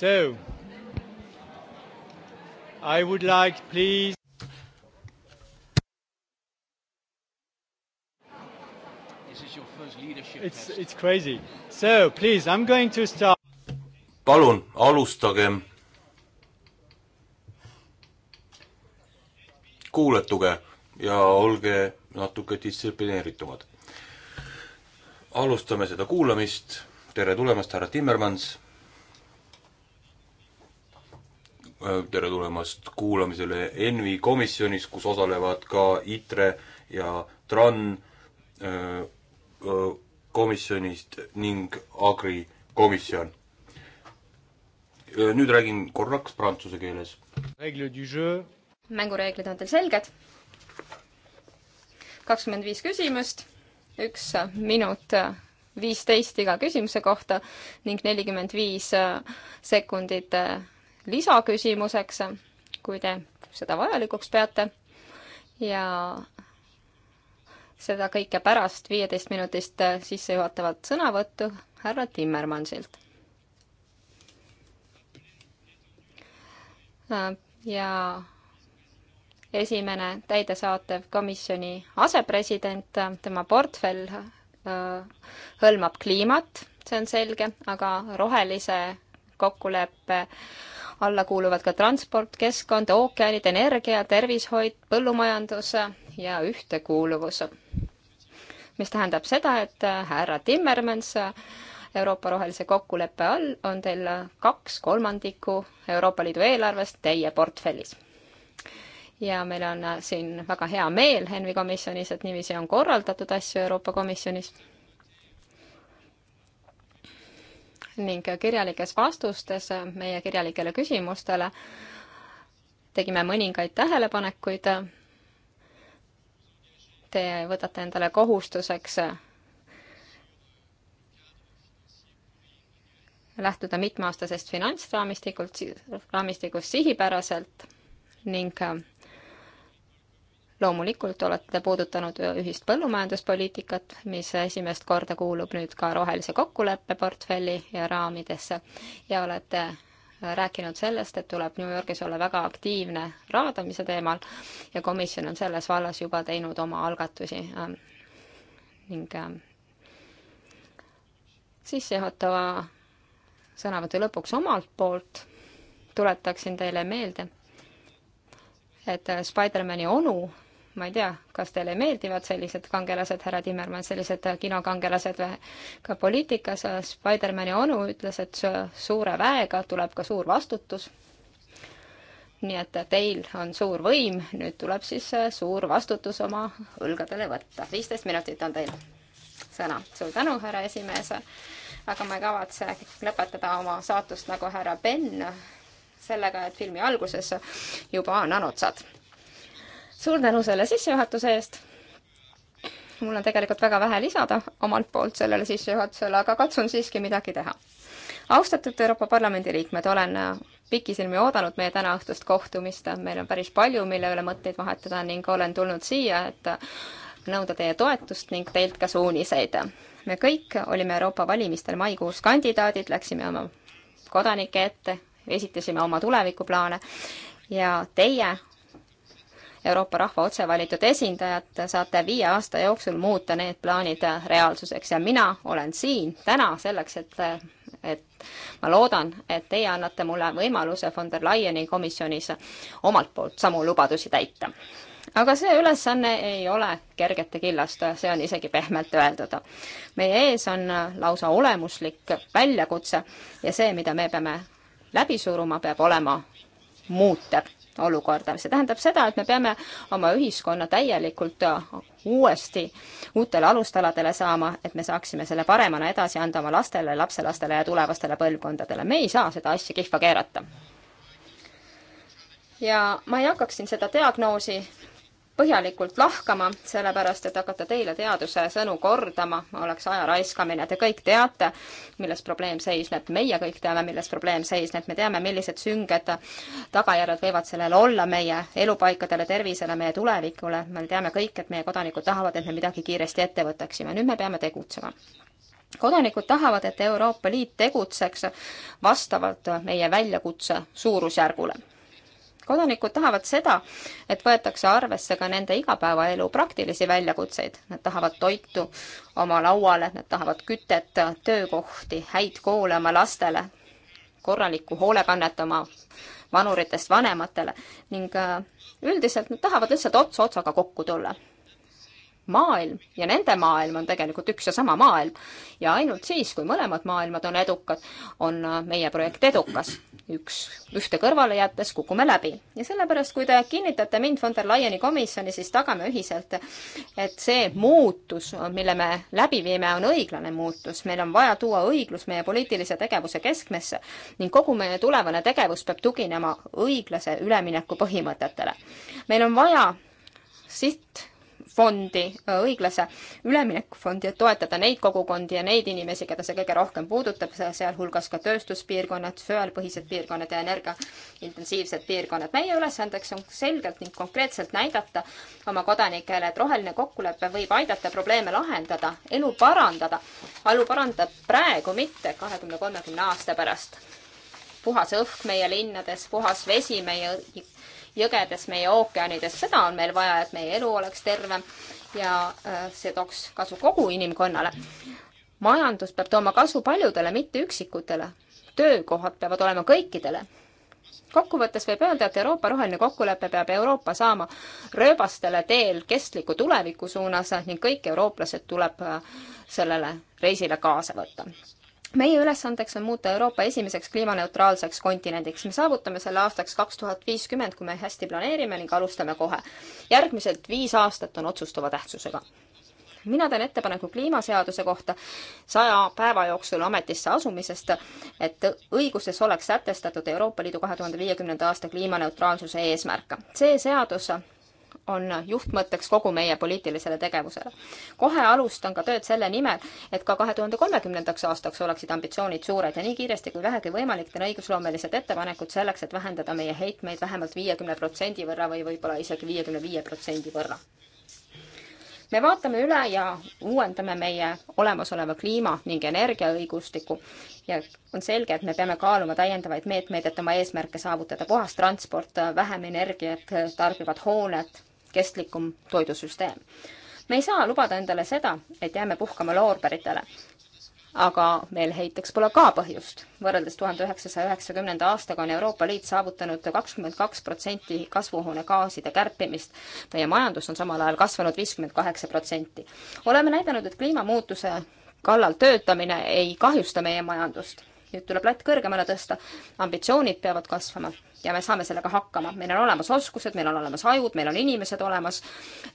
So, I would like, please. This is your first leadership it's, test. It's crazy. So, please, I'm going to start. palun, alustagem. kuuletuge ja olge natuke distsiplineeritumad. alustame seda kuulamist. tere tulemast, härra Timmermans tere tulemast kuulamisele ENVI komisjonis, kus osalevad ka ITRE ja TRAN äh, äh, komisjonist ning Agri komisjon. Äh, nüüd räägin korraks prantsuse keeles. mängureeglid on teil selged? kakskümmend viis küsimust, üks minut viisteist iga küsimuse kohta ning nelikümmend viis sekundit lisaküsimuseks, kui te seda vajalikuks peate ja seda kõike pärast viieteist minutist sissejuhatavat sõnavõttu härra Timmermansilt. ja esimene täidesaatev komisjoni asepresident, tema portfell hõlmab kliimat, see on selge, aga rohelise kokkuleppe alla kuuluvad ka transport, keskkond, ookeanid, energia, tervishoid, põllumajandus ja ühtekuuluvus. mis tähendab seda, et äh, härra Timmermans äh, Euroopa rohelise kokkuleppe all on teil kaks kolmandikku Euroopa Liidu eelarvest teie portfellis. ja meil on äh, siin väga hea meel Henvi komisjonis, et niiviisi on korraldatud asju Euroopa Komisjonis ning kirjalikes vastustes meie kirjalikele küsimustele tegime mõningaid tähelepanekuid. Te võtate endale kohustuseks lähtuda mitmeaastasest finantsraamistikult, raamistikust sihipäraselt ning loomulikult olete te puudutanud äh, ühist põllumajanduspoliitikat, mis esimest korda kuulub nüüd ka rohelise kokkuleppe portfelli ja raamidesse ja olete äh, rääkinud sellest, et tuleb New Yorgis olla väga aktiivne raadamise teemal ja komisjon on selles vallas juba teinud oma algatusi ähm, ning ähm, sissejuhatava sõnavõtu lõpuks omalt poolt tuletaksin teile meelde, et äh, Spider-mani onu ma ei tea, kas teile meeldivad sellised kangelased, härra Timmermann, sellised kinokangelased või ka poliitikas. Spider-mani onu ütles, et suure väega tuleb ka suur vastutus. nii et teil on suur võim, nüüd tuleb siis suur vastutus oma õlgadele võtta. viisteist minutit on teil sõna. suur tänu, härra esimees. aga ma ei kavatse lõpetada oma saatust nagu härra Ben sellega, et filmi alguses juba on anutsad suur tänu selle sissejuhatuse eest. mul on tegelikult väga vähe lisada omalt poolt sellele sissejuhatusele, aga katsun siiski midagi teha. austatud Euroopa Parlamendi liikmed, olen pikisilmi oodanud meie tänaõhtust kohtumist, meil on päris palju, mille üle mõtteid vahetada ning olen tulnud siia, et nõuda teie toetust ning teilt ka suuniseid. me kõik olime Euroopa valimistel maikuus kandidaadid, läksime oma kodanike ette, esitasime oma tulevikuplaane ja teie Euroopa rahva otsevalitud esindajat, saate viie aasta jooksul muuta need plaanid reaalsuseks ja mina olen siin täna selleks, et, et ma loodan, et teie annate mulle võimaluse von der Leyeni komisjonis omalt poolt samu lubadusi täita. aga see ülesanne ei ole kergete killast, see on isegi pehmelt öeldud. meie ees on lausa olemuslik väljakutse ja see, mida me peame läbi suruma, peab olema muutev olukorda. see tähendab seda, et me peame oma ühiskonna täielikult äh, uuesti uutele alustaladele saama, et me saaksime selle paremana edasi anda oma lastele, lapselastele ja tulevastele põlvkondadele. me ei saa seda asja kihva keerata. ja ma ei hakkaks siin seda diagnoosi põhjalikult lahkama, sellepärast et hakata teile teaduse sõnu kordama oleks aja raiskamine. Te kõik teate, milles probleem seisneb, meie kõik teame, milles probleem seisneb, me teame, millised sünged tagajärjed võivad sellel olla meie elupaikadele, tervisele, meie tulevikule, me teame kõik, et meie kodanikud tahavad, et me midagi kiiresti ette võtaksime, nüüd me peame tegutsema kodanikud tahavad, et Euroopa Liit tegutseks vastavalt meie väljakutse suurusjärgule kodanikud tahavad seda, et võetakse arvesse ka nende igapäevaelu praktilisi väljakutseid. Nad tahavad toitu oma lauale, nad tahavad kütet, töökohti, häid koole oma lastele, korralikku hoolekannet oma vanuritest vanematele ning äh, üldiselt nad tahavad lihtsalt ots otsaga kokku tulla maailm ja nende maailm on tegelikult üks ja sama maailm. ja ainult siis, kui mõlemad maailmad on edukad, on äh, meie projekt edukas. üks, ühte kõrvale jättes kukume läbi. ja sellepärast, kui te kinnitate mind von der Leyeni komisjoni, siis tagame ühiselt, et see muutus, mille me läbi viime, on õiglane muutus. meil on vaja tuua õiglus meie poliitilise tegevuse keskmesse ning kogu meie tulevane tegevus peab tuginema õiglase ülemineku põhimõtetele. meil on vaja siht fondi, äh, õiglase ülemineku fondi, et toetada neid kogukondi ja neid inimesi, keda see kõige rohkem puudutab, sealhulgas ka tööstuspiirkonnad, söelpõhised piirkonnad ja energiaintensiivsed piirkonnad. meie ülesandeks on selgelt ning konkreetselt näidata oma kodanikele, et roheline kokkulepe võib aidata probleeme lahendada, elu parandada. elu parandab praegu, mitte kahekümne, kolmekümne aasta pärast puhas õhk meie linnades, puhas vesi meie jõgedes, meie ookeanides, seda on meil vaja, et meie elu oleks tervem ja äh, see tooks kasu kogu inimkonnale. majandus peab tooma kasu paljudele, mitte üksikutele. töökohad peavad olema kõikidele. kokkuvõttes võib öelda, et Euroopa roheline kokkulepe peab Euroopa saama rööbastele teel kestliku tuleviku suunas ning kõik eurooplased tuleb äh, sellele reisile kaasa võtta meie ülesandeks on muuta Euroopa esimeseks kliimaneutraalseks kontinendiks. me saavutame selle aastaks kaks tuhat viiskümmend, kui me hästi planeerime ning alustame kohe. järgmised viis aastat on otsustava tähtsusega. mina teen ettepaneku kliimaseaduse kohta saja päeva jooksul ametisse asumisest, et õiguses oleks sätestatud Euroopa Liidu kahe tuhande viiekümnenda aasta kliimaneutraalsuse eesmärk. see seadus on juhtmõtteks kogu meie poliitilisele tegevusele. kohe alustan ka tööd selle nimel, et ka kahe tuhande kolmekümnendaks aastaks oleksid ambitsioonid suured ja nii kiiresti kui vähegi võimalik teen õigusloomelised ettepanekud selleks, et vähendada meie heitmeid vähemalt viiekümne protsendi võrra või võib-olla isegi viiekümne viie protsendi võrra. me vaatame üle ja uuendame meie olemasoleva kliima ning energiaõigustiku ja on selge, et me peame kaaluma täiendavaid meetmeid, et oma eesmärke saavutada. puhas transport, vähem energiat tarbivad hooned, kestlikum toidusüsteem. me ei saa lubada endale seda, et jääme puhkama loorberitele. aga meil heiteks pole ka põhjust. võrreldes tuhande üheksasaja üheksakümnenda aastaga on Euroopa Liit saavutanud kakskümmend kaks protsenti kasvuhoonegaaside kärpimist. meie majandus on samal ajal kasvanud viiskümmend kaheksa protsenti. oleme näidanud, et kliimamuutuse kallal töötamine ei kahjusta meie majandust nüüd tuleb latt kõrgemale tõsta, ambitsioonid peavad kasvama ja me saame sellega hakkama. meil on olemas oskused, meil on olemas ajud, meil on inimesed olemas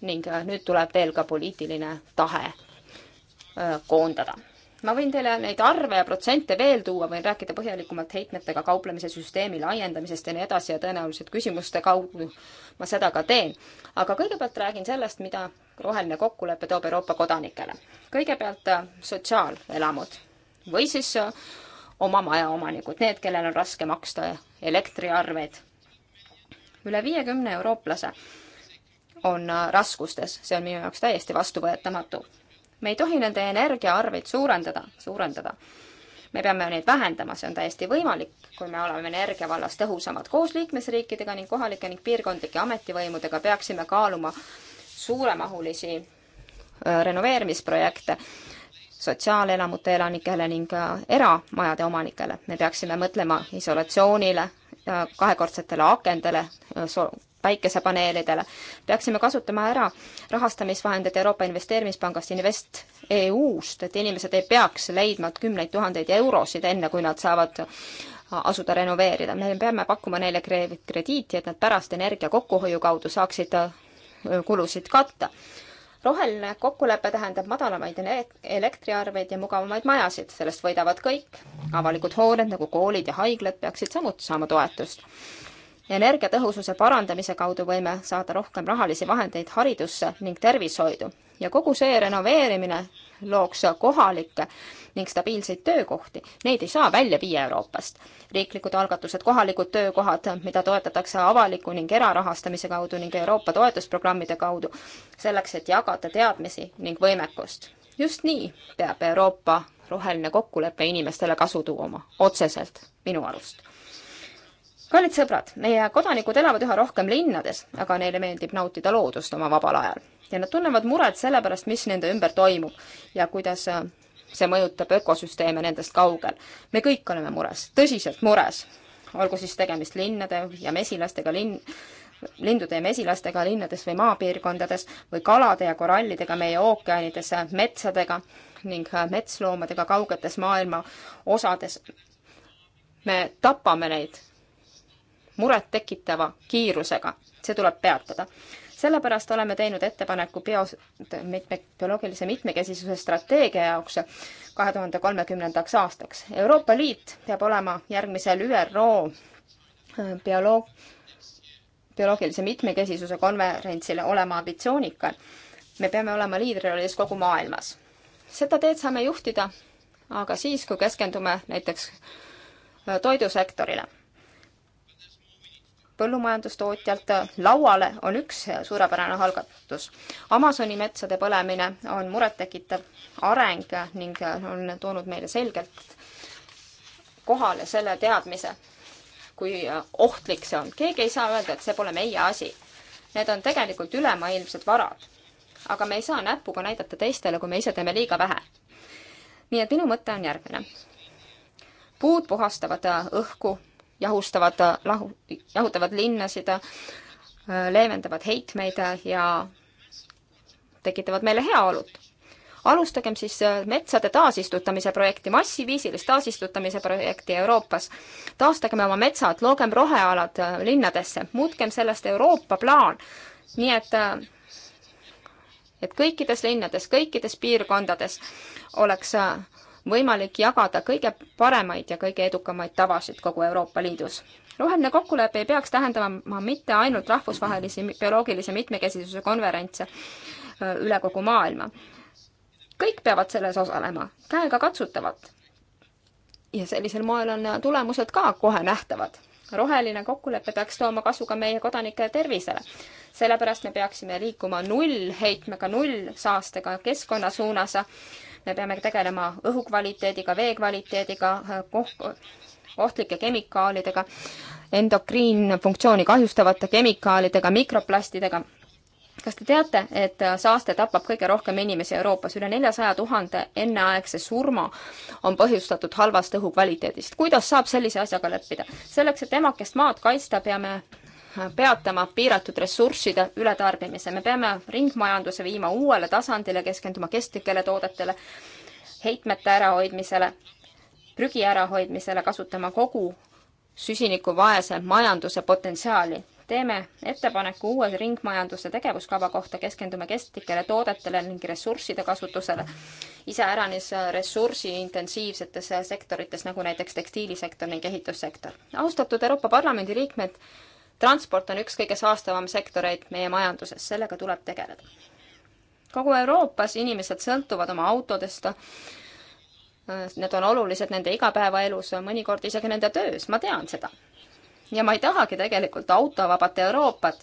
ning äh, nüüd tuleb veel ka poliitiline tahe äh, koondada ma võin teile neid arve ja protsente veel tuua, võin rääkida põhjalikumalt heitmetega kauplemise süsteemi laiendamisest ja nii edasi ja tõenäoliselt küsimuste kaudu ma seda ka teen. aga kõigepealt räägin sellest, mida roheline kokkulepe toob Euroopa kodanikele. kõigepealt äh, sotsiaalelamud või siis oma majaomanikud, need, kellel on raske maksta elektriarveid. üle viiekümne eurooplase on raskustes, see on minu jaoks täiesti vastuvõetamatu. me ei tohi nende energiaarveid suurendada, suurendada. me peame neid vähendama, see on täiesti võimalik, kui me oleme energia vallas tõhusamad koos liikmesriikidega ning kohalike ning piirkondlike ametivõimudega peaksime kaaluma suuremahulisi äh, renoveerimisprojekte sotsiaalelamute elanikele ning eramajade omanikele. me peaksime mõtlema isolatsioonile, äh, kahekordsetele akendele, äh, päikesepaneelidele. peaksime kasutama ära rahastamisvahendeid Euroopa Investeerimispangast Invest EU-st, et inimesed ei peaks leidma kümneid tuhandeid eurosid, enne kui nad saavad äh, asuda renoveerida. me peame pakkuma neile krediiti, et nad pärast energia kokkuhoiu kaudu saaksid kulusid katta roheline kokkulepe tähendab madalamaid elektriarveid ja mugavamaid majasid, sellest võidavad kõik. avalikud hooned nagu koolid ja haiglad peaksid samuti saama toetust. energiatõhususe parandamise kaudu võime saada rohkem rahalisi vahendeid haridusse ning tervishoidu ja kogu see renoveerimine looks kohalikke ning stabiilseid töökohti, neid ei saa välja viia Euroopast. riiklikud algatused, kohalikud töökohad, mida toetatakse avaliku ning erarahastamise kaudu ning Euroopa toetusprogrammide kaudu, selleks, et jagada teadmisi ning võimekust. just nii peab Euroopa roheline kokkulepe inimestele kasu tooma, otseselt, minu arust kallid sõbrad, meie kodanikud elavad üha rohkem linnades, aga neile meeldib nautida loodust oma vabal ajal. ja nad tunnevad muret selle pärast, mis nende ümber toimub ja kuidas äh, see mõjutab ökosüsteeme nendest kaugel. me kõik oleme mures, tõsiselt mures. olgu siis tegemist linnade ja mesilastega linn, lindude ja mesilastega linnades või maapiirkondades või kalade ja korallidega meie ookeanides, äh, metsadega ning äh, metsloomadega kaugetes maailma osades. me tapame neid murettekitava kiirusega. see tuleb peatada. sellepärast oleme teinud ettepaneku bio, mitme, bioloogilise mitmekesisuse strateegia jaoks kahe tuhande kolmekümnendaks aastaks. Euroopa Liit peab olema järgmisel ÜRO äh, bioloog-, bioloogilise mitmekesisuse konverentsil olema ambitsioonikal. me peame olema liidrirollis kogu maailmas. seda teed saame juhtida aga siis, kui keskendume näiteks äh, toidusektorile põllumajandustootjalt lauale on üks suurepärane algatus. Amazoni metsade põlemine on murettekitav areng ning on toonud meile selgelt kohale selle teadmise, kui ohtlik see on. keegi ei saa öelda, et see pole meie asi. Need on tegelikult ülemaailmsed varad. aga me ei saa näpuga näidata teistele, kui me ise teeme liiga vähe. nii et minu mõte on järgmine. puud puhastavad õhku jahustavad lahu, jahutavad linnasid, leevendavad heitmeid ja tekitavad meile heaolut. alustagem siis metsade taasistutamise projekti, massiviisilist taasistutamise projekti Euroopas. taastagem oma metsad, loogem rohealad linnadesse, muutkem sellest Euroopa plaan, nii et et kõikides linnades, kõikides piirkondades oleks võimalik jagada kõige paremaid ja kõige edukamaid tavasid kogu Euroopa Liidus. roheline kokkulepe ei peaks tähendama mitte ainult rahvusvahelisi bioloogilise mitmekesisuse konverentse üle kogu maailma. kõik peavad selles osalema, käegakatsutavalt. ja sellisel moel on tulemused ka kohe nähtavad roheline kokkulepe peaks tooma kasu ka meie kodanike tervisele. sellepärast me peaksime liikuma null heitmega, null saastega keskkonna suunas me peame tegelema õhukvaliteediga, vee kvaliteediga, ohtlike kemikaalidega, endokriinfunktsiooni kahjustavate kemikaalidega, mikroplastidega. kas te teate, et saaste tapab kõige rohkem inimesi Euroopas, üle neljasaja tuhande enneaegse surma on põhjustatud halvast õhukvaliteedist. kuidas saab sellise asjaga leppida? selleks, et emakest maad kaitsta, peame peatama piiratud ressursside ületarbimise. me peame ringmajanduse viima uuele tasandile, keskenduma kestlikele toodetele, heitmete ärahoidmisele, prügi ärahoidmisele, kasutama kogu süsinikuvaese majanduse potentsiaali. teeme ettepaneku uue ringmajanduse tegevuskava kohta, keskendume kestlikele toodetele ning ressursside kasutusele, iseäranis ressursiintensiivsetes sektorites, nagu näiteks tekstiilisektor ning ehitussektor. austatud Euroopa Parlamendi liikmed, transport on üks kõige saastavam sektoreid meie majanduses, sellega tuleb tegeleda. kogu Euroopas inimesed sõltuvad oma autodest, need on olulised nende igapäevaelus, mõnikord isegi nende töös, ma tean seda. ja ma ei tahagi tegelikult autovabat Euroopat,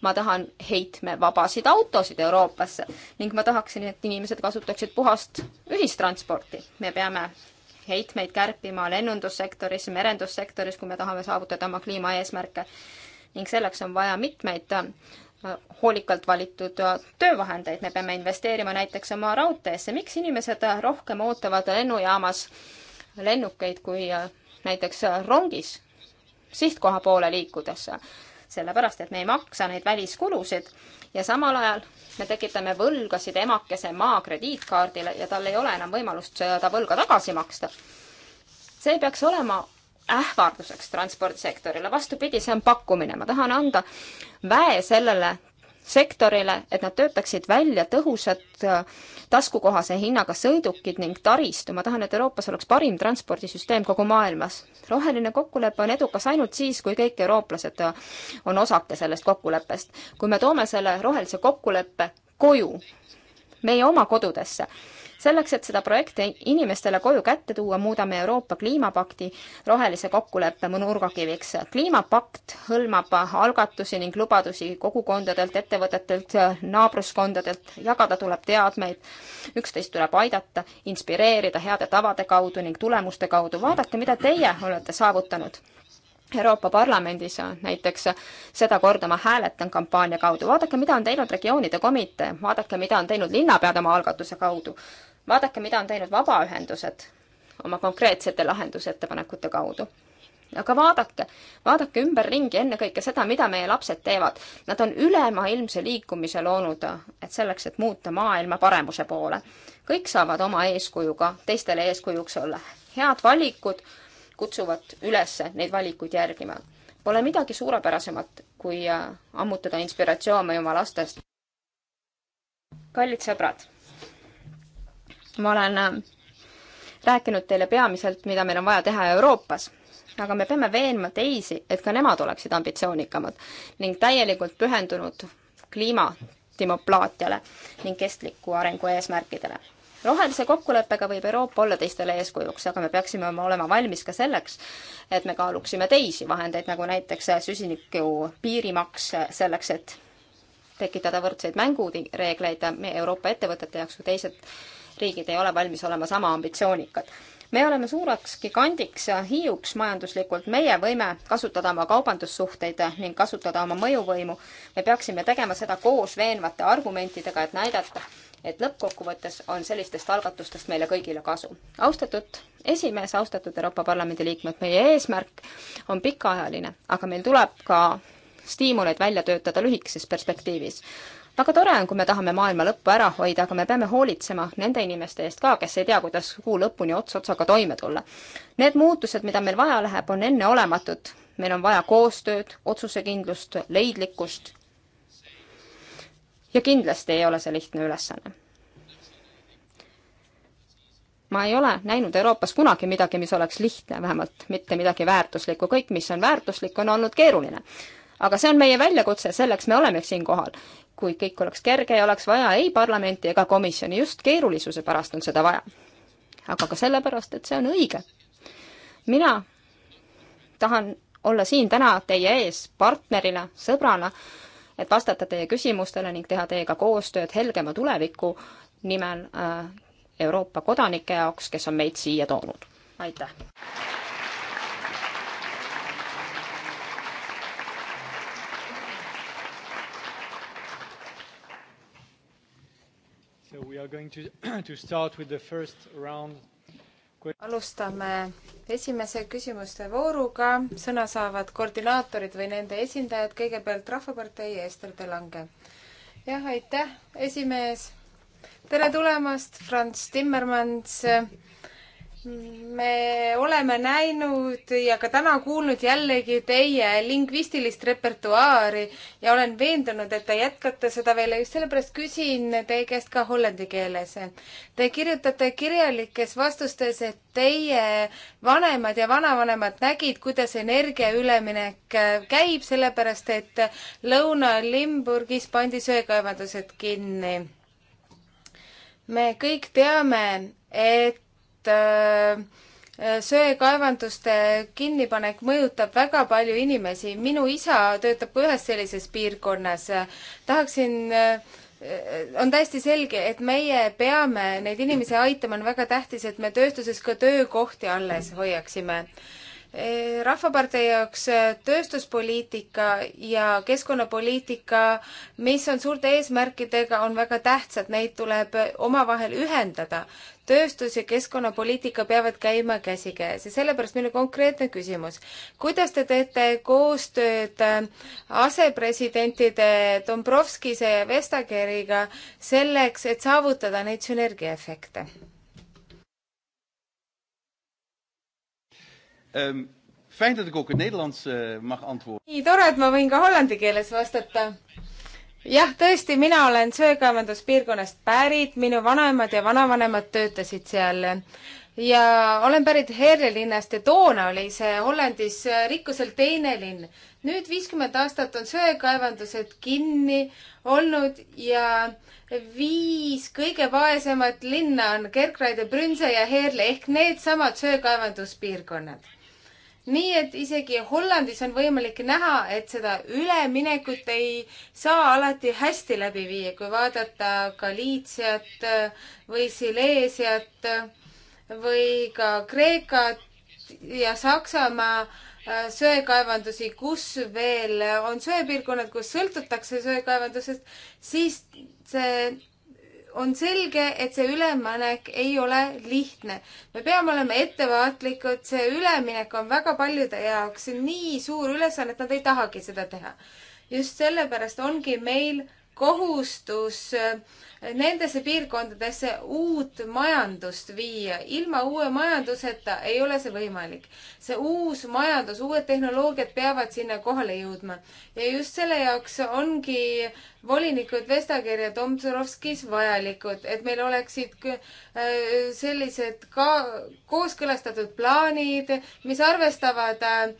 ma tahan heitmevabasid autosid Euroopasse ning ma tahaksin, et inimesed kasutaksid puhast ühistransporti. me peame heitmeid kärpima lennundussektoris, merendussektoris, kui me tahame saavutada oma kliimaeesmärke ning selleks on vaja mitmeid äh, hoolikalt valitud äh, töövahendeid, me peame investeerima näiteks oma raudteesse, miks inimesed äh, rohkem ootavad lennujaamas lennukeid kui näiteks rongis sihtkoha poole liikudes, sellepärast et me ei maksa neid väliskulusid ja samal ajal me tekitame võlgasid emakese maa krediitkaardile ja tal ei ole enam võimalust seda võlga tagasi maksta. see peaks olema ähvarduseks transpordisektorile, vastupidi, see on pakkumine, ma tahan anda väe sellele sektorile, et nad töötaksid välja tõhusad äh, taskukohase hinnaga sõidukid ning taristu. ma tahan, et Euroopas oleks parim transpordisüsteem kogu maailmas. roheline kokkulepe on edukas ainult siis, kui kõik eurooplased äh, on osake sellest kokkuleppest. kui me toome selle rohelise kokkuleppe koju, meie oma kodudesse selleks, et seda projekti inimestele koju kätte tuua, muudame Euroopa kliimapakti rohelise kokkuleppe nurgakiviks. kliimapakt hõlmab algatusi ning lubadusi kogukondadelt, ettevõtetelt, naabruskondadelt, jagada tuleb teadmeid, üksteist tuleb aidata, inspireerida heade tavade kaudu ning tulemuste kaudu. vaadake, mida teie olete saavutanud Euroopa Parlamendis näiteks sedakorda ma hääletan kampaania kaudu, vaadake, mida on teinud regioonide komitee, vaadake, mida on teinud linnapead oma algatuse kaudu vaadake, mida on teinud vabaühendused oma konkreetsete lahendusettepanekute kaudu. aga vaadake, vaadake ümberringi ennekõike seda, mida meie lapsed teevad. Nad on ülemaailmse liikumise loonud, et selleks, et muuta maailma paremuse poole. kõik saavad oma eeskujuga teistele eeskujuks olla. head valikud kutsuvad üles neid valikuid järgima. Pole midagi suurepärasemat, kui äh, ammutada inspiratsioone oma lastest. kallid sõbrad ma olen äh, rääkinud teile peamiselt, mida meil on vaja teha Euroopas, aga me peame veenma teisi, et ka nemad oleksid ambitsioonikamad ning täielikult pühendunud kliimadimoplaatiale ning kestliku arengu eesmärkidele. rohelise kokkuleppega võib Euroopa olla teistele eeskujuks, aga me peaksime olema valmis ka selleks, et me kaaluksime teisi vahendeid, nagu näiteks äh, süsiniku piirimaks äh, selleks, et tekitada võrdseid mängureegleid Euroopa ettevõtete jaoks, kui teised riigid ei ole valmis olema sama ambitsioonikad. me oleme suureks gigandiks ja hiiuks majanduslikult, meie võime kasutada oma kaubandussuhteid ning kasutada oma mõjuvõimu. me peaksime tegema seda koos veenvate argumentidega, et näidata, et lõppkokkuvõttes on sellistest algatustest meile kõigile kasu. austatud esimees, austatud Euroopa Parlamendi liikmed, meie eesmärk on pikaajaline, aga meil tuleb ka stiimuleid välja töötada lühikeses perspektiivis väga tore on, kui me tahame maailma lõppu ära hoida, aga me peame hoolitsema nende inimeste eest ka, kes ei tea, kuidas kuu lõpuni ots otsaga toime tulla. Need muutused, mida meil vaja läheb, on enneolematud. meil on vaja koostööd, otsusekindlust, leidlikkust. ja kindlasti ei ole see lihtne ülesanne ma ei ole näinud Euroopas kunagi midagi, mis oleks lihtne, vähemalt mitte midagi väärtuslikku, kõik, mis on väärtuslik, on olnud keeruline aga see on meie väljakutse, selleks me olemegi siinkohal. kui kõik oleks kerge ja oleks vaja ei parlamenti ega komisjoni, just keerulisuse pärast on seda vaja. aga ka sellepärast, et see on õige. mina tahan olla siin täna teie ees partnerina, sõbrana, et vastata teie küsimustele ning teha teiega koostööd helgema tuleviku nimel äh, Euroopa kodanike jaoks, kes on meid siia toonud. aitäh! So we are going to, to start with the first round. alustame esimese küsimuste vooruga, sõna saavad koordinaatorid või nende esindajad, kõigepealt Rahvapartei Ester De Lange. jah, aitäh, esimees. tere tulemast, Franz Timmermans me oleme näinud ja ka täna kuulnud jällegi teie lingvistilist repertuaari ja olen veendunud, et te jätkate seda veel ja just sellepärast küsin teie käest ka hollandi keeles. Te kirjutate kirjalikes vastustes, et teie vanemad ja vanavanemad nägid, kuidas energiaüleminek käib, sellepärast et Lõuna-Limburgis pandi söekaevandused kinni. me kõik teame, et Äh, äh, söekaevanduste kinnipanek mõjutab väga palju inimesi. minu isa töötab ka ühes sellises piirkonnas. tahaksin, äh, on täiesti selge, et meie peame neid inimesi aitama, on väga tähtis, et me tööstuses ka töökohti alles hoiaksime mm Rahvapartei jaoks äh, tööstuspoliitika ja keskkonnapoliitika, mis on suurte eesmärkidega, on väga tähtsad, neid tuleb äh, omavahel ühendada. tööstus ja keskkonnapoliitika peavad käima käsikäes ja sellepärast meil on konkreetne küsimus. kuidas te teete koostööd äh, asepresidentide Dombrovskise ja Vestageriga selleks, et saavutada neid sünergiaefekte? Um, fijn dat ik ook in Nederlands uh, mag antwoorden. nii tore, et ma võin ka hollandi keeles vastata. jah, tõesti, mina olen söekaevanduspiirkonnast pärit, minu vanaemad ja vanavanemad töötasid seal ja olen pärit Heerle linnast ja toona oli see Hollandis äh, rikkuselt teine linn. nüüd viiskümmend aastat on söekaevandused kinni olnud ja viis kõige vaesemat linna on Kerkraide, Brünse ja Heerle ehk needsamad söekaevanduspiirkonnad nii et isegi Hollandis on võimalik näha, et seda üleminekut ei saa alati hästi läbi viia, kui vaadata Galiitsiat äh, või Sileesiat äh, või ka Kreekat ja Saksamaa äh, söekaevandusi, kus veel on söepiirkonnad, kus sõltutakse söekaevandusest, siis see on selge, et see üleminek ei ole lihtne. me peame olema ettevaatlikud, see üleminek on väga paljude jaoks nii suur ülesanne, et nad ei tahagi seda teha. just sellepärast ongi meil kohustus eh, nendesse piirkondadesse uut majandust viia. ilma uue majanduseta ei ole see võimalik. see uus majandus, uued tehnoloogiad peavad sinna kohale jõudma. ja just selle jaoks ongi volinikud Vestager ja Tomtsorovskis vajalikud, et meil oleksid eh, sellised ka kooskõlastatud plaanid, mis arvestavad eh,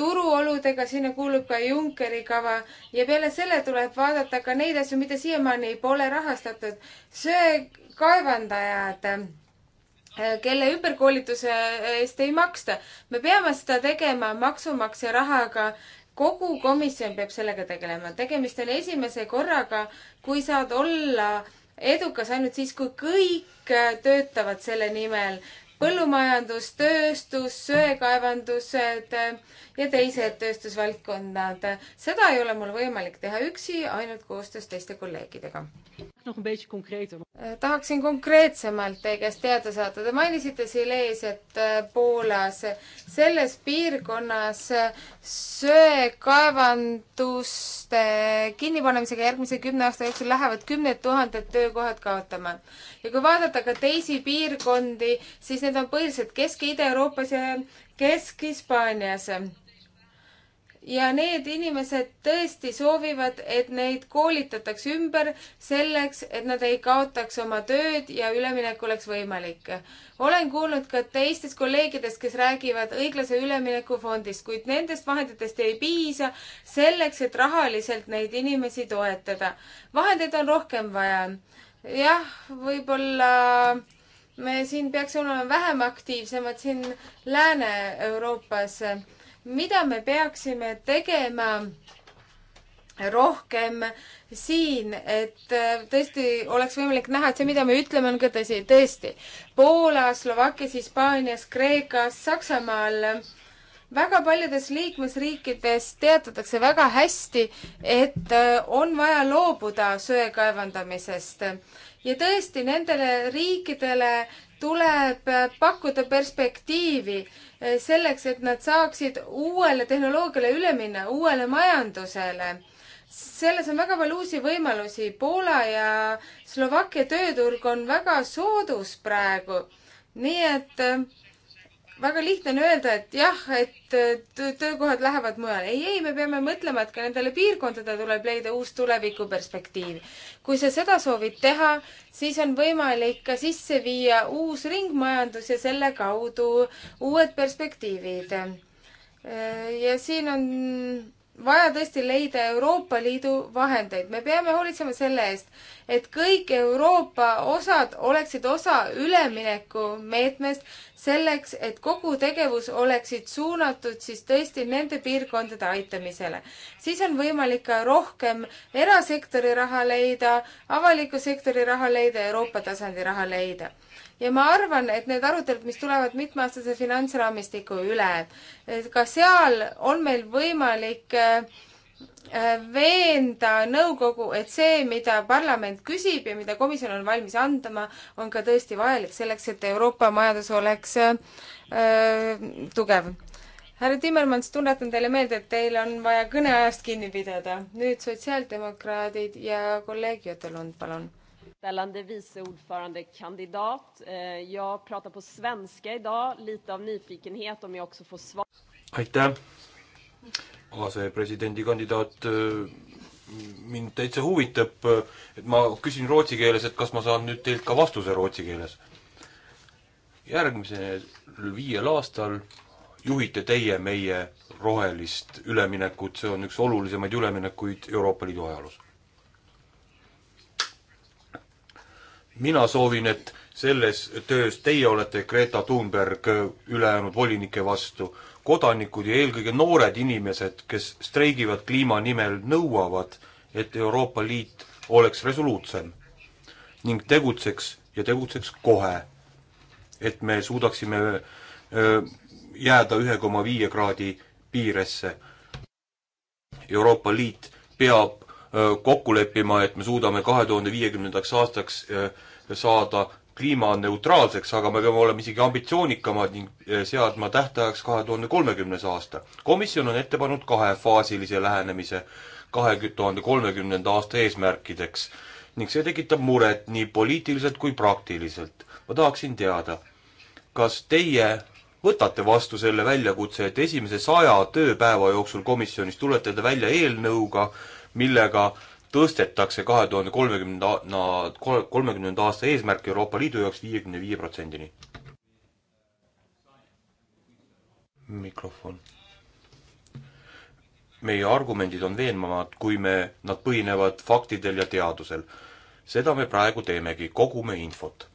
turuoludega, sinna kuulub ka Junckeri kava ja peale selle tuleb vaadata ka neid asju, mida siiamaani pole rahastatud. söekaevandajad, äh, kelle ümberkoolituse äh, eest ei maksta. me peame seda tegema maksumaksja rahaga kogu komisjon peab sellega tegelema. tegemist on esimese korraga, kui saad olla edukas ainult siis, kui kõik äh, töötavad selle nimel põllumajandus, tööstus, söekaevandused ja teised tööstusvaldkonnad. seda ei ole mul võimalik teha üksi, ainult koostöös teiste kolleegidega. tahaksin konkreetsemalt teie käest teada saada. Te mainisite Silesiat äh, Poolas. selles piirkonnas äh, söekaevanduste kinnipanemisega järgmise kümne aasta jooksul lähevad kümned tuhanded töökohad kaotama. ja kui vaadata ka teisi piirkondi, siis need need on põhiliselt Kesk- ja Ida-Euroopas ja Kesk-Hispaanias. ja need inimesed tõesti soovivad, et neid koolitatakse ümber selleks, et nad ei kaotaks oma tööd ja üleminek oleks võimalik. olen kuulnud ka teistest kolleegidest, kes räägivad õiglase ülemineku fondist, kuid nendest vahenditest ei piisa selleks, et rahaliselt neid inimesi toetada. vahendeid on rohkem vaja. jah, võib-olla me siin peaks olema vähem aktiivsemad siin Lääne-Euroopas. mida me peaksime tegema rohkem siin, et tõesti oleks võimalik näha, et see, mida me ütleme, on ka tõsi, tõesti. Poolas, Slovakkias, Hispaanias, Kreekas, Saksamaal väga paljudes liikmesriikides teatatakse väga hästi, et on vaja loobuda söe kaevandamisest ja tõesti, nendele riikidele tuleb pakkuda perspektiivi eh, selleks, et nad saaksid uuele tehnoloogiale üle minna, uuele majandusele. selles on väga palju uusi võimalusi. Poola ja Slovakkia tööturg on väga soodus praegu. nii et eh, väga lihtne on öelda, et jah, et töökohad lähevad mujale. ei, ei, me peame mõtlema, et ka nendele piirkondadele tuleb leida uus tulevikuperspektiiv. kui sa seda soovid teha, siis on võimalik ka sisse viia uus ringmajandus ja selle kaudu uued perspektiivid. ja siin on vaja tõesti leida Euroopa Liidu vahendeid. me peame hoolitsema selle eest, et kõik Euroopa osad oleksid osa üleminekumeetmest selleks, et kogu tegevus oleksid suunatud siis tõesti nende piirkondade aitamisele. siis on võimalik ka rohkem erasektori raha leida, avaliku sektori raha leida, Euroopa tasandi raha leida ja ma arvan, et need arutelud, mis tulevad mitmeaastase finantsraamistiku üle, ka seal on meil võimalik äh, veenda nõukogu, et see, mida parlament küsib ja mida komisjon on valmis andma, on ka tõesti vajalik selleks, et Euroopa majandus oleks öö, äh, tugev. härra Timmermans, tunnetan teile meelde, et teil on vaja kõneajast kinni pidada. nüüd sotsiaaldemokraadid ja kolleeg Jütelund, palun ställande vice ordförandekandidat. Eh, jag pratar på svenska idag, lite av nyfikenhet om jag också får svar. aitäh, asepresidendikandidaat. Eh, mind täitsa huvitab, eh, et ma küsin rootsi keeles, et kas ma saan nüüd teilt ka vastuse rootsi keeles. järgmisel viiel aastal juhite teie meie rohelist üleminekut, see on üks olulisemaid üleminekuid Euroopa Liidu ajaloos mina soovin, et selles töös teie olete Greta Thunberg äh, ülejäänud volinike vastu. kodanikud ja eelkõige noored inimesed, kes streigivad kliima nimel, nõuavad, et Euroopa Liit oleks resoluutsem ning tegutseks ja tegutseks kohe. et me suudaksime öö, äh, jääda ühe koma viie kraadi piiresse. Euroopa Liit peab öö, äh, kokku leppima, et me suudame kahe tuhande viiekümnendaks aastaks öö, saada kliimaneutraalseks, aga me peame olema isegi ambitsioonikamad ning eh, seadma tähtajaks kahe tuhande kolmekümnes aasta. komisjon on ette pannud kahefaasilise lähenemise kahe tuhande kolmekümnenda aasta eesmärkideks ning see tekitab muret nii poliitiliselt kui praktiliselt. ma tahaksin teada, kas teie võtate vastu selle väljakutse, et esimese saja tööpäeva jooksul komisjonis tulete te välja eelnõuga, millega tõstetakse kahe tuhande kolmekümnenda, kolmekümnenda aasta eesmärk Euroopa Liidu jaoks viiekümne viie protsendini. mikrofon. meie argumendid on veenvamad, kui me, nad põhinevad faktidel ja teadusel. seda me praegu teemegi, kogume infot.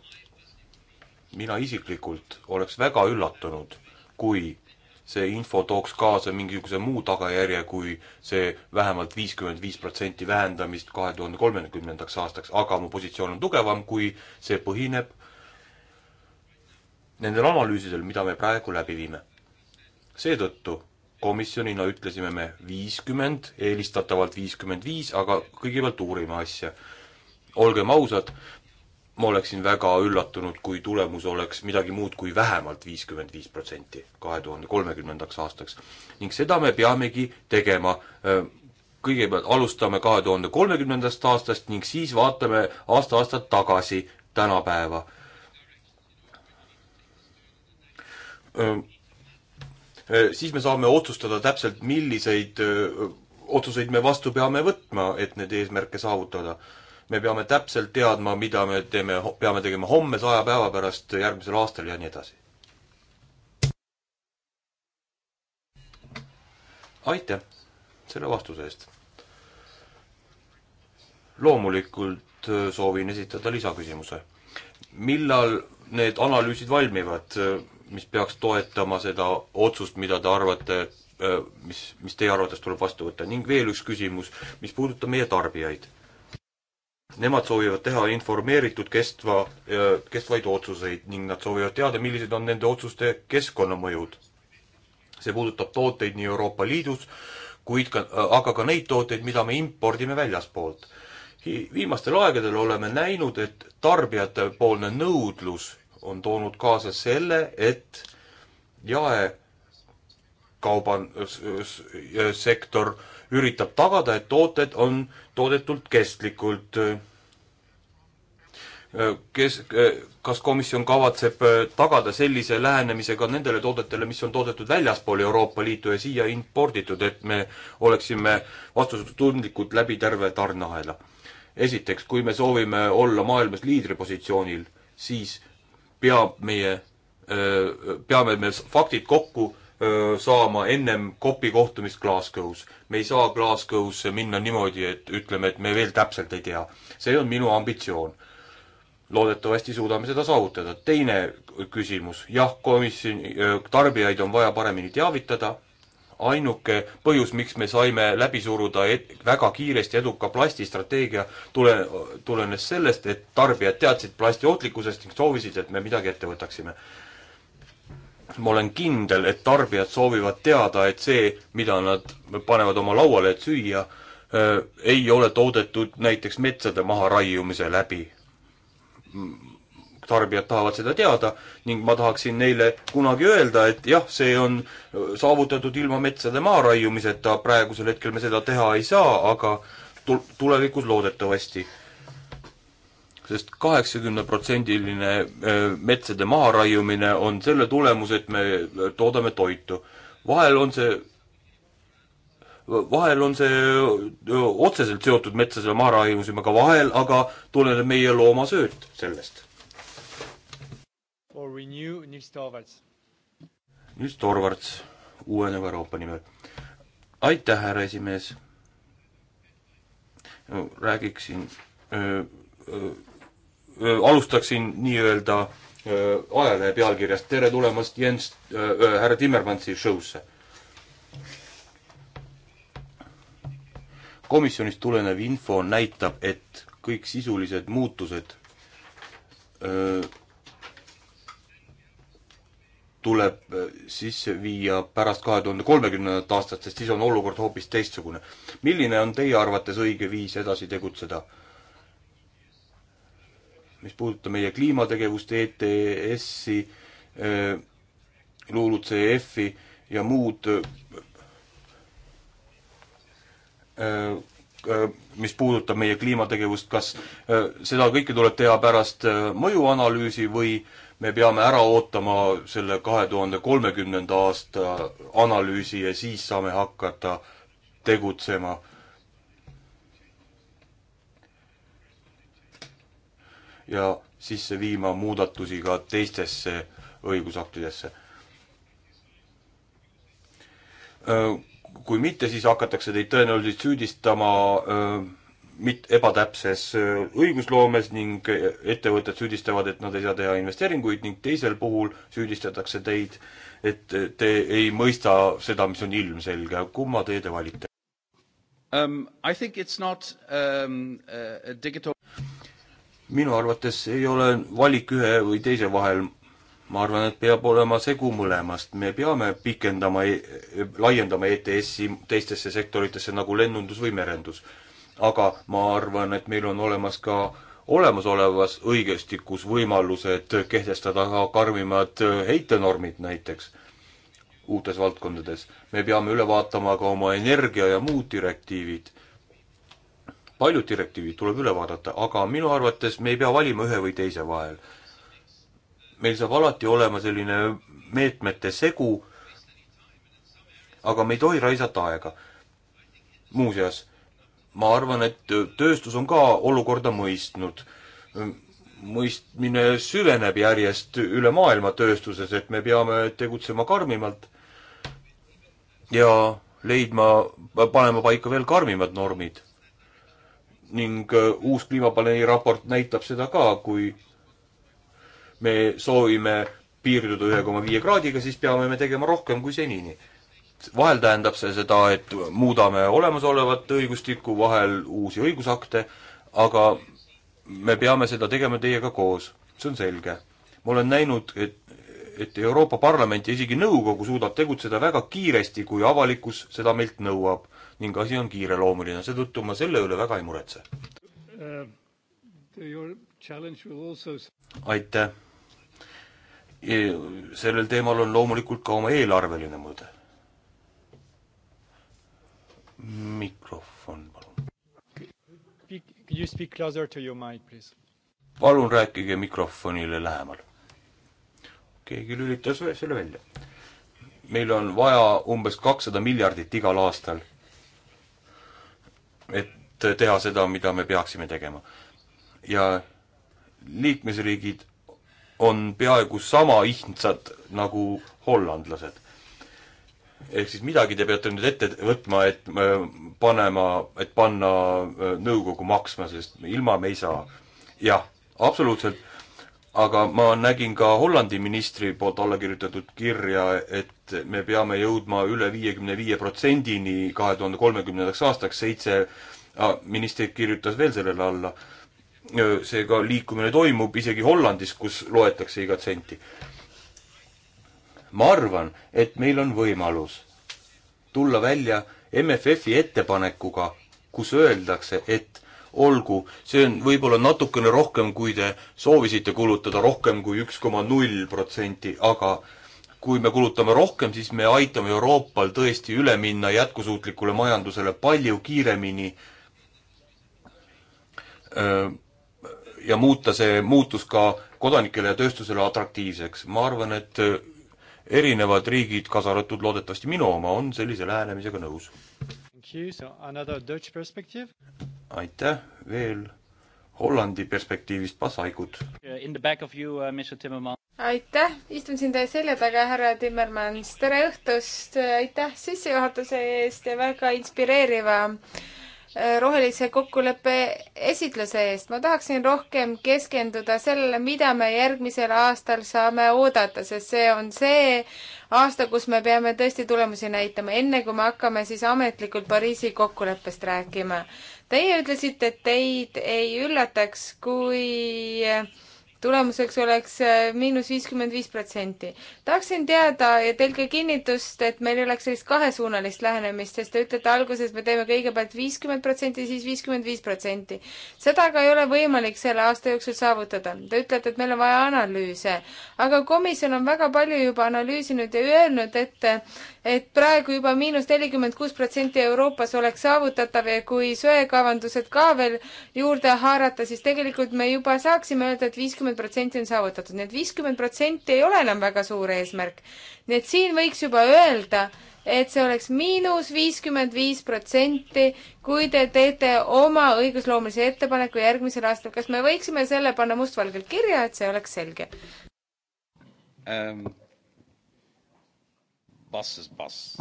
mina isiklikult oleks väga üllatunud, kui see info tooks kaasa mingisuguse muu tagajärje kui see vähemalt viiskümmend viis protsenti vähendamist kahe tuhande kolmekümnendaks aastaks, aga mu positsioon on tugevam, kui see põhineb nendel analüüsidel, mida me praegu läbi viime. seetõttu komisjonina ütlesime me viiskümmend, eelistatavalt viiskümmend viis, aga kõigepealt uurime asja. olgem ausad, ma oleksin väga üllatunud, kui tulemus oleks midagi muud kui vähemalt viiskümmend viis protsenti kahe tuhande kolmekümnendaks aastaks. ning seda me peamegi tegema. Äh, kõigepealt alustame kahe tuhande kolmekümnendast aastast ning siis vaatame aasta-aastalt tagasi tänapäeva. Äh, äh, siis me saame otsustada täpselt, milliseid otsuseid me vastu peame võtma, et neid eesmärke saavutada me peame täpselt teadma, mida me teeme, peame tegema homme, saja päeva pärast, järgmisel aastal ja nii edasi. aitäh selle vastuse eest. loomulikult äh, soovin esitada lisaküsimuse. millal need analüüsid valmivad, äh, mis peaks toetama seda otsust, mida te arvate, äh, mis, mis teie arvates tuleb vastu võtta ning veel üks küsimus, mis puudutab meie tarbijaid Nemad soovivad teha informeeritud kestva, kestvaid otsuseid ning nad soovivad teada, millised on nende otsuste keskkonnamõjud. see puudutab tooteid nii Euroopa Liidus, kuid ka, aga ka neid tooteid, mida me impordime väljaspoolt. viimastel aegadel oleme näinud, et tarbijatepoolne nõudlus on toonud kaasa selle, et jaekauban-, sektor üritab tagada, et tooted on toodetult kestlikult. Äh, kes, äh, kas komisjon kavatseb äh, tagada sellise lähenemisega nendele toodetele, mis on toodetud väljaspool Euroopa Liitu ja siia imporditud, et me oleksime vastutustundlikud läbi terve tarneahela? esiteks, kui me soovime olla maailmas liidripositsioonil, siis peab meie, peame me faktid kokku saama ennem kopi kohtumist Glasgow's. me ei saa Glasgow'sse minna niimoodi, et ütleme, et me veel täpselt ei tea. see on minu ambitsioon. loodetavasti suudame seda saavutada. teine küsimus, jah, komisjoni, tarbijaid on vaja paremini teavitada, ainuke põhjus, miks me saime läbi suruda et, väga kiiresti eduka plastistrateegia, tule, tulenes sellest, et tarbijad teadsid plasti ohtlikkusest ning soovisid, et me midagi ette võtaksime ma olen kindel, et tarbijad soovivad teada, et see, mida nad panevad oma lauale, et süüa, äh, ei ole toodetud näiteks metsade maharaiumise läbi. tarbijad tahavad seda teada ning ma tahaksin neile kunagi öelda, et jah, see on äh, saavutatud ilma metsade maharaiumiseta, praegusel hetkel me seda teha ei saa, aga tulevikus loodetavasti sest kaheksakümneprotsendiline äh, metsade maharaiumine on selle tulemus, et me toodame toitu. vahel on see, vahel on see otseselt seotud metsade maharaiumisega, vahel aga tuleneb meie loomasööt sellest. For Renew Nils Torvalds. Nils Torvalds, uueneva Euroopa nimel. aitäh, härra esimees no,. räägiksin öö, öö, alustaksin nii-öelda ajalehe pealkirjast Tere tulemast Jens äh,, härra Timmermansi show'sse. komisjonist tulenev info näitab, et kõik sisulised muutused öö, tuleb sisse viia pärast kahe tuhande kolmekümnendat aastat, sest siis on olukord hoopis teistsugune. milline on teie arvates õige viis edasi tegutseda? mis puudutab meie kliimategevust, ETS-i, äh, LULUCF-i ja muud, äh, äh, mis puudutab meie kliimategevust, kas seda kõike tuleb teha pärast mõjuanalüüsi või me peame ära ootama selle kahe tuhande kolmekümnenda aasta analüüsi ja siis saame hakata tegutsema ja sisse viima muudatusi ka teistesse õigusaktidesse. kui mitte, siis hakatakse teid tõenäoliselt süüdistama mit-, ebatäpses õigusloomes ning ettevõtted süüdistavad, et nad ei saa teha investeeringuid ning teisel puhul süüdistatakse teid, et te ei mõista seda, mis on ilmselge. kumma tee te valite? Um, I think it's not um, uh, digital minu arvates ei ole valik ühe või teise vahel. ma arvan, et peab olema segu mõlemast, me peame pikendama, e-, laiendama ETS-i teistesse sektoritesse nagu lennundus või merendus. aga ma arvan, et meil on olemas ka olemasolevas õigestikus võimalused kehtestada ka karmimad heitenormid näiteks uutes valdkondades. me peame üle vaatama ka oma energia ja muud direktiivid paljud direktiivid tuleb üle vaadata, aga minu arvates me ei pea valima ühe või teise vahel. meil saab alati olema selline meetmete segu, aga me ei tohi raisata aega. muuseas, ma arvan, et tööstus on ka olukorda mõistnud. mõistmine süveneb järjest üle maailma tööstuses, et me peame tegutsema karmimalt ja leidma, panema paika veel karmimad normid ning äh, uus kliimapaneeli raport näitab seda ka, kui me soovime piirduda ühe koma viie kraadiga, siis peame me tegema rohkem kui senini. vahel tähendab see seda, et muudame olemasolevat õigustikku, vahel uusi õigusakte, aga me peame seda tegema teiega koos, see on selge. ma olen näinud, et, et Euroopa Parlament ja isegi nõukogu suudab tegutseda väga kiiresti, kui avalikkus seda meilt nõuab ning asi on kiireloomuline, seetõttu ma selle üle väga ei muretse uh,. aitäh. E, sellel teemal on loomulikult ka oma eelarveline mõõde. mikrofon, palun. Could you speak closer to your mic, please? palun rääkige mikrofonile lähemal. keegi lülitas selle välja. meil on vaja umbes kakssada miljardit igal aastal et teha seda, mida me peaksime tegema. ja liikmesriigid on peaaegu sama ihnsad nagu hollandlased. ehk siis midagi te peate nüüd ette võtma, et äh, panema, et panna äh, nõukogu maksma, sest ilma me ei saa. jah, absoluutselt aga ma nägin ka Hollandi ministri poolt alla kirjutatud kirja, et me peame jõudma üle viiekümne viie protsendini kahe tuhande kolmekümnendaks aastaks, seitse ah, ministrit kirjutas veel sellele alla. seega liikumine toimub isegi Hollandis, kus loetakse igat senti. ma arvan, et meil on võimalus tulla välja MFF-i ettepanekuga, kus öeldakse, et olgu, see on võib-olla natukene rohkem, kui te soovisite kulutada, rohkem kui üks koma null protsenti, aga kui me kulutame rohkem, siis me aitame Euroopal tõesti üle minna jätkusuutlikule majandusele palju kiiremini ja muuta see muutus ka kodanikele ja tööstusele atraktiivseks. ma arvan, et erinevad riigid, kaasa arvatud loodetavasti minu oma, on sellise lähenemisega nõus you. So another Dutch perspective. aitäh, veel Hollandi perspektiivist pasaikud. In the back of you uh,, Mr Timmermann. aitäh, istun siin teie selja taga, härra Timmermans, tere õhtust, aitäh sissejuhatuse eest ja väga inspireeriva Äh, rohelise kokkuleppe esitluse eest. ma tahaksin rohkem keskenduda sellele, mida me järgmisel aastal saame oodata, sest see on see aasta, kus me peame tõesti tulemusi näitama, enne kui me hakkame siis ametlikult Pariisi kokkuleppest rääkima. Teie ütlesite, et teid ei üllataks, kui tulemuseks oleks äh, miinus viiskümmend viis protsenti. tahaksin teada ja teilt ka kinnitust, et meil ei oleks sellist kahesuunalist lähenemist, sest te ütlete alguses, me teeme kõigepealt viiskümmend protsenti, siis viiskümmend viis protsenti. seda aga ei ole võimalik selle aasta jooksul saavutada. Te ütlete, et meil on vaja analüüse, aga komisjon on väga palju juba analüüsinud ja öelnud, et et praegu juba miinus nelikümmend kuus protsenti Euroopas oleks saavutatav ja kui söekaevandused ka veel juurde haarata, siis tegelikult me juba saaksime öelda et, et viiskümmend viiskümmend protsenti on saavutatud, nii et viiskümmend protsenti ei ole enam väga suur eesmärk. nii et siin võiks juba öelda, et see oleks miinus viiskümmend viis protsenti, kui te teete oma õigusloomelise ettepaneku järgmisel aastal. kas me võiksime selle panna mustvalgelt kirja, et see oleks selge um,? Bass is bass.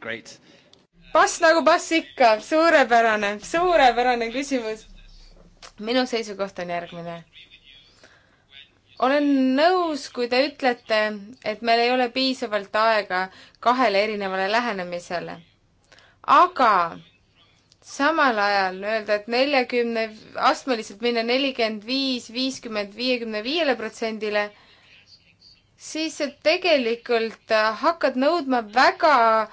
Great. bass nagu bass ikka, suurepärane, suurepärane küsimus. minu seisukoht on järgmine olen nõus, kui te ütlete, et meil ei ole piisavalt aega kahele erinevale lähenemisele. aga samal ajal öelda, et neljakümne, astmeliselt minna nelikümmend viis, viiskümmend, viiekümne viiele protsendile, siis tegelikult hakkad nõudma väga äh,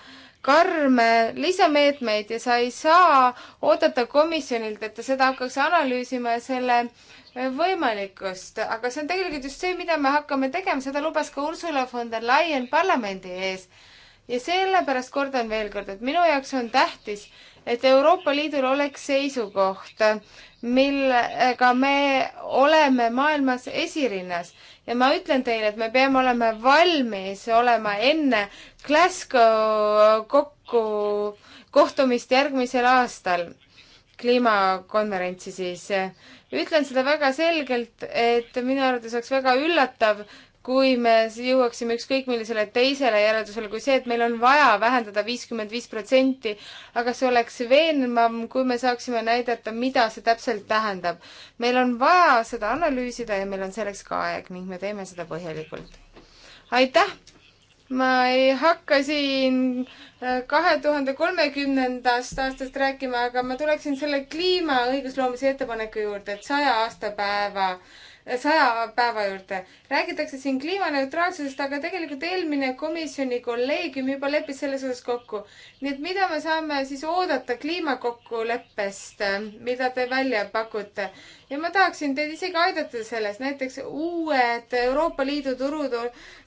karme lisameetmeid ja sa ei saa oodata komisjonilt, et ta seda hakkaks analüüsima ja selle võimalikkust, aga see on tegelikult just see, mida me hakkame tegema, seda lubas ka Ursula von der Leyen parlamendi ees ja sellepärast kordan veel kord, et minu jaoks on tähtis, et Euroopa Liidul oleks seisukoht, millega me oleme maailmas esirinnas ja ma ütlen teile, et me peame olema valmis olema enne Glasgow kokku kohtumist järgmisel aastal, kliimakonverentsi siis. ütlen seda väga selgelt, et minu arvates oleks väga üllatav, kui me jõuaksime ükskõik millisele teisele järeldusele kui see, et meil on vaja vähendada viiskümmend viis protsenti, aga see oleks veenvam, kui me saaksime näidata, mida see täpselt tähendab. meil on vaja seda analüüsida ja meil on selleks ka aeg ning me teeme seda põhjalikult. aitäh! ma ei hakka siin äh, kahe tuhande kolmekümnendast aastast rääkima, aga ma tuleksin selle kliima õigusloomise ettepaneku juurde, et saja aastapäeva äh, saja päeva juurde. räägitakse siin kliimaneutraalsusest, aga tegelikult eelmine komisjoni kolleegium juba leppis selles osas kokku. nii et mida me saame siis oodata kliimakokkuleppest, mida te välja pakute? ja ma tahaksin teid isegi aidata selles, näiteks uued Euroopa Liidu turud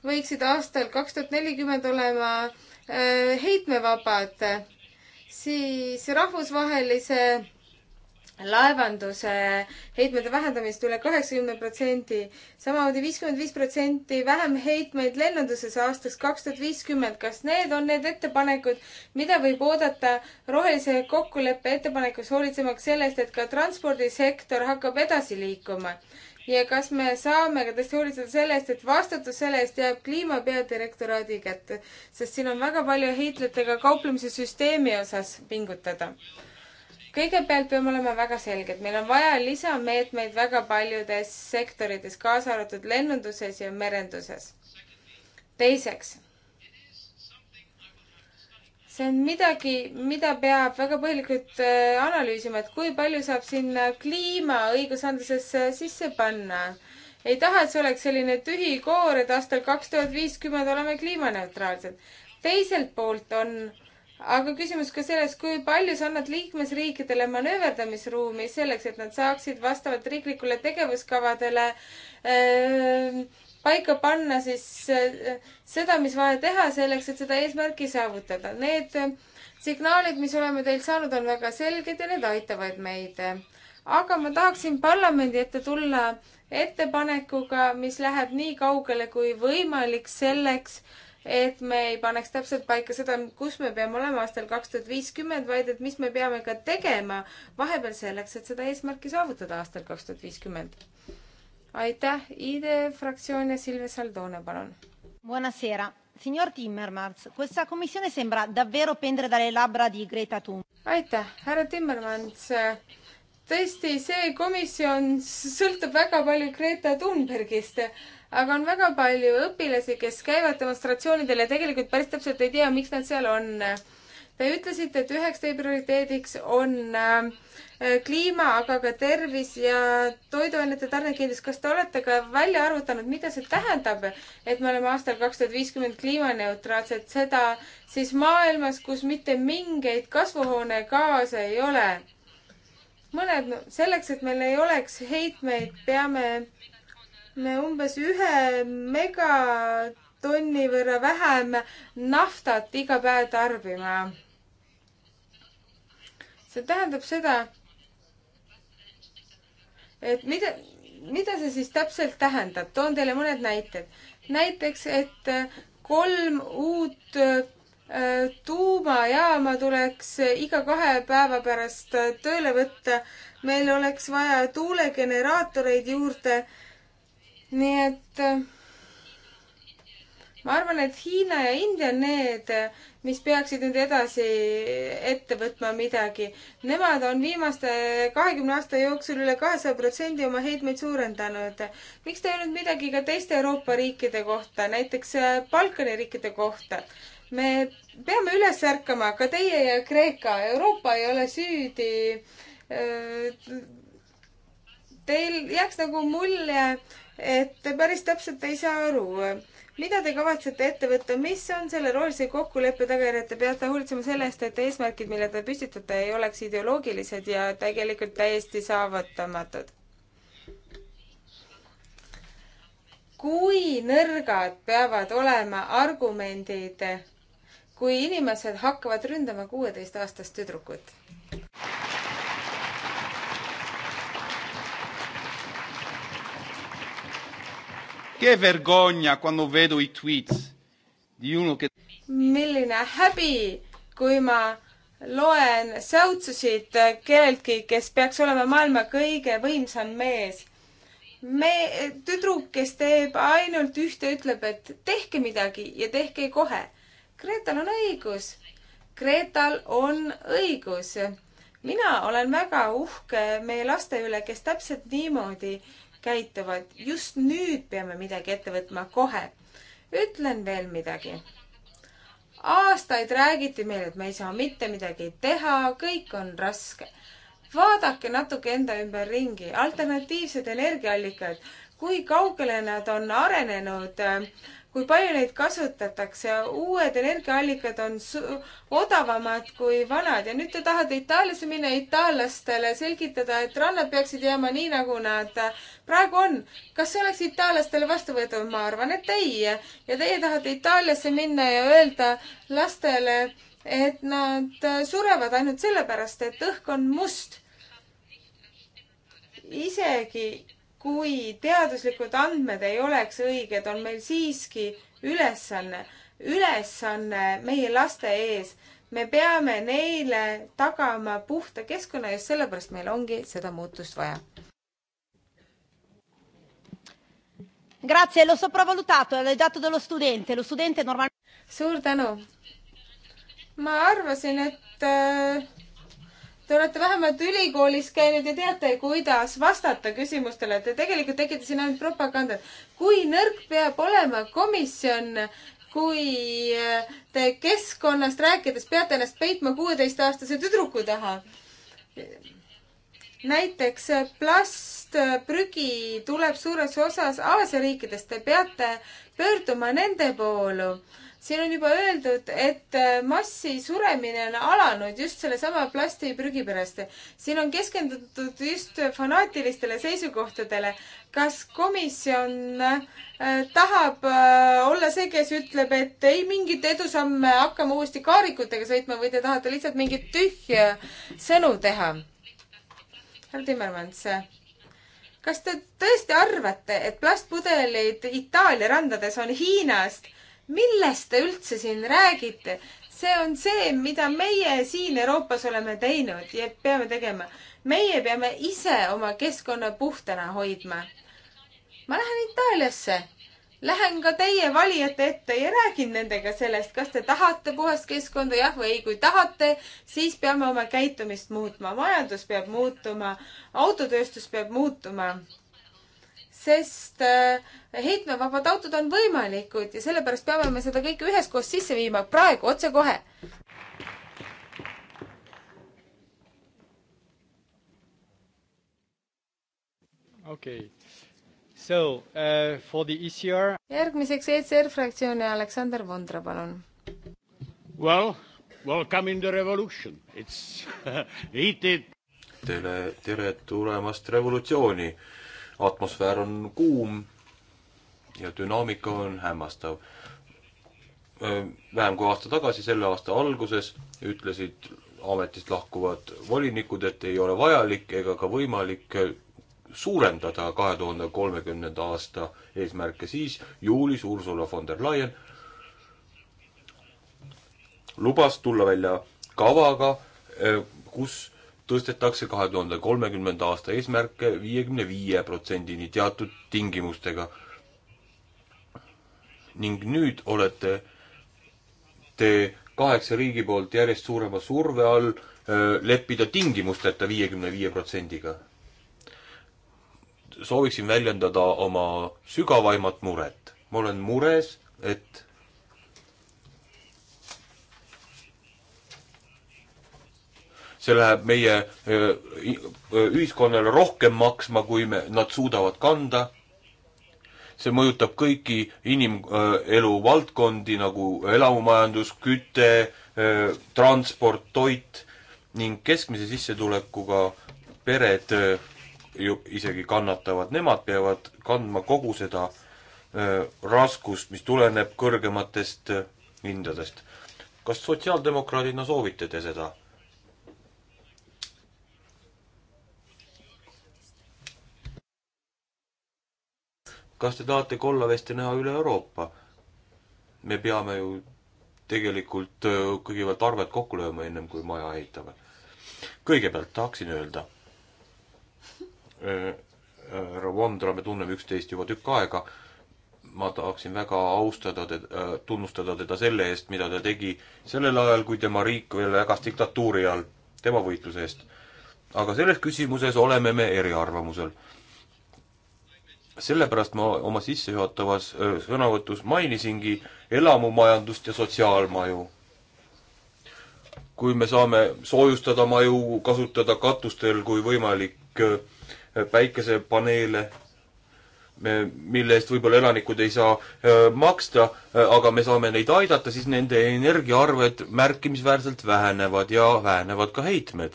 võiksid aastal kaks tuhat nelikümmend olema äh, heitmevabad, siis rahvusvahelise laevanduse heitmete vähendamist üle kaheksakümne protsendi, samamoodi viiskümmend viis protsenti vähem heitmeid lennunduses aastaks kaks tuhat viiskümmend. kas need on need ettepanekud, mida võib oodata rohelise kokkuleppe ettepanekus, hoolitsemaks sellest, et ka transpordisektor hakkab edasi liikuma? ja kas me saame ka tõesti hoolitseda selle eest, et vastutus selle eest jääb kliima peadirektoraadi kätte, sest siin on väga palju heitletega kauplemise süsteemi osas pingutada kõigepealt peame olema väga selged, meil on vaja lisameetmeid väga paljudes sektorites, kaasa arvatud lennunduses ja merenduses. teiseks, see on midagi, mida peab väga põhjalikult äh, analüüsima, et kui palju saab sinna kliima õigusandlusesse sisse panna. ei taha, et see oleks selline tühi koor, et aastal kaks tuhat viiskümmend oleme kliimaneutraalsed. teiselt poolt on aga küsimus ka selles, kui palju sa annad liikmesriikidele manööverdamisruumi selleks, et nad saaksid vastavalt riiklikule tegevuskavadele öö, ähm, paika panna siis äh, seda, mis vaja teha selleks, et seda eesmärki saavutada. Need äh, signaalid, mis oleme teilt saanud, on väga selged ja need aitavad meid. aga ma tahaksin parlamendi ette tulla ettepanekuga, mis läheb nii kaugele kui võimalik selleks, et me ei paneks täpselt paika seda, kus me peame olema aastal kaks tuhat viiskümmend, vaid et mis me peame ka tegema vahepeal selleks, et seda eesmärki saavutada aastal kaks tuhat viiskümmend. aitäh, ID fraktsioon ja Silvia Saldone, palun. Buonasera. Signor Timmermans, questa commissione sembra davvero pendere dalle labbra di Greta Thunberg. aitäh, härra Timmermans tõesti, see komisjon sõltub väga palju Greta Thunbergist, aga on väga palju õpilasi, kes käivad demonstratsioonidel ja tegelikult päris täpselt ei tea, miks nad seal on. Te ütlesite, et üheks teie prioriteediks on äh, kliima, aga ka tervis ja toiduainete tarnekindlus. kas te olete ka välja arvutanud, mida see tähendab, et me oleme aastal kaks tuhat viiskümmend kliimaneutraalsed, seda siis maailmas, kus mitte mingeid kasvuhoonegaase ei ole? mõned, selleks, et meil ei oleks heitmeid, peame me umbes ühe megatonni võrra vähem naftat iga päev tarbima. see tähendab seda, et mida, mida see siis täpselt tähendab, toon teile mõned näited. näiteks, et kolm uut tuumajaama tuleks iga kahe päeva pärast tööle võtta. meil oleks vaja tuulegeneraatoreid juurde. nii et ma arvan, et Hiina ja India on need, mis peaksid nüüd edasi ette võtma midagi. Nemad on viimaste kahekümne aasta jooksul üle kahesaja protsendi oma heitmeid suurendanud. miks te ei öelnud midagi ka teiste Euroopa riikide kohta, näiteks Balkani riikide kohta? me peame üles ärkama, ka teie ja Kreeka, Euroopa ei ole süüdi. Äh, teil jääks nagu mulje, et te päris täpselt ei saa aru, mida te kavatsete ette võtta, mis on selle rohelise kokkuleppe tagajärjed, te peate hoolitsema selle eest, et eesmärgid, mille te püstitate, ei oleks ideoloogilised ja tegelikult täiesti saavutamatud. kui nõrgad peavad olema argumendid kui inimesed hakkavad ründama kuueteistaastast tüdrukut. Che vergogna quando vedo i tweets di uno che... milline häbi, kui ma loen säutsusid kelleltki, kes peaks olema maailma kõige võimsam mees. me, tüdruk, kes teeb ainult ühte, ütleb, et tehke midagi ja tehke kohe Gretal on õigus. Gretal on õigus. mina olen väga uhke meie laste üle, kes täpselt niimoodi käituvad. just nüüd peame midagi ette võtma, kohe. ütlen veel midagi. aastaid räägiti meile, et me ei saa mitte midagi teha, kõik on raske. vaadake natuke enda ümber ringi, alternatiivsed energiaallikad, kui kaugele nad on arenenud äh, kui palju neid kasutatakse. uued energiaallikad on odavamad kui vanad ja nüüd te tahate Itaaliasse minna, itaallastele selgitada, et rannad peaksid jääma nii, nagu nad praegu on. kas see oleks itaallastele vastuvõetav? ma arvan, et ei. ja teie tahate Itaaliasse minna ja öelda lastele, et nad surevad ainult sellepärast, et õhk on must. isegi kui teaduslikud andmed ei oleks õiged, on meil siiski ülesanne, ülesanne meie laste ees. me peame neile tagama puhta keskkonna, just sellepärast meil ongi seda muutust vaja. Grazie, l'ho sopravvalutato, l'ho dato dello studente, lo studente normaal-. suur tänu. ma arvasin, et äh, Te olete vähemalt ülikoolis käinud ja teate, kuidas vastata küsimustele. Te tegelikult tegite siin ainult propagandat. kui nõrk peab olema komisjon, kui äh, te keskkonnast rääkides peate ennast peitma kuueteistaastase tüdruku taha? näiteks äh, plastprügi äh, tuleb suures osas Aasia riikidest, te peate pöörduma nende poolu siin on juba öeldud, et äh, massi suremine on alanud just sellesama plastiprügi pärast. siin on keskendutud just fanaatilistele seisukohtadele. kas komisjon äh, tahab äh, olla see, kes ütleb, et ei mingit edusamme, hakkame uuesti kaarikutega sõitma või te tahate lihtsalt mingit tühja sõnu teha? härra Timmermans kas te tõesti arvate, et plastpudelid Itaalia randades on Hiinast millest te üldse siin räägite? see on see, mida meie siin Euroopas oleme teinud ja peame tegema. meie peame ise oma keskkonna puhtana hoidma. ma lähen Itaaliasse, lähen ka teie valijate ette ja räägin nendega sellest, kas te tahate puhast keskkonda, jah või ei. kui tahate, siis peame oma käitumist muutma, majandus peab muutuma, autotööstus peab muutuma sest äh, heitmevabad autod on võimalikud ja sellepärast peame me seda kõike üheskoos sisse viima praegu otsekohe. okei okay., so uh, for the ECR. järgmiseks ECR fraktsiooni Aleksander Vondra, palun. Well, welcome in the revolution, it's heated. tere, tere tulemast revolutsiooni atmosfäär on kuum ja dünaamika on hämmastav. vähem kui aasta tagasi, selle aasta alguses ütlesid ametist lahkuvad volinikud, et ei ole vajalik ega ka võimalik suurendada kahe tuhande kolmekümnenda aasta eesmärke, siis juulis Ursula von der Leyen lubas tulla välja kavaga, kus tõstetakse kahe tuhande kolmekümnenda aasta eesmärke viiekümne viie protsendini teatud tingimustega. ning nüüd olete te kaheksa riigi poolt järjest suurema surve all leppida tingimusteta viiekümne viie protsendiga. sooviksin väljendada oma sügavaimat muret. ma olen mures, et see läheb meie ühiskonnale rohkem maksma, kui me, nad suudavad kanda. see mõjutab kõiki inimelu valdkondi nagu elamumajandus, küte, transport, toit ning keskmise sissetulekuga pered ju isegi kannatavad, nemad peavad kandma kogu seda raskust, mis tuleneb kõrgematest hindadest. kas sotsiaaldemokraadina soovite te seda? kas te tahate kollaveste näha üle Euroopa? me peame ju tegelikult äh, kõigepealt arved kokku lööma, ennem kui maja ehitame. kõigepealt tahaksin öelda, äh, härra Vondra, me tunneme üksteist juba tükk aega, ma tahaksin väga austada teda, äh, tunnustada teda selle eest, mida ta tegi sellel ajal, kui tema riik veel ägas diktatuuri all, tema võitluse eest. aga selles küsimuses oleme me eriarvamusel sellepärast ma oma sissejuhatavas sõnavõtus mainisingi elamumajandust ja sotsiaalmaju. kui me saame soojustada maju, kasutada katustel kui võimalik päikesepaneele, mille eest võib-olla elanikud ei saa maksta, aga me saame neid aidata, siis nende energiaarved märkimisväärselt vähenevad ja vähenevad ka heitmed.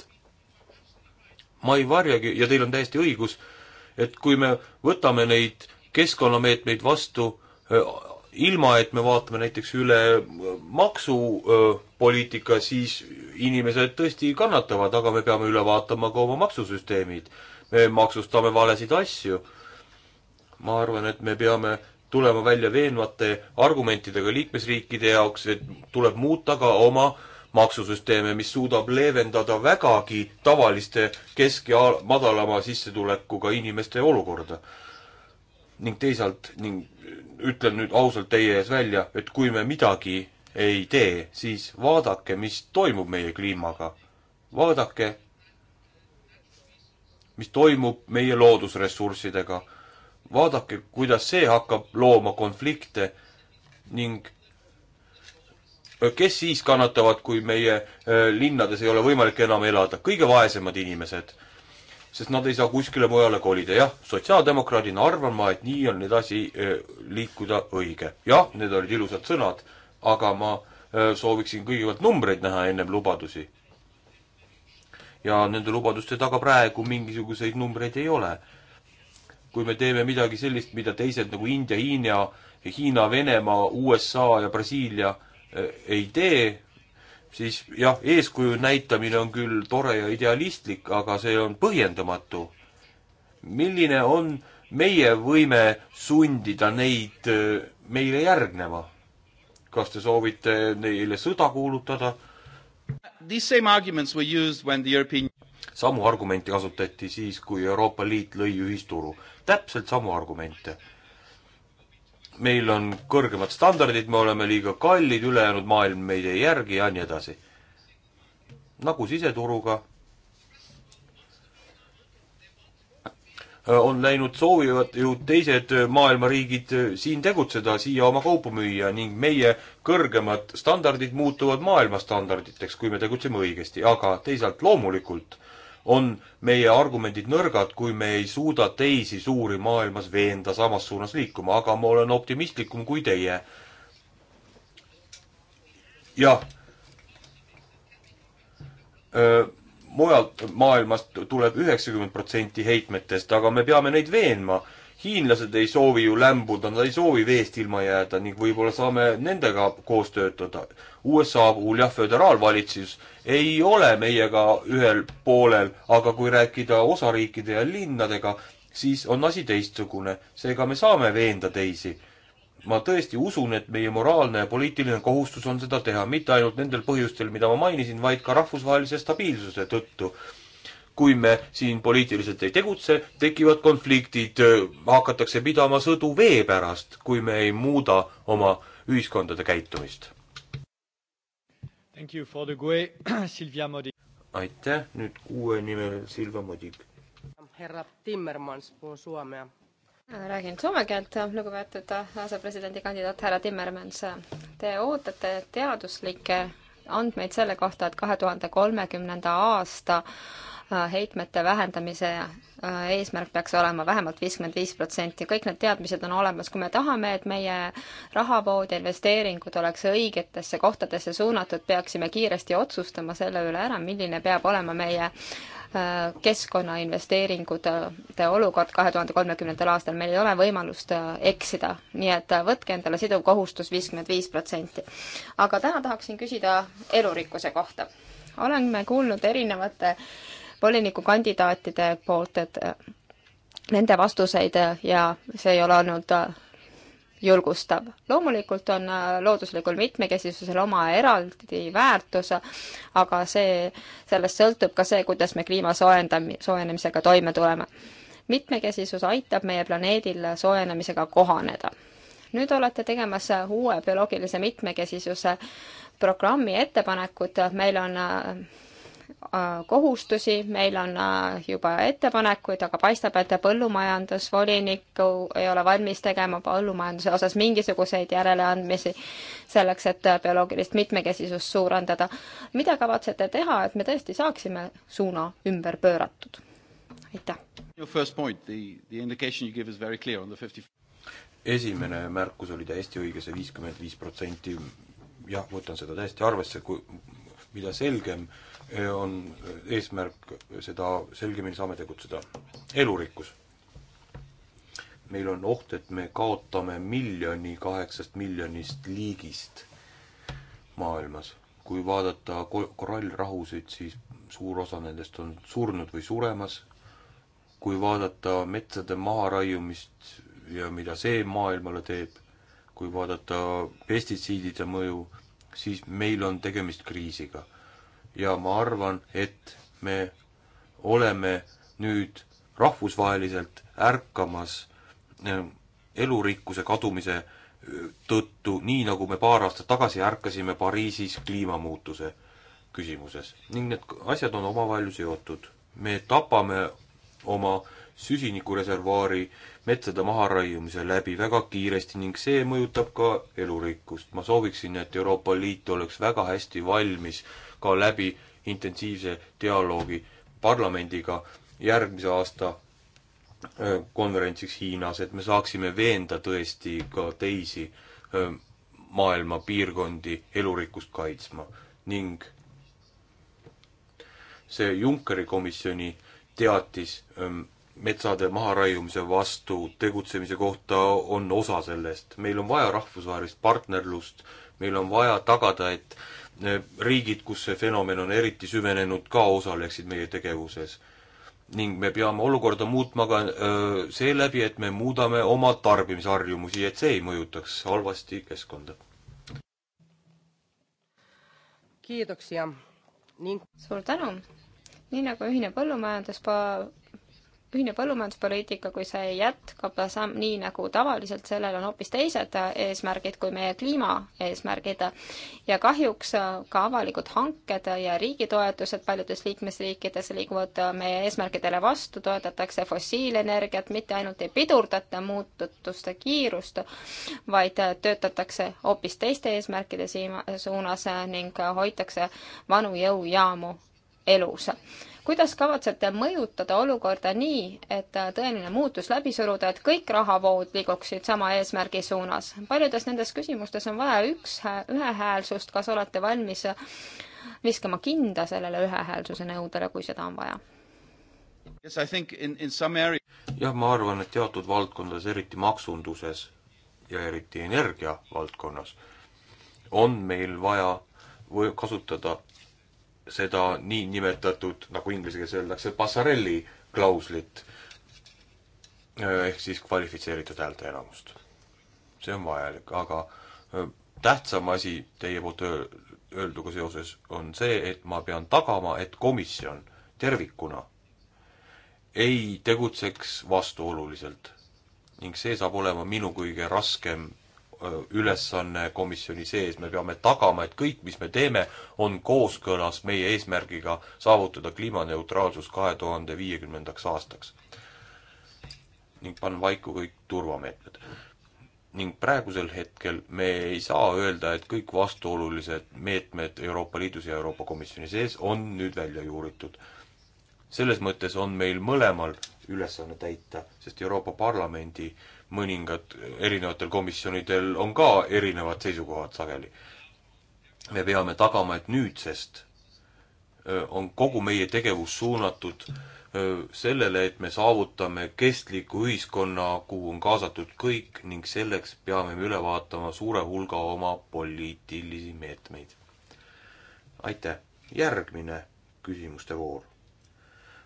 ma ei varjagi, ja teil on täiesti õigus et kui me võtame neid keskkonnameetmeid vastu ilma, et me vaatame näiteks üle maksupoliitika, siis inimesed tõesti kannatavad, aga me peame üle vaatama ka oma maksusüsteemid. me maksustame valesid asju. ma arvan, et me peame tulema välja veenvate argumentidega liikmesriikide jaoks, et tuleb muuta ka oma äh, maksusüsteeme, mis suudab leevendada vägagi tavaliste kesk- ja madalama sissetulekuga inimeste olukorda. ning teisalt, ning ütlen nüüd ausalt teie ees välja, et kui me midagi ei tee, siis vaadake, mis toimub meie kliimaga. vaadake, mis toimub meie loodusressurssidega. vaadake, kuidas see hakkab looma konflikte ning kes siis kannatavad, kui meie äh, linnades ei ole võimalik enam elada? kõige vaesemad inimesed. sest nad ei saa kuskile mujale kolida. jah, sotsiaaldemokraadina arvan ma, et nii on edasi äh, liikuda õige. jah, need olid ilusad sõnad, aga ma äh, sooviksin kõigepealt numbreid näha ennem lubadusi. ja nende lubaduste taga praegu mingisuguseid numbreid ei ole. kui me teeme midagi sellist, mida teised nagu India, Hiina, Hiina, Venemaa, USA ja Brasiilia äh, Äh, ei tee, siis jah, eeskuju näitamine on küll tore ja idealistlik, aga see on põhjendamatu. milline on meie võime sundida neid äh, meile järgnema? kas te soovite neile sõda kuulutada? European... samu argumente kasutati siis, kui Euroopa Liit lõi ühisturu. täpselt samu argumente meil on kõrgemad standardid, me oleme liiga kallid, ülejäänud maailm meid ei järgi ja nii edasi. nagu siseturuga äh, on läinud, soovivad ju teised äh, maailma riigid äh, siin tegutseda, siia oma kaupu müüa ning meie kõrgemad standardid muutuvad maailma standarditeks, kui me tegutseme õigesti, aga teisalt loomulikult on meie argumendid nõrgad, kui me ei suuda teisi suuri maailmas veenda samas suunas liikuma, aga ma olen optimistlikum kui teie. jah. mujalt maailmast tuleb üheksakümmend protsenti heitmetest, aga me peame neid veenma. hiinlased ei soovi ju lämbuda, nad ei soovi veest ilma jääda ning võib-olla saame nendega koos töötada USA puhul jah, föderaalvalitsus ei ole meiega ühel poolel, aga kui rääkida osariikide ja linnadega, siis on asi teistsugune. seega me saame veenda teisi. ma tõesti usun, et meie moraalne ja poliitiline kohustus on seda teha, mitte ainult nendel põhjustel, mida ma mainisin, vaid ka rahvusvahelise stabiilsuse tõttu kui me siin poliitiliselt ei tegutse, tekivad konfliktid, hakatakse pidama sõdu vee pärast, kui me ei muuda oma ühiskondade käitumist aitäh, nüüd kuue nimel Silva Modig. härra Timmermans, puhun soome. räägin soome keelt, lugupeetud asepresidendikandidaat härra Timmermans. Te ootate teaduslikke andmeid selle kohta, et kahe tuhande kolmekümnenda aasta Äh, heitmete vähendamise äh, eesmärk peaks olema vähemalt viiskümmend viis protsenti. kõik need teadmised on olemas, kui me tahame, et meie rahavood ja investeeringud oleks õigetesse kohtadesse suunatud, peaksime kiiresti otsustama selle üle ära, milline peab olema meie äh, keskkonnainvesteeringute olukord kahe tuhande kolmekümnendal aastal, meil ei ole võimalust eksida, nii et võtke endale siduv kohustus viiskümmend viis protsenti. aga täna tahaksin küsida elurikkuse kohta. oleme kuulnud erinevate äh, volinikukandidaatide poolt, et äh, nende vastuseid äh, ja see ei ole olnud äh, julgustav. loomulikult on looduslikul mitmekesisusel oma eraldi väärtus, aga see, sellest sõltub ka see, kuidas me kliima soojendam-, soojenemisega toime tuleme. mitmekesisus aitab meie planeedil soojenemisega kohaneda. nüüd olete tegemas uue bioloogilise mitmekesisuse programmi ettepanekut, meil on Äh, kohustusi, meil on äh, juba ettepanekuid, aga paistab, et põllumajandusvolinikku ei ole valmis tegema põllumajanduse osas mingisuguseid järeleandmisi selleks, et äh, bioloogilist mitmekesisust suurendada. mida kavatsete teha, et me tõesti saaksime suuna ümber pööratud? aitäh! esimene märkus oli täiesti õige, see viiskümmend viis protsenti, jah, võtan seda täiesti arvesse, kui mida selgem äh, Eh, on eh, eesmärk seda selgemini saame tegutseda. elurikkus. meil on oht, et me kaotame miljoni kaheksast miljonist liigist maailmas. kui vaadata korallrahusid, siis suur osa nendest on surnud või suremas. kui vaadata metsade maharaiumist ja mida see maailmale teeb, kui vaadata pestitsiidide mõju, siis meil on tegemist kriisiga ja ma arvan, et me oleme nüüd rahvusvaheliselt ärkamas eh, elurikkuse kadumise eh, tõttu, nii nagu me paar aastat tagasi ärkasime Pariisis kliimamuutuse küsimuses. ning need asjad on omavahel seotud. me tapame oma süsinikureservuaari metsade maharaiumise läbi väga kiiresti ning see mõjutab ka elurikkust. ma sooviksin, et Euroopa Liit oleks väga hästi valmis äh, ka läbi intensiivse dialoogi parlamendiga järgmise aasta konverentsiks Hiinas, et me saaksime veenda tõesti ka teisi maailma piirkondi elurikkust kaitsma ning see Junckeri komisjoni teatis metsade maharaiumise vastu tegutsemise kohta on osa sellest. meil on vaja rahvusvahelist partnerlust, meil on vaja tagada, et riigid, kus see fenomen on eriti süvenenud, ka osaleksid meie tegevuses. ning me peame olukorda muutma ka seeläbi, et me muudame oma tarbimisharjumusi, et see ei mõjutaks halvasti keskkonda. kiitoksia ning suur tänu! nii nagu ühine põllumajanduspa-, ühine põllumajanduspoliitika, kui see jätkab samm nii nagu tavaliselt, sellel on hoopis teised eesmärgid kui meie kliimaeesmärgid. ja kahjuks ka avalikud hanked ja riigi toetused paljudes liikmesriikides liiguvad meie eesmärgidele vastu, toetatakse fossiilenergiat, mitte ainult ei pidurdata muutuste kiirust, vaid töötatakse hoopis teiste eesmärkide siima, suunas ning hoitakse vanu jõujaamu elus kuidas kavatsete mõjutada olukorda nii, et tõeline muutus läbi suruda, et kõik rahavood liiguksid sama eesmärgi suunas? paljudes nendes küsimustes on vaja üks, ühehäälsust, kas olete valmis viskama kinda sellele ühehäälsuse nõudele, kui seda on vaja? jah, ma arvan, et teatud valdkondades, eriti maksunduses ja eriti energia valdkonnas, on meil vaja või kasutada seda niinimetatud, nagu inglise keeles öeldakse, passarelli klauslit eh, ehk siis kvalifitseeritud häälteenamust. see on vajalik, aga eh, tähtsam asi teie poolt öelduga seoses on see, et ma pean tagama, et komisjon tervikuna ei tegutseks vastuoluliselt. ning see saab olema minu kõige raskem Äh, ülesanne komisjoni sees, me peame tagama, et kõik, mis me teeme, on kooskõlas meie eesmärgiga saavutada kliimaneutraalsus kahe tuhande viiekümnendaks aastaks. ning panna vaiku kõik turvameetmed. ning praegusel hetkel me ei saa öelda, et kõik vastuolulised meetmed Euroopa Liidus ja Euroopa Komisjoni sees on nüüd välja juuritud. selles mõttes on meil mõlemal ülesanne täita, sest Euroopa Parlamendi äh, mõningad erinevatel komisjonidel on ka erinevad seisukohad sageli. me peame tagama, et nüüdsest on kogu meie tegevus suunatud sellele, et me saavutame kestliku ühiskonna, kuhu on kaasatud kõik ning selleks peame me üle vaatama suure hulga oma poliitilisi meetmeid. aitäh, järgmine küsimuste voor.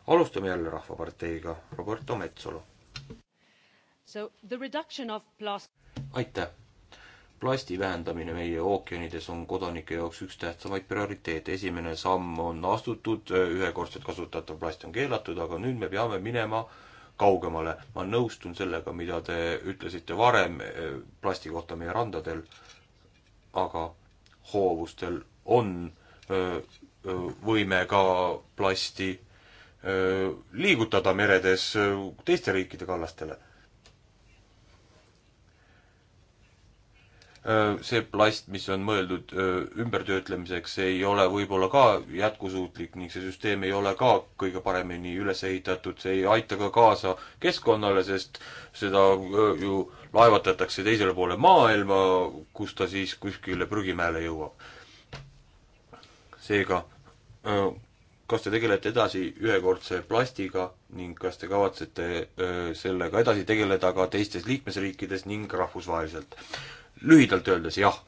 alustame jälle Rahvaparteiga, Roberto Metsola aitäh! plasti vähendamine meie ookeanides on kodanike jaoks üks tähtsamaid prioriteete. esimene samm on astutud, ühekordselt kasutatav plast on keelatud, aga nüüd me peame minema kaugemale. ma nõustun sellega, mida te ütlesite varem eh, plasti kohta meie randadel, aga hoovustel on öö, võime ka plasti öö, liigutada meredes öö, teiste riikide kallastele see plast, mis on mõeldud ümbertöötlemiseks, ei ole võib-olla ka jätkusuutlik ning see süsteem ei ole ka kõige paremini üles ehitatud, see ei aita ka kaasa keskkonnale, sest seda ju laevatatakse teisele poole maailma, kus ta siis kuskile prügimäele jõuab. seega, kas te tegelete edasi ühekordse plastiga ning kas te kavatsete sellega edasi tegeleda ka teistes liikmesriikides ning rahvusvaheliselt? lühidalt öeldes jah,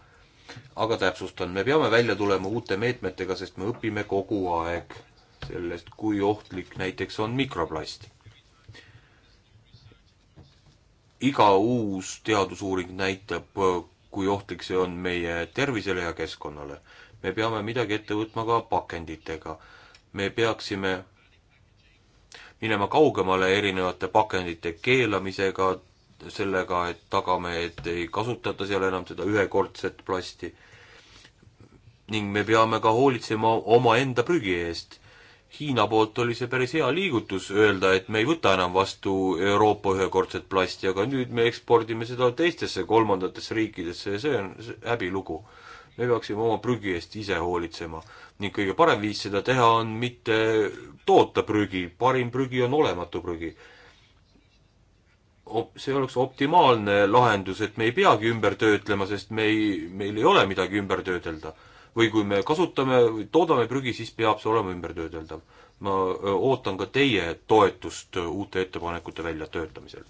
aga täpsustan, me peame välja tulema uute meetmetega, sest me õpime kogu aeg sellest, kui ohtlik näiteks on mikroplast. iga uus teadusuuring näitab, kui ohtlik see on meie tervisele ja keskkonnale. me peame midagi ette võtma ka pakenditega. me peaksime minema kaugemale erinevate pakendite keelamisega, sellega, et tagame, et ei kasutata seal enam seda ühekordset plasti. ning me peame ka hoolitsema omaenda prügi eest. Hiina poolt oli see päris hea liigutus öelda, et me ei võta enam vastu Euroopa ühekordset plasti, aga nüüd me ekspordime seda teistesse kolmandatesse riikidesse ja see on häbilugu. me peaksime oma prügi eest ise hoolitsema ning kõige parem viis seda teha on mitte toota prügi, parim prügi on olematu prügi op-, see oleks optimaalne lahendus, et me ei peagi ümber töötlema, sest me ei, meil ei ole midagi ümber töödelda. või kui me kasutame või toodame prügi, siis peab see olema ümbertöödeldav. ma ootan ka teie toetust uute ettepanekute väljatöötamisel.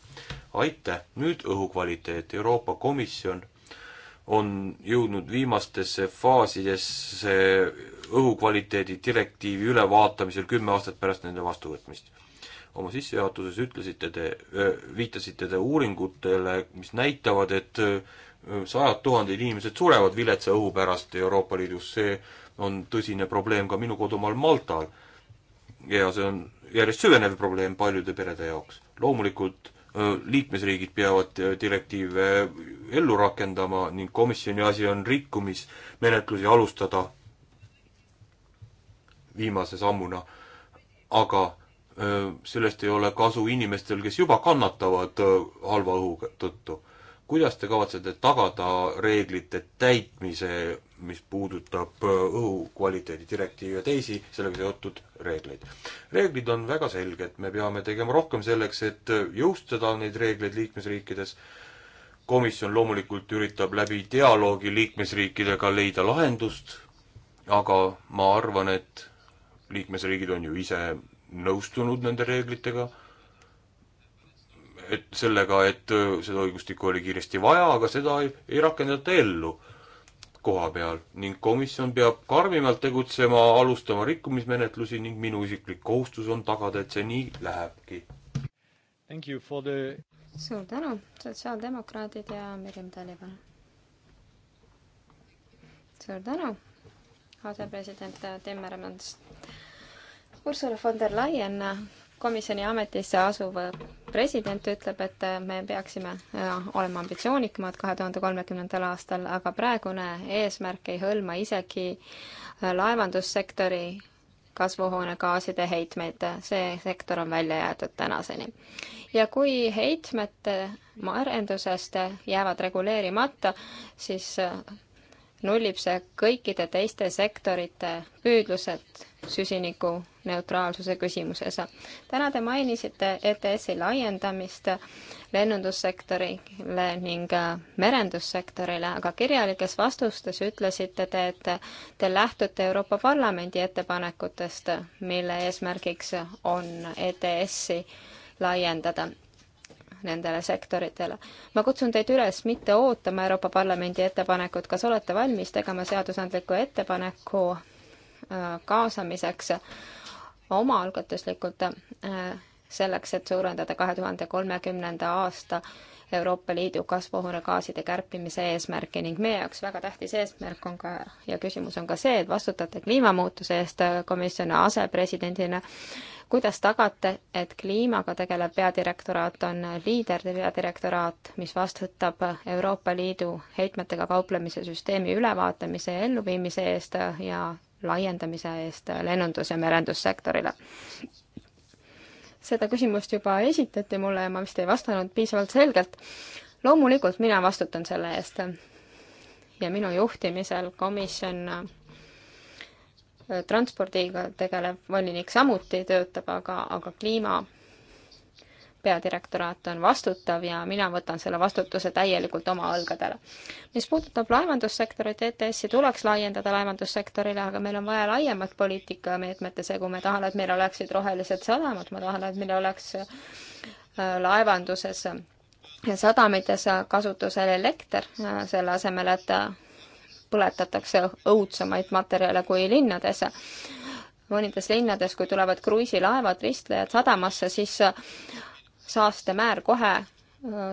aitäh, nüüd õhukvaliteet, Euroopa Komisjon on jõudnud viimastesse faasidesse õhukvaliteedi direktiivi ülevaatamisel kümme aastat pärast nende vastuvõtmist oma sissejuhatuses ütlesite te, viitasite te uuringutele, mis näitavad, et sajad tuhanded inimesed surevad viletsa õhu pärast Euroopa Liidus, see on tõsine probleem ka minu kodumaal Maltal. ja see on järjest süvenev probleem paljude perede jaoks. loomulikult liikmesriigid peavad direktiive ellu rakendama ning komisjoni asi on rikkumismenetlusi alustada viimase sammuna, aga Äh, sellest ei ole kasu inimestel, kes juba kannatavad äh, halva õhu tõttu. kuidas te kavatsete tagada reeglite täitmise, mis puudutab äh, õhukvaliteedi direktiivi ja teisi sellega seotud reegleid? reeglid on väga selged, me peame tegema rohkem selleks, et jõustada neid reegleid liikmesriikides. komisjon loomulikult üritab läbi dialoogi liikmesriikidega leida lahendust, aga ma arvan, et liikmesriigid on ju ise nõustunud nende reeglitega, et sellega, et äh, seda õigustikku oli kiiresti vaja, aga seda ei, ei rakendata ellu koha peal ning komisjon peab karmimalt tegutsema, alustama rikkumismenetlusi ning minu isiklik kohustus on tagada, et see nii lähebki. The... suur tänu, sotsiaaldemokraadid ja Merjem Taliban. suur tänu, asepresident Timmermans Ursula von der Leyen, komisjoni ametisse asuv president ütleb, et me peaksime äh, olema ambitsioonikamad kahe tuhande kolmekümnendal aastal, aga praegune eesmärk ei hõlma isegi äh, laevandussektori kasvuhoonegaaside heitmeid, see sektor on välja jäetud tänaseni. ja kui heitmete arendusest jäävad reguleerimata, siis äh, nullib see kõikide teiste sektorite püüdlused süsiniku neutraalsuse küsimuses. täna te mainisite ETS-i laiendamist lennundussektorile ning merendussektorile, aga kirjalikes vastustes ütlesite te, et te lähtute Euroopa Parlamendi ettepanekutest, mille eesmärgiks on ETS-i laiendada nendele sektoritele. ma kutsun teid üles mitte ootama Euroopa Parlamendi ettepanekut, kas olete valmis tegema seadusandliku ettepaneku äh, kaasamiseks omaalgatuslikult äh, selleks, et suurendada kahe tuhande kolmekümnenda aasta Euroopa Liidu kasvuhoonegaaside kärpimise eesmärki ning meie jaoks väga tähtis eesmärk on ka ja küsimus on ka see, et vastutate kliimamuutuse eest äh, komisjoni asepresidendina. kuidas tagate, et kliimaga tegelev peadirektoraat on liider peadirektoraat, mis vastutab Euroopa Liidu heitmetega kauplemise süsteemi ülevaatamise ja elluviimise eest ja laiendamise eest lennundus- ja merendussektorile? seda küsimust juba esitati mulle ja ma vist ei vastanud piisavalt selgelt. loomulikult mina vastutan selle eest. ja minu juhtimisel komisjon äh, transpordiga tegelev volinik samuti töötab, aga, aga kliima peadirektoraat on vastutav ja mina võtan selle vastutuse täielikult oma õlgadele. mis puudutab laevandussektorit, ETS-i tuleks laiendada laevandussektorile, aga meil on vaja laiemat poliitikameetmete segu, me tahame, et meil oleksid rohelised sadamad, ma tahan, et meil oleks äh, laevanduses ja sadamites kasutusel elekter, äh, selle asemel, et äh, põletatakse õudsemaid materjale kui linnades mõnides linnades, kui tulevad kruiisilaevad, ristlejad sadamasse, siis saastemäär kohe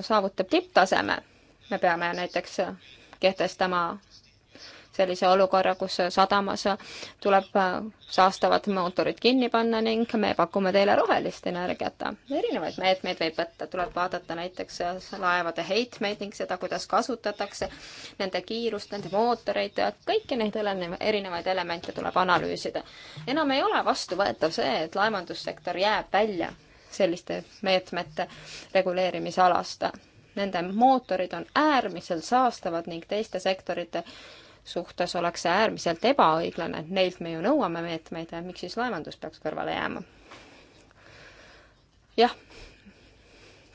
saavutab tipptaseme. me peame näiteks kehtestama sellise olukorra, kus sadamas tuleb saastavad mootorid kinni panna ning me pakume teile rohelist energiat. erinevaid meetmeid võib võtta, tuleb vaadata näiteks laevade heitmeid ning seda, kuidas kasutatakse, nende kiirust, nende mootoreid, kõiki neid erinevaid elemente tuleb analüüsida. enam ei ole vastuvõetav see, et laevandussektor jääb välja selliste meetmete reguleerimisalast. Nende mootorid on äärmiselt saastavad ning teiste sektorite suhtes oleks see äärmiselt ebaõiglane, neilt me ju nõuame meetmeid, miks siis laevandus peaks kõrvale jääma? jah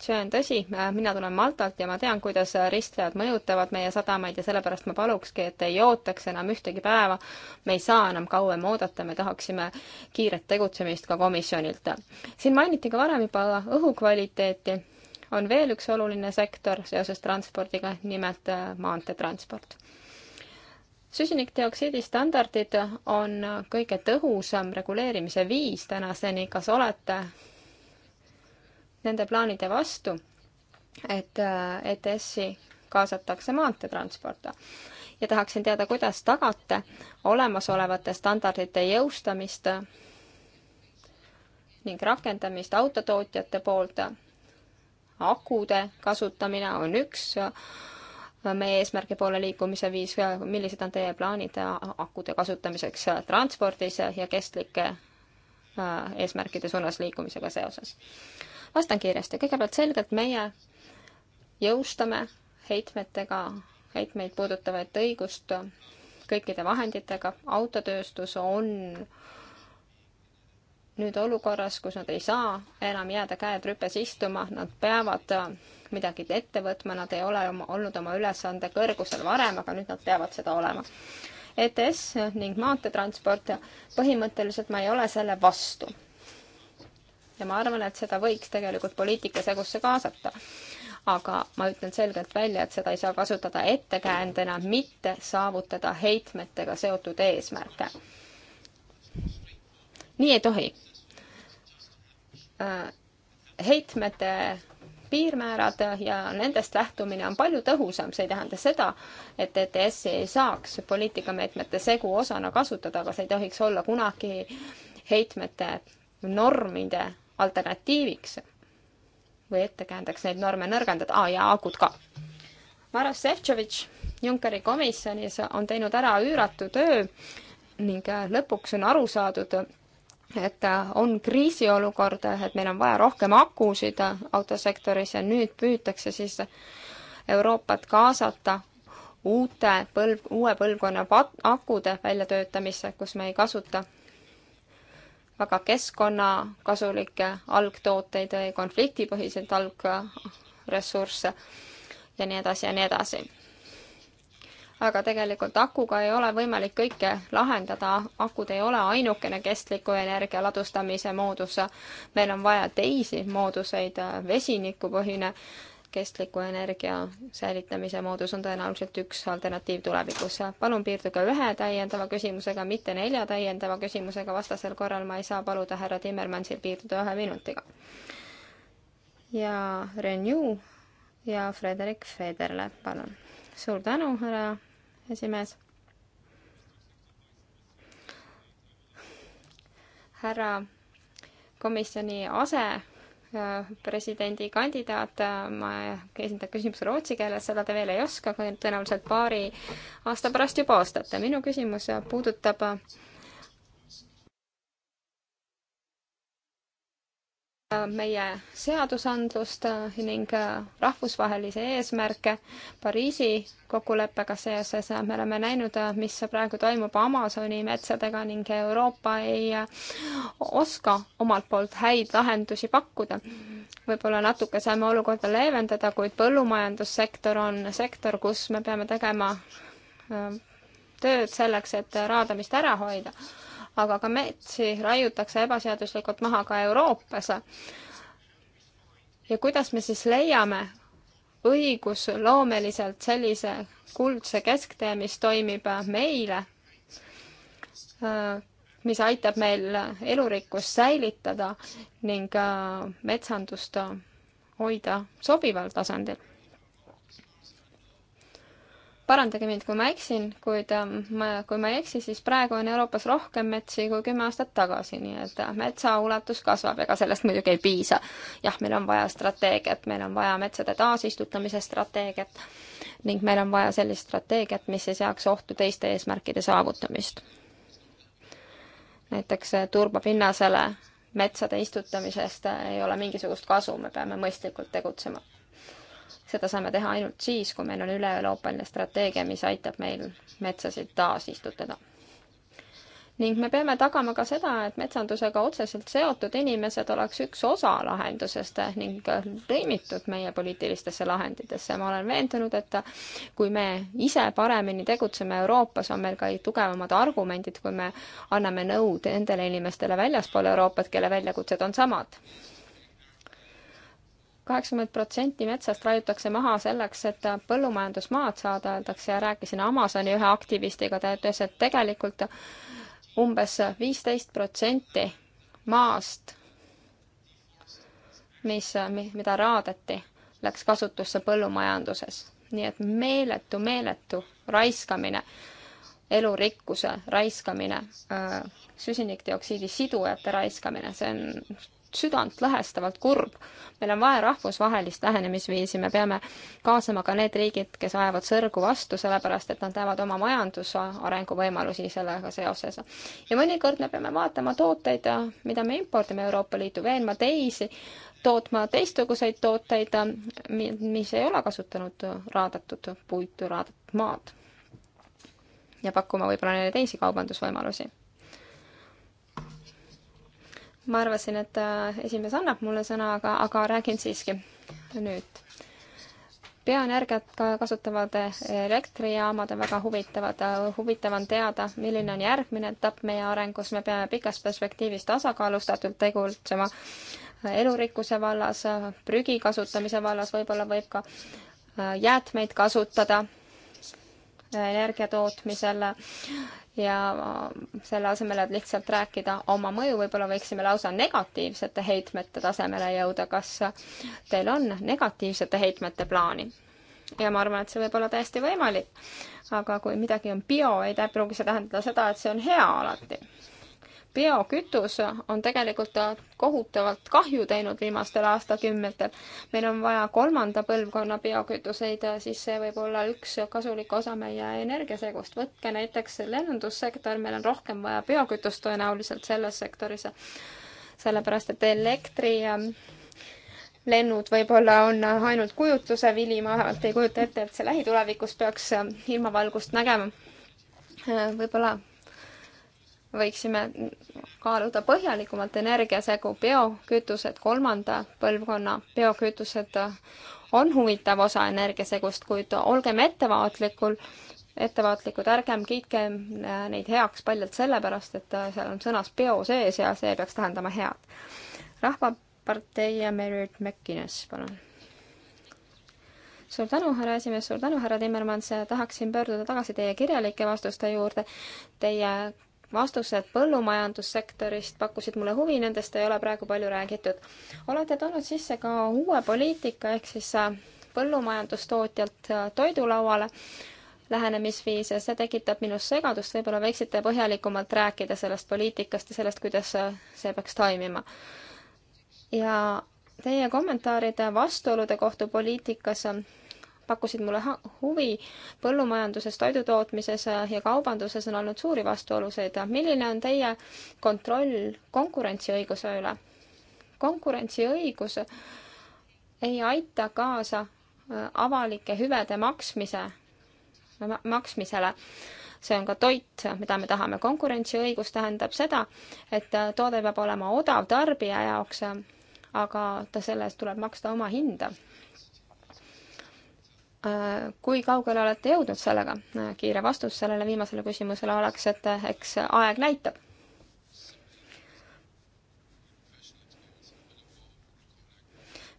see on tõsi, äh, mina tulen Maltalt ja ma tean, kuidas äh, ristlejad mõjutavad meie sadamaid ja sellepärast ma palukski, et ei ootaks enam ühtegi päeva. me ei saa enam kauem oodata, me tahaksime kiiret tegutsemist ka komisjonilt. siin mainiti ka varem juba õhukvaliteeti. on veel üks oluline sektor seoses transpordiga, nimelt äh, maanteetransport süsinikdioksiidi standardid on kõige tõhusam reguleerimise viis tänaseni, kas olete nende plaanide vastu, äh, et ETS-i kaasatakse maanteetransporta ja tahaksin teada, kuidas tagate olemasolevate standardite jõustamist ning rakendamist autotootjate poolt. akude kasutamine on üks äh, meie eesmärgi poole liikumise viis, millised on teie plaanid akude kasutamiseks transpordis ja kestlike äh, eesmärkide suunas liikumisega seoses? vastan kiiresti, kõigepealt selgelt meie jõustame heitmetega, heitmeid puudutavaid õigust kõikide vahenditega, autotööstus on nüüd olukorras, kus nad ei saa enam jääda käed rüpes istuma, nad peavad midagi ette võtma, nad ei ole oma, olnud oma ülesande kõrgusel varem, aga nüüd nad peavad seda olema. ETS ning maanteetransport, põhimõtteliselt ma ei ole selle vastu ja ma arvan, et seda võiks tegelikult poliitikasegusse kaasata. aga ma ütlen selgelt välja, et seda ei saa kasutada ettekäändena mitte saavutada heitmetega seotud eesmärke. nii ei tohi. Äh, heitmete piirmäärad ja nendest lähtumine on palju tõhusam, see ei tähenda seda, et ETS-i ei saaks poliitikameetmete segu osana kasutada, aga see ei tohiks olla kunagi heitmete normide alternatiiviks või ettekäändeks neid norme nõrgendada ah,, ja akud ka. Maros Šefčovitš Junckeri komisjonis on teinud ära üüratu töö ning äh, lõpuks on aru saadud, et äh, on kriisiolukord, et meil on vaja rohkem akusid äh, autosektoris ja nüüd püütakse siis Euroopat kaasata uute põlv, uue põlvkonna pat-, akude väljatöötamisse, kus me ei kasuta väga keskkonnakasulikke algtooteid või konfliktipõhiseid algressursse ja nii edasi ja nii edasi. aga tegelikult akuga ei ole võimalik kõike lahendada, akud ei ole ainukene kestliku energia ladustamise moodus. meil on vaja teisi mooduseid, vesinikupõhine äh, kestliku energia säilitamise moodus on tõenäoliselt üks alternatiiv tulevikus. palun piirduge ühe täiendava küsimusega, mitte nelja täiendava küsimusega, vastasel korral ma ei saa paluda härra Timmermansil piirduda ühe minutiga. ja Renew ja Frederik Federle, palun. suur tänu, härra esimees. härra komisjoni ase presidendikandidaat, ma esindan küsimuse rootsi keeles, seda te veel ei oska, tõenäoliselt paari aasta pärast juba ostate. minu küsimus puudutab äh, meie seadusandlust äh, ning äh, rahvusvahelisi eesmärke Pariisi kokkuleppega seoses. me oleme näinud, äh, mis praegu toimub Amazoni metsadega ning Euroopa ei oska omalt poolt häid lahendusi pakkuda. võib-olla natuke saame olukorda leevendada, kuid põllumajandussektor on sektor, kus me peame tegema tööd selleks, et raadamist ära hoida aga ka metsi raiutakse ebaseaduslikult maha ka Euroopas. ja kuidas me siis leiame õigusloomeliselt sellise kuldse kesktee, mis toimib meile, mis aitab meil elurikkust säilitada ning metsandust hoida sobival tasandil parandage mind, kui ma eksin, kuid ähm, ma, kui ma ei eksi, siis praegu on Euroopas rohkem metsi kui kümme aastat tagasi, nii et äh, metsa ulatus kasvab, ega sellest muidugi ei piisa. jah, meil on vaja strateegiat, meil on vaja metsade taasistutamise strateegiat ning meil on vaja sellist strateegiat, mis ei seaks ohtu teiste eesmärkide saavutamist. näiteks äh, turbapinnasele metsade istutamisest äh, ei ole mingisugust kasu, me peame mõistlikult tegutsema seda saame teha ainult siis, kui meil on üle-euroopaline strateegia, mis aitab meil metsasid taasistutada. ning me peame tagama ka seda, et metsandusega otseselt seotud inimesed oleks üks osa lahendusest ning lõimitud meie poliitilistesse lahenditesse. ma olen veendunud, et kui me ise paremini tegutseme Euroopas, on meil ka tugevamad argumendid, kui me anname nõud nendele inimestele väljaspool Euroopat, kelle väljakutsed on samad kaheksakümmend protsenti metsast raiutakse maha selleks, et põllumajandusmaad saada, öeldakse ja rääkisin Amazoni ühe aktivistiga, ta ütles, et tegelikult umbes viisteist protsenti maast, mis, mida raadeti, läks kasutusse põllumajanduses. nii et meeletu, meeletu raiskamine, elurikkuse raiskamine, süsinikdioksiidi sidujate raiskamine, see on südantlõhestavalt kurb. meil on vaja rahvusvahelist lähenemisviisi, me peame kaasama ka need riigid, kes ajavad sõrgu vastu, sellepärast et nad näevad oma majanduse arenguvõimalusi sellega seoses. ja mõnikord me peame vaatama tooteid, mida me impordime Euroopa Liitu, veenma teisi tootma teistsuguseid tooteid, mis ei ole kasutanud raadatud puitu, raadatud maad ja pakkuma võib-olla neile teisi kaubandusvõimalusi ma arvasin, et äh, esimees annab mulle sõna, aga, aga räägin siiski nüüd. peaenergiat kasutavad elektrijaamade väga huvitavad, huvitav on teada, milline on järgmine etapp meie arengus, me peame pikas perspektiivis tasakaalustatult tegutsema elurikkuse vallas, prügi kasutamise vallas, võib-olla võib ka äh, jäätmeid kasutada äh, energia tootmisel ja äh, selle asemel, et lihtsalt rääkida oma mõju, võib-olla võiksime lausa negatiivsete heitmete tasemele jõuda, kas teil on negatiivsete heitmete plaani? ja ma arvan, et see võib olla täiesti võimalik. aga kui midagi on bio, ei pruugi see tähendada seda, et see on hea alati biokütus on tegelikult kohutavalt kahju teinud viimastel aastakümnetel. meil on vaja kolmanda põlvkonna biokütuseid, siis see võib olla üks kasulik osa meie energiasegust. võtke näiteks lennundussektor, meil on rohkem vaja biokütust tõenäoliselt selles sektoris, sellepärast et elektri lennud võib-olla on ainult kujutluse vili, ma alati ei kujuta ette, et see lähitulevikus peaks ilmavalgust nägema. võib-olla võiksime kaaluda põhjalikumalt energiasegu, biokütused, kolmanda põlvkonna biokütused on huvitav osa energiasegust, kuid olgem ettevaatlikul, ettevaatlikud, ärgem kiitkem neid heaks paljalt sellepärast, et seal on sõnas bio sees ja see peaks tähendama head. rahvapartei ja Merit McInnes, palun. suur tänu, härra esimees, suur tänu, härra Timmermann, tahaksin pöörduda tagasi teie kirjalike vastuste juurde. Teie vastused põllumajandussektorist pakkusid mulle huvi, nendest ei ole praegu palju räägitud. olete toonud sisse ka uue poliitika, ehk siis äh, põllumajandustootjalt äh, toidulauale lähenemisviis ja see tekitab minus segadust, võib-olla võiksite põhjalikumalt rääkida sellest poliitikast ja sellest, kuidas äh, see peaks toimima. ja teie kommentaarid vastuolude kohta poliitikas pakkusid mulle huvi. põllumajanduses, toidutootmises äh, ja kaubanduses on olnud suuri vastuoluseid. milline on teie kontroll konkurentsiõiguse üle? konkurentsiõigus ei aita kaasa äh, avalike hüvede maksmise, maksmisele see on ka toit, mida me tahame. konkurentsiõigus tähendab seda, et äh, toode peab olema odav tarbija jaoks, aga ta selle eest tuleb maksta oma hinda kui kaugele olete jõudnud sellega? kiire vastus sellele viimasele küsimusele oleks, et eh, eks aeg näitab.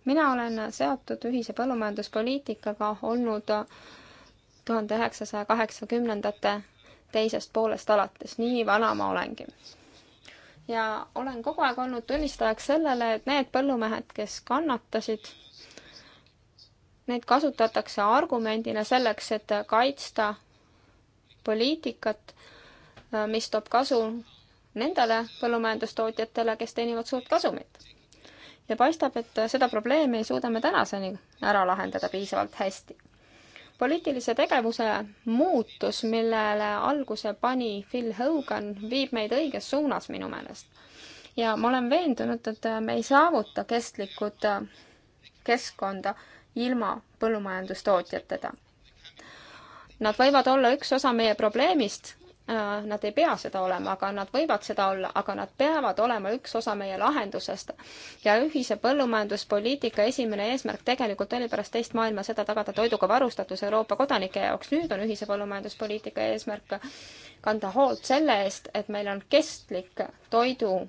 mina olen seotud ühise põllumajanduspoliitikaga olnud tuhande üheksasaja kaheksakümnendate teisest poolest alates, nii vana ma olengi. ja olen kogu aeg olnud tunnistajaks sellele, et need põllumehed, kes kannatasid neid kasutatakse argumendina selleks, et kaitsta poliitikat, äh, mis toob kasu nendele põllumajandustootjatele, kes teenivad suurt kasumit. ja paistab, et seda probleemi ei suuda me tänaseni ära lahendada piisavalt hästi. poliitilise tegevuse muutus, millele alguse pani Phil Hogan, viib meid õiges suunas minu meelest. ja ma olen veendunud, et me ei saavuta kestlikud äh, keskkonda ilma põllumajandustootjateta. Nad võivad olla üks osa meie probleemist, äh, nad ei pea seda olema, aga nad võivad seda olla, aga nad peavad olema üks osa meie lahendusest. ja ühise põllumajanduspoliitika esimene eesmärk tegelikult oli pärast teist maailmasõda tagada toiduga varustatus Euroopa kodanike jaoks. nüüd on ühise põllumajanduspoliitika eesmärk kanda hoolt selle eest, et meil on kestlik toidu,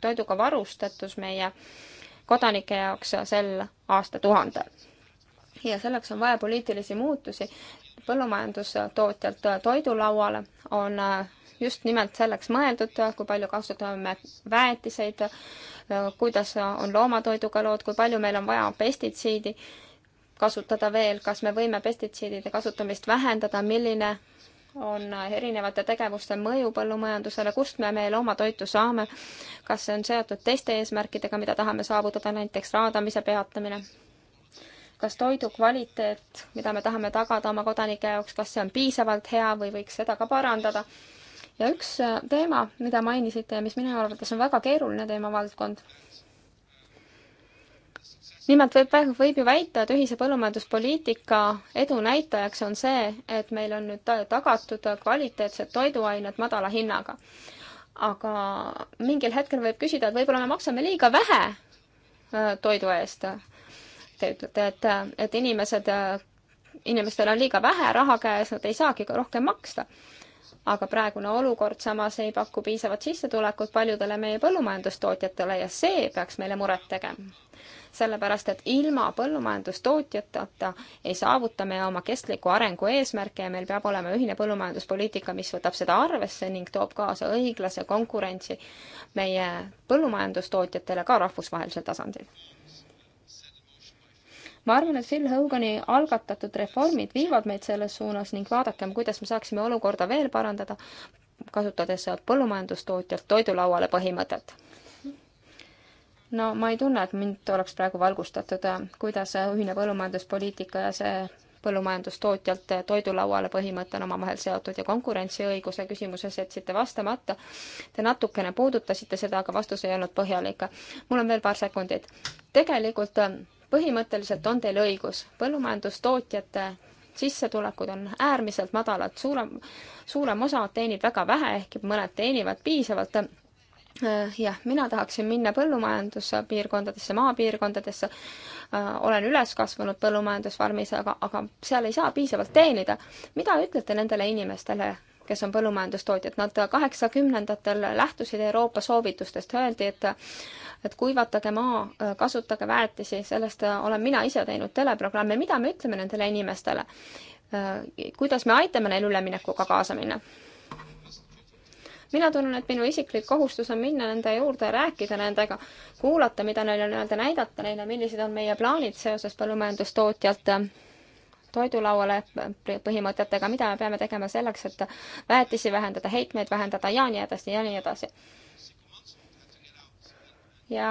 toiduga varustatus meie kodanike jaoks sel aastatuhandel ja selleks on vaja poliitilisi muutusi. põllumajandustootjalt toidulauale on äh, just nimelt selleks mõeldud, kui palju kasutame väetiseid, äh, kuidas on loomatoiduga lood, kui palju meil on vaja pestitsiidi kasutada veel, kas me võime pestitsiidide kasutamist vähendada, milline on erinevate tegevuste mõju põllumajandusele, kust me meie loomatoitu saame, kas see on seotud teiste eesmärkidega, mida tahame saavutada, näiteks raadamise peatamine kas toidu kvaliteet, mida me tahame tagada oma kodanike jaoks, kas see on piisavalt hea või võiks seda ka parandada. ja üks äh, teema, mida mainisite ja mis minu arvates on väga keeruline teemavaldkond, nimelt võib, võib ju väita, et ühise põllumajanduspoliitika edu näitajaks on see, et meil on nüüd tagatud kvaliteetsed toiduained madala hinnaga. aga mingil hetkel võib küsida, et võib-olla me maksame liiga vähe äh, toidu eest Te ütlete, et, et inimesed, inimestel on liiga vähe raha käes, nad ei saagi ka rohkem maksta. aga praegune olukord samas ei paku piisavat sissetulekut paljudele meie põllumajandustootjatele ja see peaks meile muret tegema. sellepärast, et ilma põllumajandustootjateta ei saavuta me oma kestliku arengu eesmärke ja meil peab olema ühine põllumajanduspoliitika, mis võtab seda arvesse ning toob kaasa õiglase konkurentsi meie põllumajandustootjatele ka rahvusvahelisel tasandil ma arvan, et Phil Hogani algatatud reformid viivad meid selles suunas ning vaadakem, kuidas me saaksime olukorda veel parandada, kasutades põllumajandustootjalt toidulauale põhimõtet no ma ei tunne, et mind oleks praegu valgustatud, äh, kuidas ühine põllumajanduspoliitika ja see põllumajandustootjalt toidulauale põhimõte on omavahel seotud ja konkurentsiõiguse küsimuses jätsite vastamata. Te natukene puudutasite seda, aga vastus ei olnud põhjalik. mul on veel paar sekundit. tegelikult äh, põhimõtteliselt on teil õigus, põllumajandustootjate sissetulekud on äärmiselt madalad, suurem, suurem osa teenib väga vähe, ehkki mõned teenivad piisavalt. Äh, jah, mina tahaksin minna põllumajanduspiirkondadesse, maapiirkondadesse, äh, olen üles kasvanud põllumajandusfarmis, aga, aga seal ei saa piisavalt teenida. mida ütlete nendele inimestele, kes on põllumajandustootjad, nad kaheksakümnendatel lähtusid Euroopa soovitustest, öeldi, et et kuivatage maa, kasutage väetisi, sellest olen mina ise teinud teleprogramme, mida me ütleme nendele inimestele? kuidas me aitame neil üleminekuga kaasa minna? mina tunnen, et minu isiklik kohustus on minna nende juurde ja rääkida nendega, kuulata, mida neil on öelda, näidata neile, millised on meie plaanid seoses põllumajandustootjalt äh, toidulauale põhimõtetega, mida me peame tegema selleks, et väetisi vähendada, heitmeid vähendada ja nii edasi ja nii edasi. ja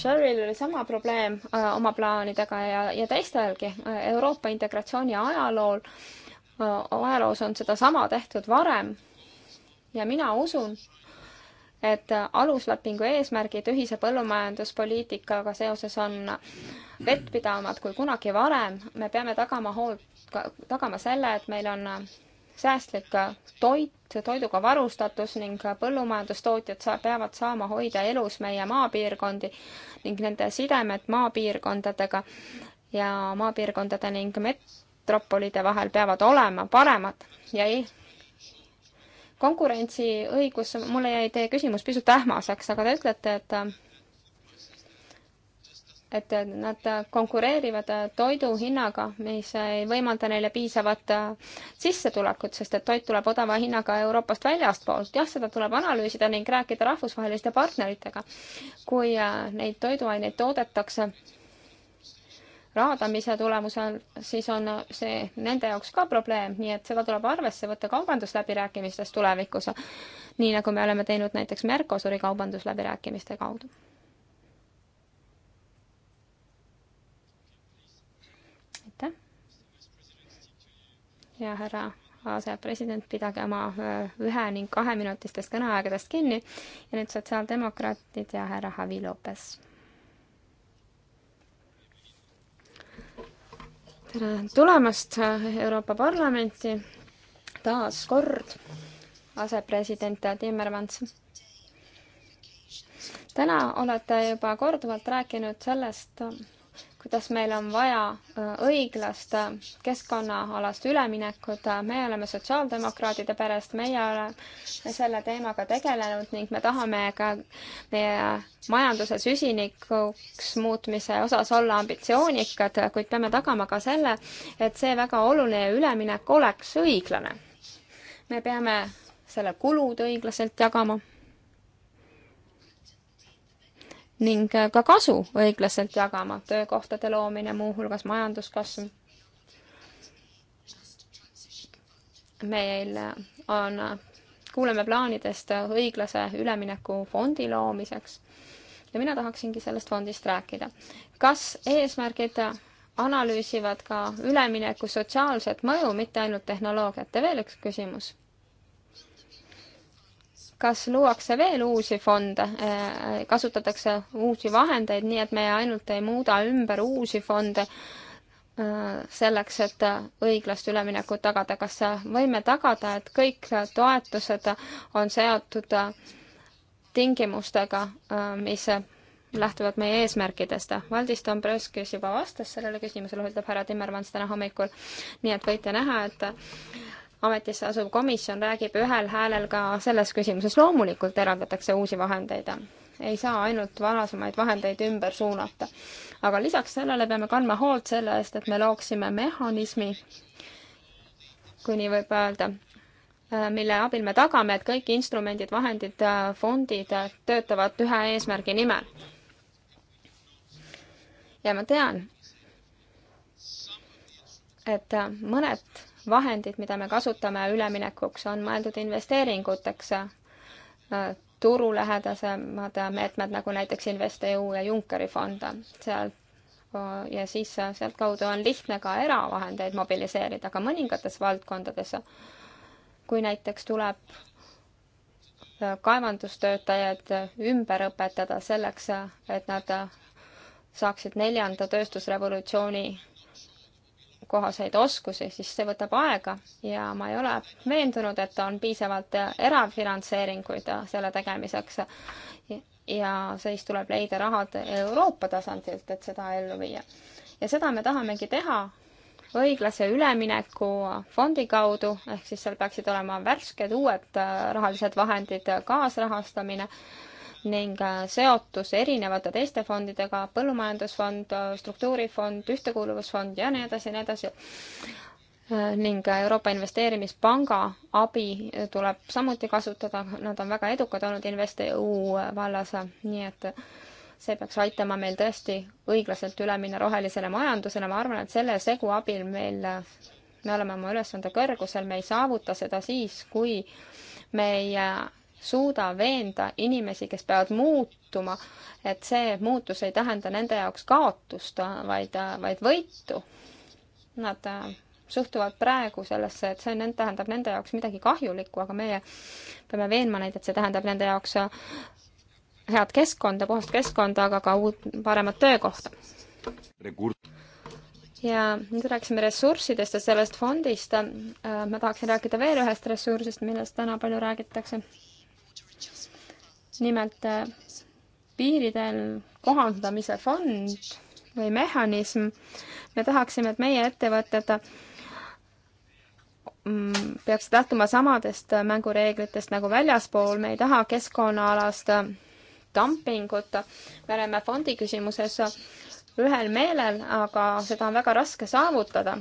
Sherryl oli sama probleem öö, äh, oma plaanidega ja, ja teistelgi äh, Euroopa integratsiooni ajalool, äh, ajaloos on sedasama tehtud varem ja mina usun, et aluslepingu eesmärgid ühise põllumajanduspoliitikaga seoses on vettpidavamad kui kunagi varem. me peame tagama hool-, tagama selle, et meil on säästlik toit, toiduga varustatus ning põllumajandustootjad saa-, peavad saama hoida elus meie maapiirkondi ning nende sidemed maapiirkondadega ja maapiirkondade ning metropolide vahel peavad olema paremad ja ei, konkurentsiõigus, mulle jäi teie küsimus pisut ähmaseks, aga te ütlete, et et nad konkureerivad toidu hinnaga, mis ei võimalda neile piisavat sissetulekut, sest et toit tuleb odava hinnaga Euroopast väljastpoolt. jah, seda tuleb analüüsida ning rääkida rahvusvaheliste partneritega, kui neid toiduaineid toodetakse raadamise tulemusel, siis on see nende jaoks ka probleem, nii et seda tuleb arvesse võtta kaubandusläbirääkimistes tulevikus, nii nagu me oleme teinud näiteks Mercosuri kaubandusläbirääkimiste kaudu. aitäh! ja härra asepresident, pidage oma ühe ning kaheminutistest kõneaegadest kinni ja nüüd sotsiaaldemokraatid ja härra Javi Lopes tere tulemast äh, Euroopa Parlamenti taas kord, asepresident Timmermans. täna olete juba korduvalt rääkinud sellest, kuidas meil on vaja äh, õiglast äh, keskkonnaalast üleminekut. Äh, me oleme sotsiaaldemokraatide perest, meie oleme selle teemaga tegelenud ning me tahame ka meie majanduse süsinikuks muutmise osas olla ambitsioonikad, kuid peame tagama ka selle, et see väga oluline üleminek oleks õiglane. me peame selle kulud õiglaselt jagama ning äh, ka kasu õiglaselt jagama, töökohtade loomine, muuhulgas majanduskasv. meil äh, on, äh, kuuleme plaanidest õiglase ülemineku fondi loomiseks ja mina tahaksingi sellest fondist rääkida. kas eesmärgid analüüsivad ka ülemineku sotsiaalset mõju, mitte ainult tehnoloogiat ja veel üks küsimus kas luuakse veel uusi fonde, äh, kasutatakse uusi vahendeid, nii et me ainult ei muuda ümber uusi fonde äh, selleks, et õiglast üleminekut tagada. kas võime tagada, et kõik toetused on seotud äh, tingimustega, mis lähtuvad meie eesmärkidest. Valdis Dombrovsk, kes juba vastas sellele küsimusele, ütleb härra Timmermans täna hommikul. nii et võite näha, et ametisse asuv komisjon räägib ühel häälel ka selles küsimuses. loomulikult eraldatakse uusi vahendeid. ei saa ainult varasemaid vahendeid ümber suunata. aga lisaks sellele peame kandma hoolt selle eest, et me looksime mehhanismi, kui nii võib öelda, mille abil me tagame, et kõik instrumendid, vahendid, fondid töötavad ühe eesmärgi nimel. ja ma tean, et mõned vahendid, mida me kasutame üleminekuks, on mõeldud investeeringuteks, äh, turulähedasemad meetmed, nagu näiteks InvestEU ja Junckeri fond, seal äh, ja siis äh, sealtkaudu on lihtne ka eravahendeid mobiliseerida, aga mõningates valdkondades, kui näiteks tuleb kaevandustöötajad ümber õpetada selleks, et nad saaksid neljanda tööstusrevolutsiooni kohaseid oskusi, siis see võtab aega ja ma ei ole veendunud, et on piisavalt erafinantseeringuid selle tegemiseks. ja siis tuleb leida rahad Euroopa tasandilt, et seda ellu viia. ja seda me tahamegi teha õiglase ülemineku fondi kaudu, ehk siis seal peaksid olema värsked uued rahalised vahendid, kaasrahastamine ning äh, seotus erinevate teiste fondidega, Põllumajandusfond, äh, Struktuurifond, Ühtekuuluvusfond ja nii edasi ja nii edasi. Äh, ning Euroopa Investeerimispanga abi tuleb samuti kasutada, nad on väga edukad olnud InvestEU vallas, nii et see peaks aitama meil tõesti õiglaselt üle minna rohelisele majandusele, ma arvan, et selle segu abil meil, me oleme oma ülesande kõrgusel, me ei saavuta seda siis, kui meie suuda veenda inimesi, kes peavad muutuma, et see muutus ei tähenda nende jaoks kaotust, vaid, vaid võitu. Nad äh, suhtuvad praegu sellesse, et see on, tähendab nende jaoks midagi kahjulikku, aga meie peame veenma neid, et see tähendab nende jaoks äh, head keskkonda, puhast keskkonda, aga ka uut, paremat töökohta. ja nüüd rääkisime ressurssidest ja sellest fondist. Äh, ma tahaksin rääkida veel ühest ressursist, millest täna palju räägitakse nimelt äh, piiridel kohandamise fond või mehhanism. me tahaksime, et meie ettevõtted mm, peaksid lähtuma samadest mängureeglitest nagu väljaspool, me ei taha keskkonnaalast dumpingut. me oleme fondi küsimuses ühel meelel, aga seda on väga raske saavutada.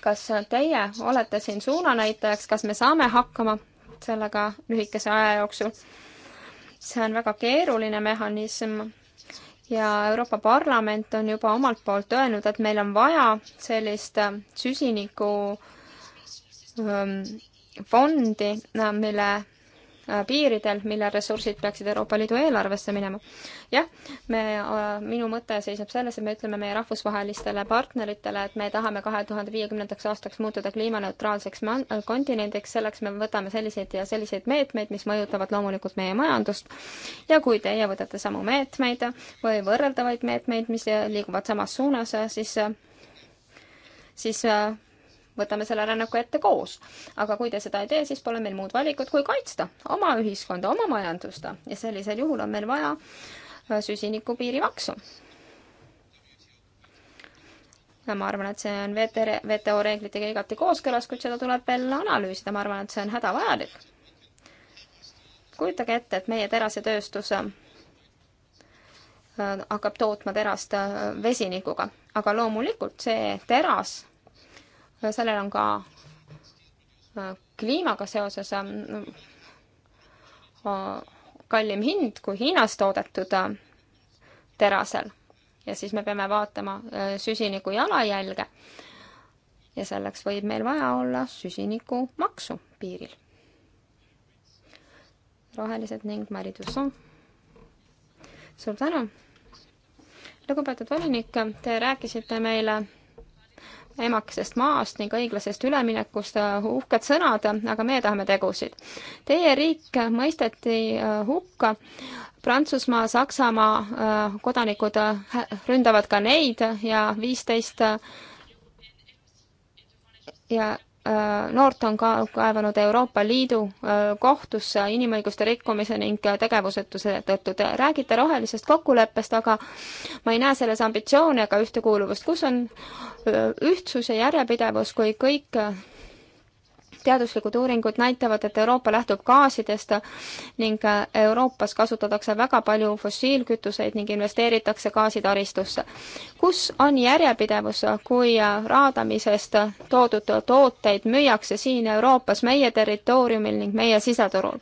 kas teie olete siin suunanäitajaks, kas me saame hakkama sellega lühikese aja jooksul? see on väga keeruline mehhanism ja Euroopa Parlament on juba omalt poolt öelnud, et meil on vaja sellist äh, süsiniku ähm, fondi, äh, mille Äh, piiridel, mille ressursid peaksid Euroopa Liidu eelarvesse minema. jah, me, äh, minu mõte seisneb selles, et me ütleme meie rahvusvahelistele partneritele, et me tahame kahe tuhande viiekümnendaks aastaks muutuda kliimaneutraalseks kontinendiks, selleks me võtame selliseid ja selliseid meetmeid, mis mõjutavad loomulikult meie majandust. ja kui teie võtate samu meetmeid või võrreldavaid meetmeid, mis liiguvad samas suunas, siis siis äh, võtame selle rännaku ette koos. aga kui te seda ei tee, siis pole meil muud valikut, kui kaitsta oma ühiskonda, oma majandust ja sellisel juhul on meil vaja äh, süsiniku piirimaksu. ja ma arvan, et see on VTR, WTO reeglitega igati kooskõlas, kuid seda tuleb veel analüüsida, ma arvan, et see on hädavajalik. kujutage ette, et meie terasetööstus äh, hakkab tootma terast äh, vesinikuga, aga loomulikult see teras sellel on ka äh, kliimaga seoses ähm, äh, kallim hind kui Hiinas toodetud äh, terasel. ja siis me peame vaatama süsiniku jalajälge. ja selleks võib meil vaja olla süsinikumaksu piiril. rohelised ning Mari Tusson. suur tänu! lugupeetud volinik, te rääkisite meile emakesest maast ning õiglasest üleminekust äh, uhked sõnad, aga meie tahame tegusid. Teie riik mõisteti äh, hukka. Prantsusmaa, Saksamaa äh, kodanikud ründavad ka neid ja viisteist ja Äh, noort on ka kaevanud Euroopa Liidu äh, kohtusse inimõiguste rikkumise ning äh, tegevusetuse tõttu. Te räägite rohelisest kokkuleppest, aga ma ei näe selles ambitsiooni ega ühtekuuluvust. kus on ühtsus ja järjepidevus, kui kõik teaduslikud uuringud näitavad, et Euroopa lähtub gaasidest ning äh, Euroopas kasutatakse väga palju fossiilkütuseid ning investeeritakse gaasitaristusse. kus on järjepidevus, kui äh, raadamisest toodud tooteid müüakse siin Euroopas meie territooriumil ning meie siseturul?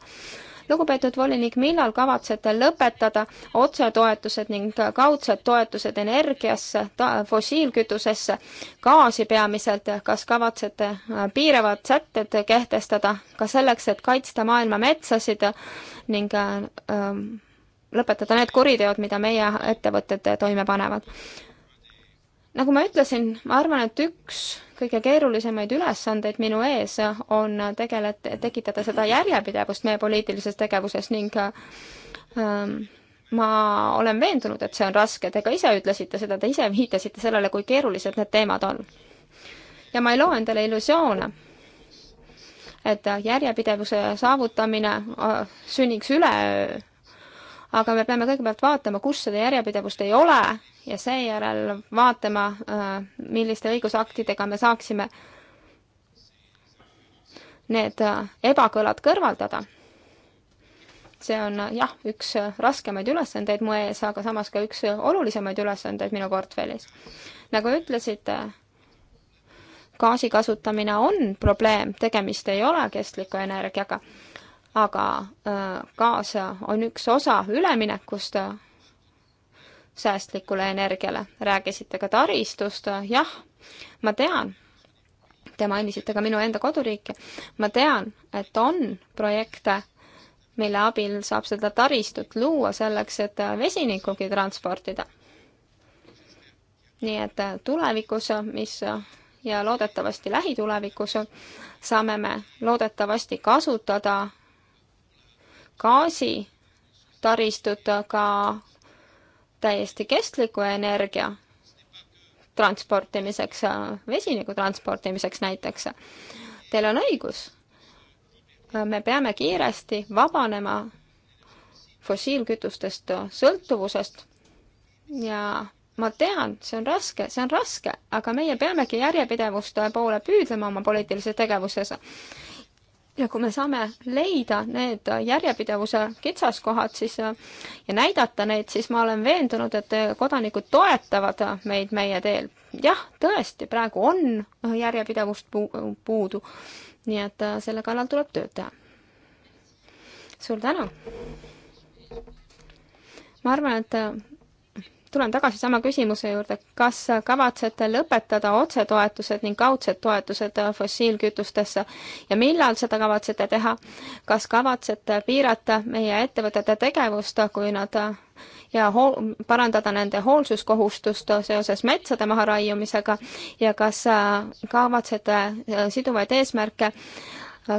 lugupeetud volinik, millal kavatsete lõpetada otsetoetused ning kaudsed toetused energiasse, fossiilkütusesse, gaasi peamiselt, kas kavatsete äh, piiravad sätted kehtestada ka selleks, et kaitsta maailma metsasid ning äh, ähm, lõpetada need kuriteod, mida meie ettevõtted toime panevad? nagu ma ütlesin, ma arvan, et üks kõige keerulisemaid ülesandeid minu ees on tegelet-, tekitada seda järjepidevust meie poliitilises tegevuses ning ähm, ma olen veendunud, et see on raske, te ka ise ütlesite seda, te ise viitasite sellele, kui keerulised need teemad on. ja ma ei loo endale illusioone, et järjepidevuse saavutamine äh, sünniks üleöö aga me peame kõigepealt vaatama, kus seda järjepidevust ei ole ja seejärel vaatama, äh, milliste õigusaktidega me saaksime need äh, ebakõlad kõrvaldada. see on äh, jah, üks raskemaid ülesandeid mu ees, aga samas ka üks olulisemaid ülesandeid minu portfellis. nagu ütlesite, gaasi kasutamine on probleem, tegemist ei ole kestliku energiaga aga äh, gaas on üks osa üleminekust äh, säästlikule energiale. rääkisite ka taristust, äh, jah, ma tean, te mainisite ka minu enda koduriiki, ma tean, et on projekte, mille abil saab seda taristut luua selleks, et vesinikugi transportida. nii et tulevikus, mis ja loodetavasti lähitulevikus saame me loodetavasti kasutada gaasitaristut, aga täiesti kestliku energia transportimiseks, vesiniku transportimiseks näiteks. Teil on õigus. me peame kiiresti vabanema fossiilkütustest sõltuvusest ja ma tean, see on raske, see on raske, aga meie peamegi järjepidevust poole püüdlema oma poliitilises tegevuses ja kui me saame leida need järjepidevuse kitsaskohad, siis äh, ja näidata neid, siis ma olen veendunud, et äh, kodanikud toetavad äh, meid meie teel. jah, tõesti, praegu on järjepidevust puudu. nii et selle kallal tuleb tööd teha. suur tänu! ma arvan, et tulen tagasi sama küsimuse juurde, kas kavatsete lõpetada otsetoetused ning kaudsed toetused fossiilkütustesse ja millal seda kavatsete teha? kas kavatsete piirata meie ettevõtete tegevust, kui nad ja hool, parandada nende hoolsuskohustust seoses metsade maharaiumisega ja kas äh, kavatsete äh, siduvaid eesmärke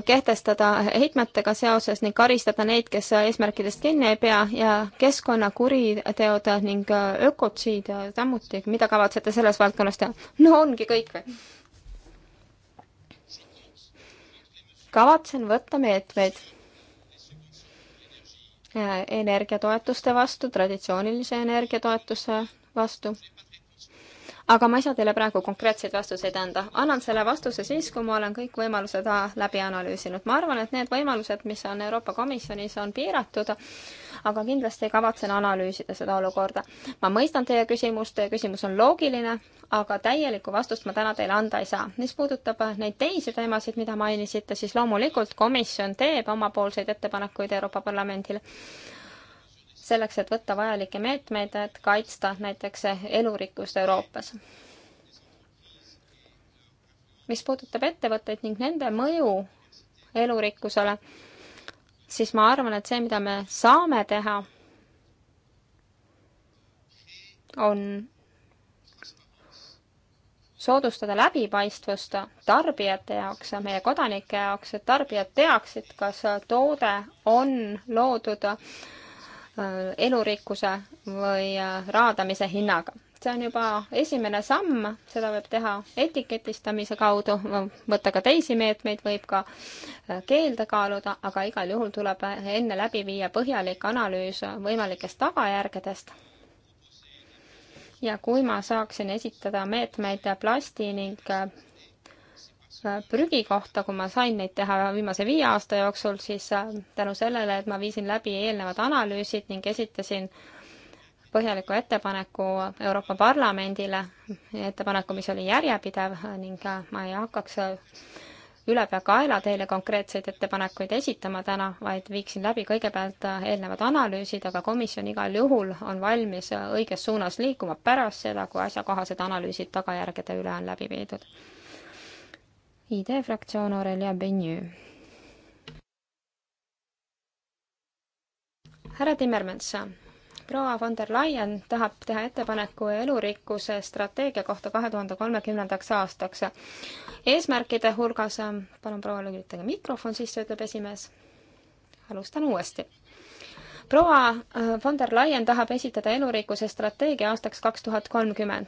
kehtestada heitmetega seoses ning karistada neid, kes eesmärkidest kinni ei pea ja keskkonnakuriteod ning ökotsiid samuti, mida kavatsete selles valdkonnas teha? no ongi kõik või? kavatsen võtta meetmeid äh, energiatoetuste vastu, traditsioonilise energiatoetuse vastu aga ma ei saa teile praegu konkreetseid vastuseid anda. annan selle vastuse siis, kui ma olen kõik võimalused läbi analüüsinud. ma arvan, et need võimalused, mis on Euroopa Komisjonis, on piiratud, aga kindlasti kavatsen analüüsida seda olukorda. ma mõistan teie küsimust, teie küsimus on loogiline, aga täielikku vastust ma täna teile anda ei saa. mis puudutab neid teisi teemasid, mida mainisite, siis loomulikult komisjon teeb omapoolseid ettepanekuid Euroopa Parlamendile selleks, et võtta vajalikke meetmeid, et kaitsta näiteks elurikkust Euroopas. mis puudutab ettevõtteid ning nende mõju elurikkusele, siis ma arvan, et see, mida me saame teha, on soodustada läbipaistvust tarbijate jaoks, meie kodanike jaoks, et tarbijad teaksid, kas toode on loodud Äh, elurikkuse või äh, raadamise hinnaga. see on juba esimene samm, seda võib teha etiketistamise kaudu, võtta ka teisi meetmeid, võib ka äh, keelde kaaluda, aga igal juhul tuleb enne läbi viia põhjalik analüüs võimalikest tagajärgedest. ja kui ma saaksin esitada meetmeid plasti ning prügi kohta, kui ma sain neid teha viimase viie aasta jooksul, siis äh, tänu sellele, et ma viisin läbi eelnevad analüüsid ning esitasin põhjaliku ettepaneku Euroopa Parlamendile, ettepaneku, mis oli järjepidev äh, ning äh, ma ei hakkaks ülepeakaela teile konkreetseid ettepanekuid esitama täna, vaid viiksin läbi kõigepealt eelnevad analüüsid, aga komisjon igal juhul on valmis õiges suunas liikuma pärast seda, kui asjakohased analüüsid tagajärgede üle on läbi viidud ID fraktsioon Aurelia Benjõ. härra Timmermans, proua von der Leyen tahab teha ettepaneku elurikkuse strateegia kohta kahe tuhande kolmekümnendaks aastaks. eesmärkide hulgas, palun proua lülitage mikrofon sisse, ütleb esimees. alustan uuesti proua äh, von der Leyen tahab esitada elurikkuse strateegia aastaks kaks tuhat kolmkümmend.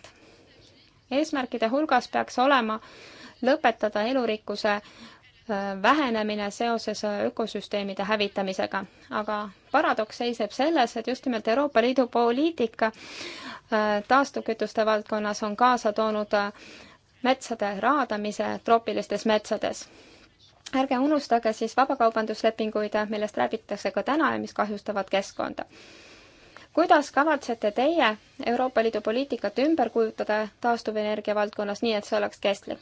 eesmärkide hulgas peaks olema äh, lõpetada elurikkuse äh, vähenemine seoses äh, ökosüsteemide hävitamisega. aga paradoks seisneb selles, et just nimelt Euroopa Liidu poliitika äh, taastuvkütuste valdkonnas on kaasa toonud metsade raadamise troopilistes metsades. ärge unustage siis vabakaubanduslepinguid, millest räägitakse ka täna ja mis kahjustavad keskkonda. kuidas kavatsete teie Euroopa Liidu poliitikat ümber kujutada taastuvenergia valdkonnas nii, et see oleks kestlik?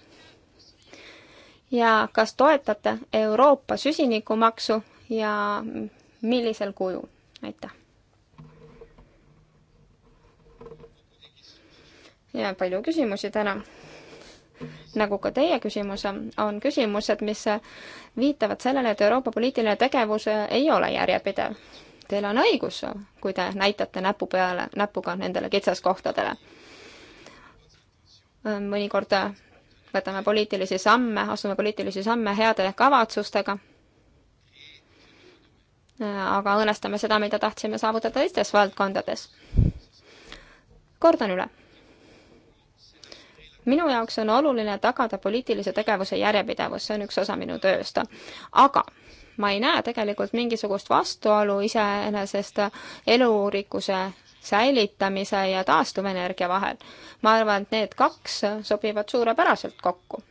ja kas toetate Euroopa süsinikumaksu ja millisel kujul? aitäh! ja palju küsimusi täna. nagu ka teie küsimus, on küsimused, mis viitavad sellele, et Euroopa poliitiline tegevus ei ole järjepidev. Teil on õigus, kui te näitate näpu peale, näpuga nendele kitsaskohtadele. mõnikord võtame poliitilisi samme, astume poliitilisi samme heade kavatsustega, aga õõnestame seda, mida tahtsime saavutada teistes valdkondades. kordan üle. minu jaoks on oluline tagada poliitilise tegevuse järjepidevus, see on üks osa minu tööst, aga ma ei näe tegelikult mingisugust vastuolu iseenesest elurikkuse säilitamise ja taastuvenergia vahel. ma arvan, et need kaks sobivad suurepäraselt kokku.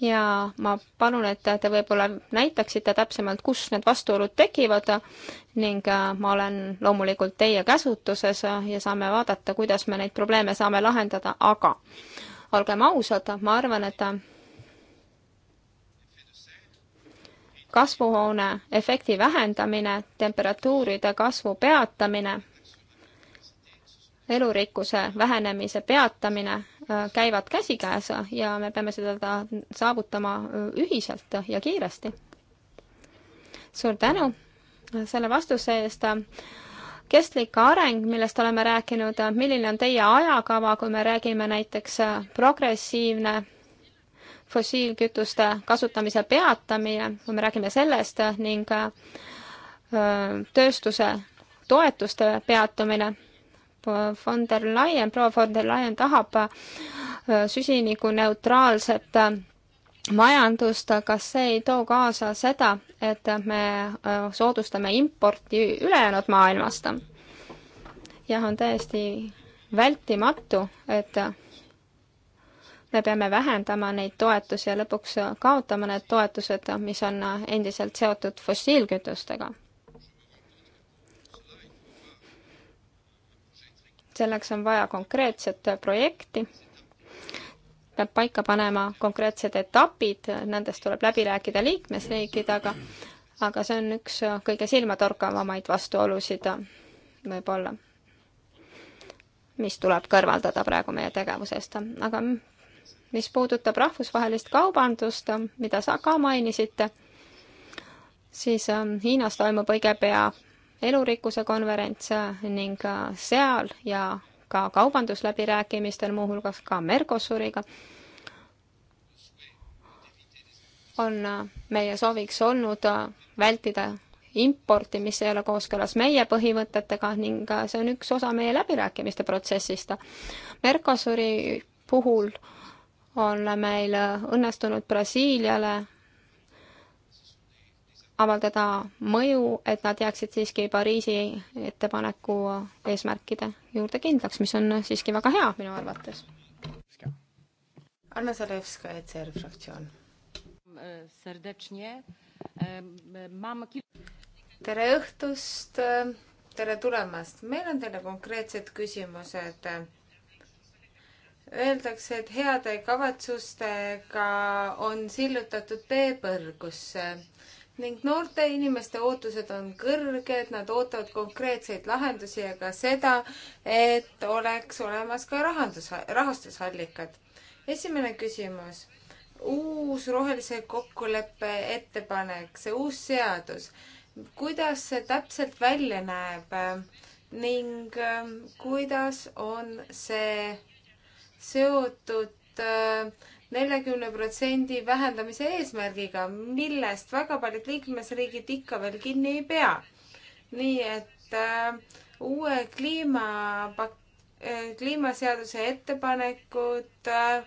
ja ma palun, et te võib-olla näitaksite täpsemalt, kus need vastuolud tekivad ning äh, ma olen loomulikult teie käsutuses ja saame vaadata, kuidas me neid probleeme saame lahendada, aga olgem ausad, ma arvan, et kasvuhoone efekti vähendamine, temperatuuride kasvu peatamine, elurikkuse vähenemise peatamine äh, käivad käsikäes ja me peame seda saavutama äh, ühiselt ja kiiresti. suur tänu selle vastuse eest kestlik areng, millest oleme rääkinud, milline on teie ajakava, kui me räägime näiteks äh, progressiivne fossiilkütuste kasutamise peatamine, kui me räägime sellest, ning äh, tööstuse toetuste peatumine. Von der Leyen, proua von der Leyen tahab äh, süsinikuneutraalset äh, majandust, kas see ei too kaasa seda, et me soodustame importi ülejäänud maailmast? jah, on täiesti vältimatu, et me peame vähendama neid toetusi ja lõpuks kaotama need toetused, mis on endiselt seotud fossiilkütustega. selleks on vaja konkreetset projekti, peab paika panema konkreetsed etapid, nendest tuleb läbi rääkida liikmesriikidega, aga see on üks kõige silmatorkavamaid vastuolusid võib-olla, mis tuleb kõrvaldada praegu meie tegevusest, aga mis puudutab rahvusvahelist kaubandust, mida sa ka mainisite, siis ähm, Hiinas toimub õige pea elurikkuse konverents äh, ning äh, seal ja ka kaubandusläbirääkimistel, muuhulgas ka Mercosuriga, on äh, meie sooviks olnud vältida importi, mis ei ole kooskõlas meie põhimõtetega ning see on üks osa meie läbirääkimiste protsessist. Mercosuri puhul äh, on meil õnnestunud Brasiiliale avaldada mõju, et nad jääksid siiski Pariisi ettepaneku eesmärkide juurde kindlaks, mis on siiski väga hea minu arvates. Anna Zalewska, ECR fraktsioon. tere õhtust, tere tulemast, meil on teile konkreetsed küsimused öeldakse, et heade kavatsustega on sillutatud tee põrgusse ning noorte inimeste ootused on kõrged, nad ootavad konkreetseid lahendusi ja ka seda, et oleks olemas ka rahandus, rahastusallikad. esimene küsimus. uus rohelise kokkuleppe ettepanek, see uus seadus, kuidas see täpselt välja näeb ning kuidas on see seotud äh, neljakümne protsendi vähendamise eesmärgiga, millest väga paljud liikmesriigid ikka veel kinni ei pea. nii et äh, uue kliimapakk- äh,, kliimaseaduse ettepanekud äh,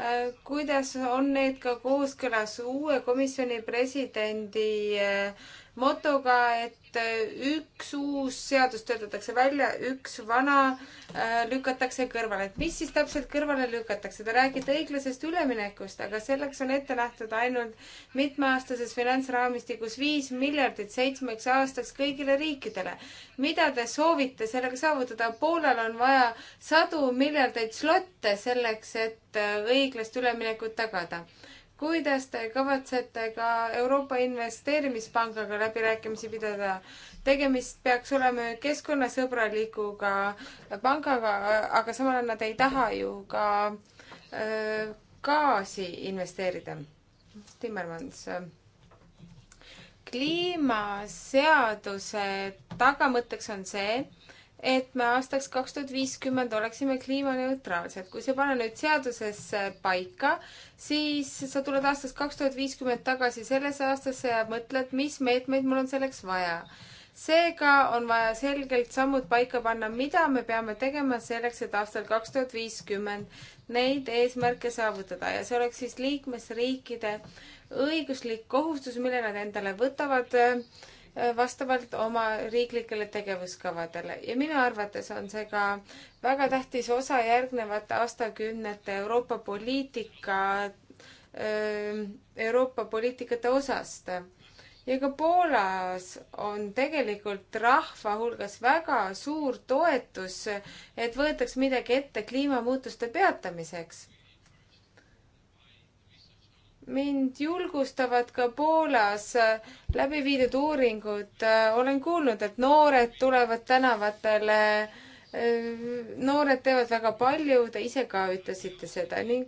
äh,, kuidas on need ka kooskõlas uue komisjoni presidendi äh, motoga, et et üks uus seadus töötatakse välja, üks vana äh, lükatakse kõrvale. et mis siis täpselt kõrvale lükatakse? Te räägite õiglasest üleminekust, aga selleks on ette nähtud ainult mitmeaastases finantsraamistikus viis miljardit seitsmeks aastaks kõigile riikidele. mida te soovite sellega saavutada? Poolal on vaja sadu miljardeid slotte selleks, et äh, õiglast üleminekut tagada kuidas te kavatsete ka Euroopa Investeerimispangaga läbirääkimisi pidada? tegemist peaks olema keskkonnasõbralikuga pangaga, aga samal ajal nad ei taha ju ka äh, gaasi investeerida. Timmermans äh, kliimaseaduse tagamõtteks on see, et me aastaks kaks tuhat viiskümmend oleksime kliimaneutraalsed. kui sa pane nüüd seadusesse paika, siis sa tuled aastast kaks tuhat viiskümmend tagasi sellesse aastasse ja mõtled, mis meetmeid mul on selleks vaja. seega on vaja selgelt sammud paika panna, mida me peame tegema selleks, et aastal kaks tuhat viiskümmend neid eesmärke saavutada ja see oleks siis liikmesriikide õiguslik kohustus, mille nad endale võtavad äh, Äh, vastavalt oma riiklikele tegevuskavadele ja minu arvates on see ka väga tähtis osa järgnevate aastakümnete Euroopa poliitika, ähm, Euroopa poliitikate osast. ja ka Poolas on tegelikult rahva hulgas väga suur toetus, et võetaks midagi ette kliimamuutuste peatamiseks mind julgustavad ka Poolas äh, läbi viidud uuringud. Äh, olen kuulnud, et noored tulevad tänavatele, äh, noored teevad väga palju, te ise ka ütlesite seda ning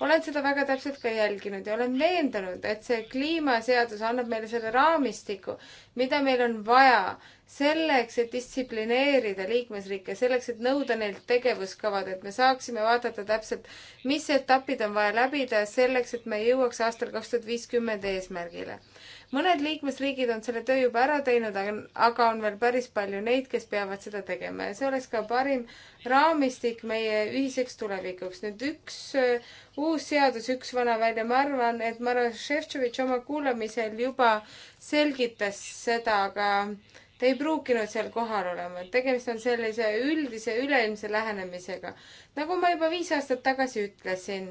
olen seda väga täpselt ka jälginud ja olen veendunud, et see kliimaseadus annab meile selle raamistiku, mida meil on vaja selleks, et distsiplineerida liikmesriike, selleks, et nõuda neilt tegevuskavad, et me saaksime vaadata täpselt, mis etapid on vaja läbida selleks, et me jõuaks aastal kaks tuhat viiskümmend eesmärgile. mõned liikmesriigid on selle töö juba ära teinud, aga on veel päris palju neid, kes peavad seda tegema ja see oleks ka parim raamistik meie ühiseks tulevikuks. nüüd üks uh, uus seadus, üks vana välja, ma arvan, et Maro Šefčovitš oma kuulamisel juba selgitas seda, aga Te ei pruukinud seal kohal olema, tegemist on sellise üldise üleilmse lähenemisega. nagu ma juba viis aastat tagasi ütlesin,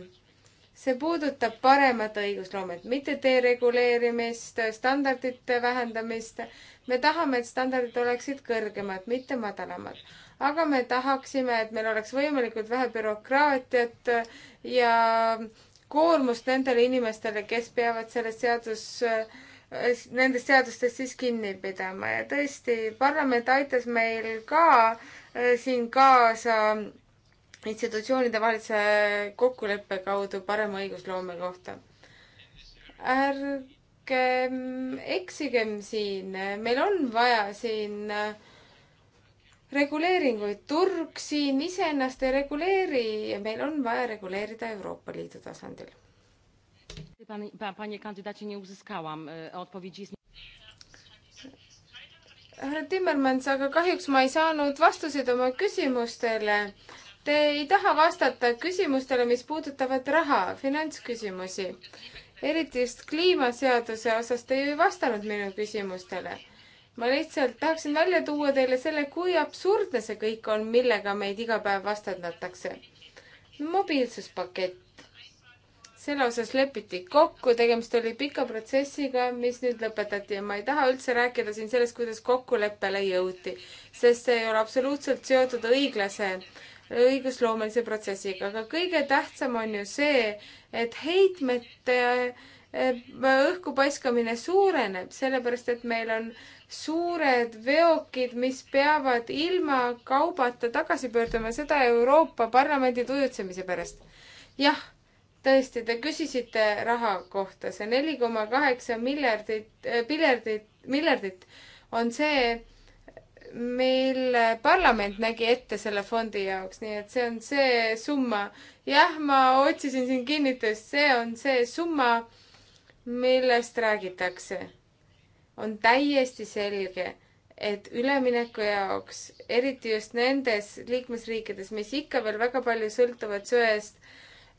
see puudutab paremat õigusloomet, mitte dereguleerimist, standardite vähendamist. me tahame, et standardid oleksid kõrgemad, mitte madalamad. aga me tahaksime, et meil oleks võimalikult vähe bürokraatiat ja koormust nendele inimestele, kes peavad sellest seadus äh, nendest seadustest siis kinni pidama ja tõesti, parlament aitas meil ka äh, siin kaasa institutsioonide vahelise kokkuleppe kaudu parema õigusloome kohta. ärgem eksigem siin, meil on vaja siin äh, reguleeringuid, turg siin iseennast ei reguleeri ja meil on vaja reguleerida Euroopa Liidu tasandil pan, pan, panie kandydacie, nie uzyskałam e, odpowiedzi. härra Timmermans, aga kahjuks ma ei saanud vastuseid oma küsimustele. Te ei taha vastata küsimustele, mis puudutavad raha, finantsküsimusi. eriti just kliimaseaduse osas te ju ei vastanud minu küsimustele. ma lihtsalt tahaksin välja tuua teile selle, kui absurdne see kõik on, millega meid iga päev vastandatakse. mobiilsuspakett selle osas lepiti kokku, tegemist oli pika protsessiga, mis nüüd lõpetati ja ma ei taha üldse rääkida siin sellest, kuidas kokkuleppele jõuti, sest see ei ole absoluutselt seotud õiglase õigusloomelise protsessiga, aga kõige tähtsam on ju see, et heitmete e, õhku paiskamine suureneb, sellepärast et meil on suured veokid, mis peavad ilma kaubata tagasi pöörduma, seda Euroopa Parlamendi tujutsemise pärast. jah tõesti, te küsisite raha kohta, see neli koma kaheksa miljardit, miljardit, äh, miljardit on see, mille parlament nägi ette selle fondi jaoks, nii et see on see summa. jah, ma otsisin siin kinnitust, see on see summa, millest räägitakse. on täiesti selge et ülemineku jaoks, eriti just nendes liikmesriikides, mis ikka veel väga palju sõltuvad söest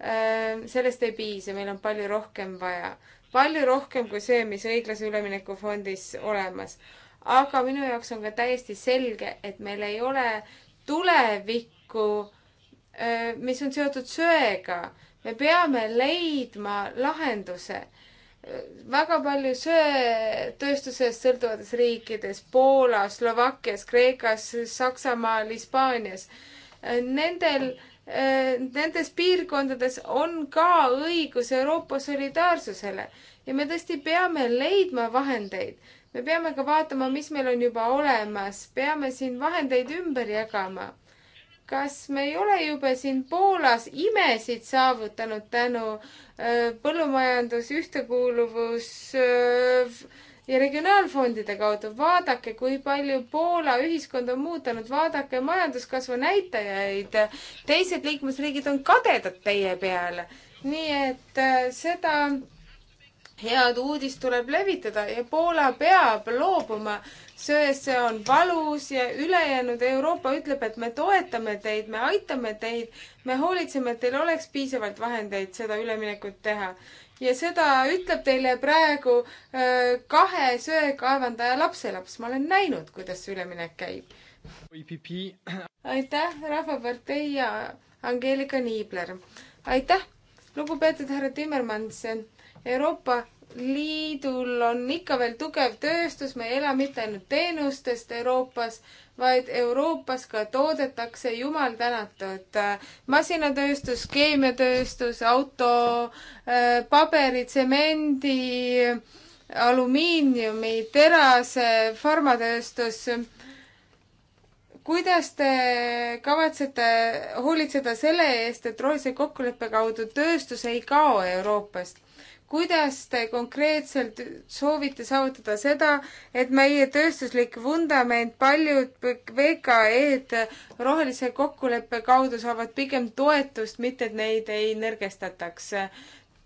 Äh, sellest ei piisa, meil on palju rohkem vaja. palju rohkem kui see, mis õiglase ülemineku fondis olemas. aga minu jaoks on ka täiesti selge, et meil ei ole tulevikku, äh, mis on seotud söega. me peame leidma lahenduse väga palju söetööstusest sõltuvates riikides, Poolas, Slovakkias, Kreekas, Saksamaal, Hispaanias, äh, nendel äh, Äh, nendes piirkondades on ka õigus Euroopa solidaarsusele ja me tõesti peame leidma vahendeid. me peame ka vaatama, mis meil on juba olemas, peame siin vahendeid ümber jagama. kas me ei ole juba siin Poolas imesid saavutanud tänu äh, põllumajandus, ühtekuuluvus öö, äh, ja regionaalfondide kaudu. vaadake, kui palju Poola ühiskond on muutunud, vaadake majanduskasvu näitajaid. teised liikmesriigid on kadedad teie peale. nii et äh, seda head uudist tuleb levitada ja Poola peab loobuma sööst, see on valus ja ülejäänud Euroopa ütleb, et me toetame teid, me aitame teid, me hoolitseme, et teil oleks piisavalt vahendeid seda üleminekut teha ja seda ütleb teile praegu äh, kahe söekaevandaja lapselaps. ma olen näinud, kuidas see üleminek käib. aitäh, Rahvapartei ja Angeelika Niibler. aitäh, lugupeetud härra Timmermans. Euroopa liidul on ikka veel tugev tööstus, me ei ela mitte ainult teenustest Euroopas, vaid Euroopas ka toodetakse, jumal tänatud, äh, masinatööstus, keemiatööstus, auto, äh, paberi, tsemendi, alumiiniumi, terase, farmatööstus kuidas te kavatsete hoolitseda selle eest, et rohelise kokkuleppe kaudu tööstus ei kao Euroopast? kuidas te konkreetselt soovite saavutada seda, et meie tööstuslik vundament, paljud VKE-d rohelise kokkuleppe kaudu saavad pigem toetust, mitte et neid ei nõrgestataks?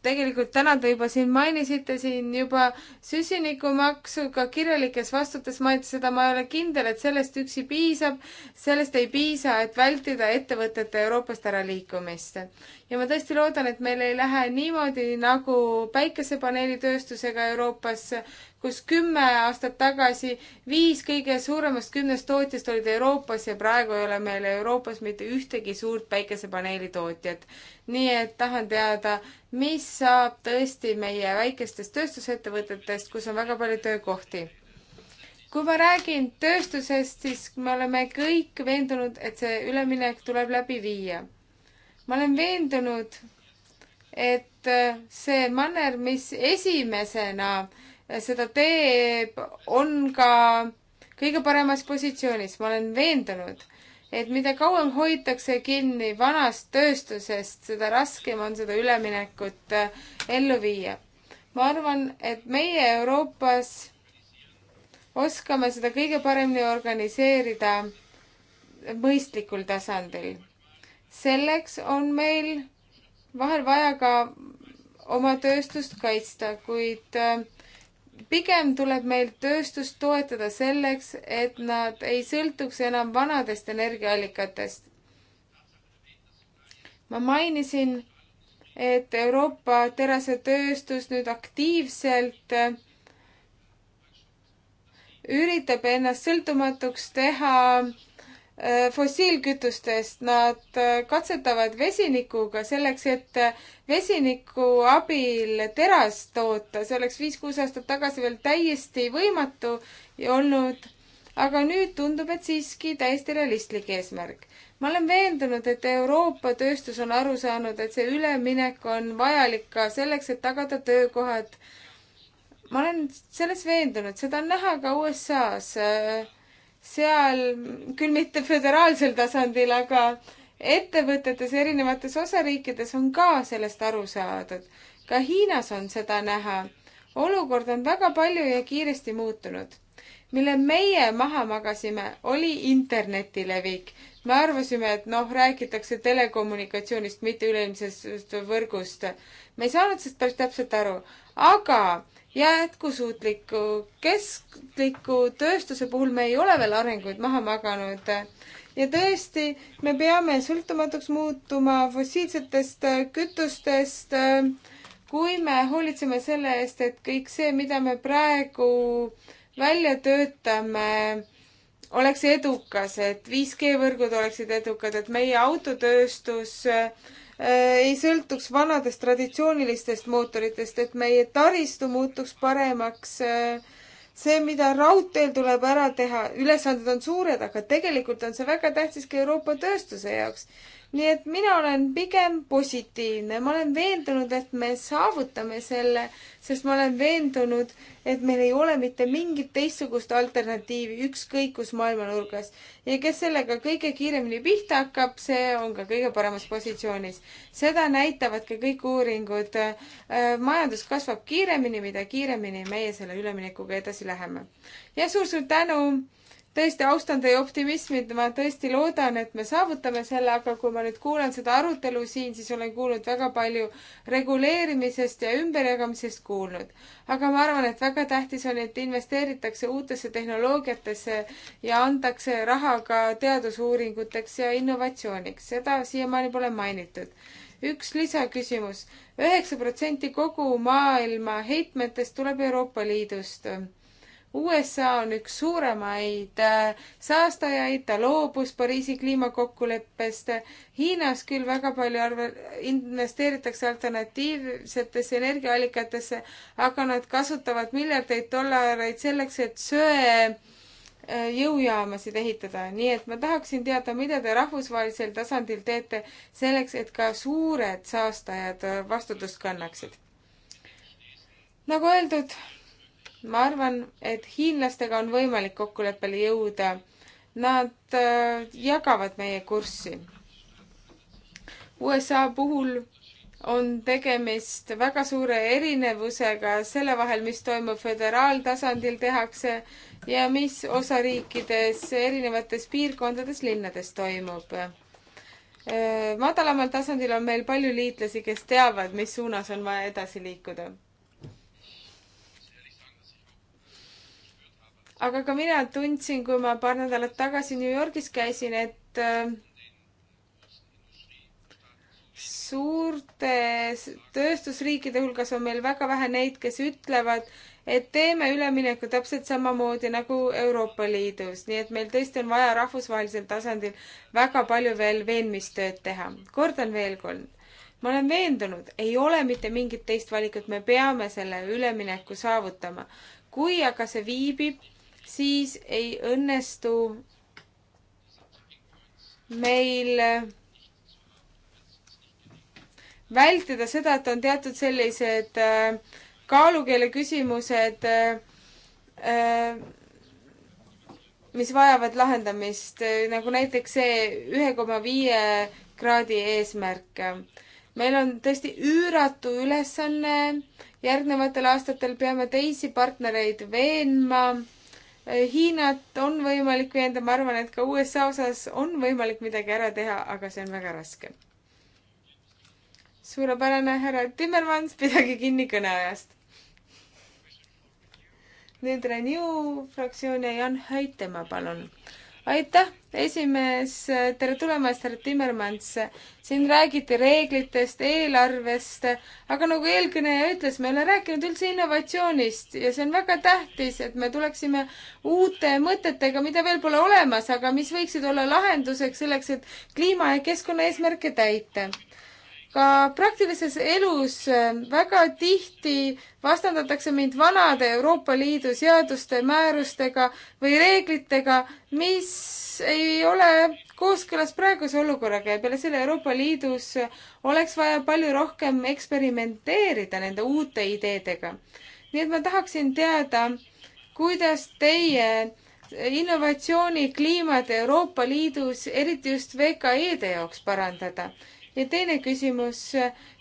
tegelikult täna te juba siin mainisite siin juba süsinikumaksu, ka kirjalikes vastutes mainiti seda, ma ei ole kindel, et sellest üksi piisab, sellest ei piisa, et vältida ettevõtete Euroopast äraliikumist ja ma tõesti loodan, et meil ei lähe niimoodi nagu päikesepaneelitööstusega Euroopas, kus kümme aastat tagasi viis kõige suuremast kümnest tootjast olid Euroopas ja praegu ei ole meil Euroopas mitte ühtegi suurt päikesepaneeli tootjat. nii et tahan teada, mis saab tõesti meie väikestest tööstusettevõtetest, kus on väga palju töökohti kui ma räägin tööstusest, siis me oleme kõik veendunud, et see üleminek tuleb läbi viia ma olen veendunud, et äh, see manner, mis esimesena äh, seda teeb, on ka kõige paremas positsioonis, ma olen veendunud, et mida kauem hoitakse kinni vanast tööstusest, seda raskem on seda üleminekut äh, ellu viia. ma arvan, et meie Euroopas oskame seda kõige paremini organiseerida mõistlikul tasandil selleks on meil vahel vaja ka oma tööstust kaitsta, kuid äh, pigem tuleb meil tööstust toetada selleks, et nad ei sõltuks enam vanadest energiaallikatest. ma mainisin, et Euroopa terasetööstus nüüd aktiivselt äh, üritab ennast sõltumatuks teha Äh, fossiilkütustest, nad äh, katsetavad vesinikuga selleks, et äh, vesiniku abil terast toota. see oleks viis-kuus aastat tagasi veel täiesti võimatu olnud, aga nüüd tundub, et siiski täiesti realistlik eesmärk. ma olen veendunud, et Euroopa tööstus on aru saanud, et see üleminek on vajalik ka selleks, et tagada töökohad. ma olen selles veendunud, seda on näha ka USA-s seal küll mitte föderaalsel tasandil, aga ettevõtetes erinevates osariikides on ka sellest aru saadud. ka Hiinas on seda näha. olukord on väga palju ja kiiresti muutunud. mille meie maha magasime, oli interneti levik. me arvasime, et noh, räägitakse telekommunikatsioonist, mitte üleilmsest võrgust. me ei saanud sellest päris täpselt aru, aga jätkusuutliku keskliku tööstuse puhul me ei ole veel arenguid maha maganud. ja tõesti, me peame sõltumatuks muutuma fossiilsetest kütustest, kui me hoolitseme selle eest, et kõik see, mida me praegu välja töötame, oleks edukas, et 5G võrgud oleksid edukad, et meie autotööstus äh, Äh, ei sõltuks vanadest traditsioonilistest mootoritest, et meie taristu muutuks paremaks. Äh, see, mida raudteel tuleb ära teha, ülesanded on suured, aga tegelikult on see väga tähtis ka Euroopa tööstuse jaoks nii et mina olen pigem positiivne, ma olen veendunud, et me saavutame selle, sest ma olen veendunud, et meil ei ole mitte mingit teistsugust alternatiivi ükskõik kus maailma nurgas. ja kes sellega kõige kiiremini pihta hakkab, see on ka kõige paremas positsioonis. seda näitavad ka kõik uuringud. Äh, majandus kasvab kiiremini, mida kiiremini meie selle üleminekuga edasi läheme. ja suur-suur tänu tõesti austan teie optimismi, ma tõesti loodan, et me saavutame selle, aga kui ma nüüd kuulan seda arutelu siin, siis olen kuulnud väga palju reguleerimisest ja ümberjagamisest kuulnud. aga ma arvan, et väga tähtis on, et investeeritakse uutesse tehnoloogiatesse ja antakse raha ka teadusuuringuteks ja innovatsiooniks, seda siiamaani pole mainitud üks lisaküsimus. üheksa protsenti kogu maailma heitmetest tuleb Euroopa Liidust USA on üks suuremaid äh, saastajaid, ta loobus Pariisi kliimakokkuleppest. Hiinas küll väga palju arve, investeeritakse alternatiivsetesse energiaallikatesse, aga nad kasutavad miljardeid dollareid selleks, et söe äh, jõujaamasid ehitada, nii et ma tahaksin teada, mida te rahvusvahelisel tasandil teete selleks, et ka suured saastajad vastutust kannaksid. nagu öeldud, ma arvan, et hiinlastega on võimalik kokkuleppele jõuda. Nad äh, jagavad meie kurssi. USA puhul on tegemist väga suure erinevusega selle vahel, mis toimub föderaaltasandil tehakse ja mis osariikides, erinevates piirkondades, linnades toimub. Äh, madalamal tasandil on meil palju liitlasi, kes teavad, mis suunas on vaja edasi liikuda aga ka mina tundsin, kui ma paar nädalat tagasi New Yorgis käisin, et äh, suurte tööstusriikide hulgas on meil väga vähe neid, kes ütlevad, et teeme ülemineku täpselt samamoodi nagu Euroopa Liidus, nii et meil tõesti on vaja rahvusvahelisel tasandil väga palju veel veenmistööd teha. kordan veel kord, ma olen veendunud, ei ole mitte mingit teist valikut, me peame selle ülemineku saavutama. kui aga see viibib siis ei õnnestu meil vältida seda, et on teatud sellised äh, kaalukeele küsimused, äh, äh, mis vajavad lahendamist, nagu näiteks see ühe koma viie kraadi eesmärk. meil on tõesti üüratu ülesanne, järgnevatel aastatel peame teisi partnereid veenma Hiinat on võimalik veenda, ma arvan, et ka USA osas on võimalik midagi ära teha, aga see on väga raske. suurepärane, härra Timmermans, pidage kinni kõneajast. nüüd Renew fraktsioon ja Jan Häitemaa, palun aitäh, esimees, tere tulemast, härra Timmermans. siin räägiti reeglitest, eelarvest, aga nagu eelkõneleja ütles, me ei ole rääkinud üldse innovatsioonist ja see on väga tähtis, et me tuleksime uute mõtetega, mida veel pole olemas, aga mis võiksid olla lahenduseks selleks, et kliima ja keskkonna eesmärke täita ka praktilises elus äh, väga tihti vastandatakse mind vanade Euroopa Liidu seaduste, määrustega või reeglitega, mis ei ole kooskõlas praeguse olukorraga ja peale selle Euroopa Liidus oleks vaja palju rohkem eksperimenteerida nende uute ideedega. nii et ma tahaksin teada, kuidas teie innovatsioonikliimat Euroopa Liidus, eriti just VKE-de jaoks parandada ja teine küsimus,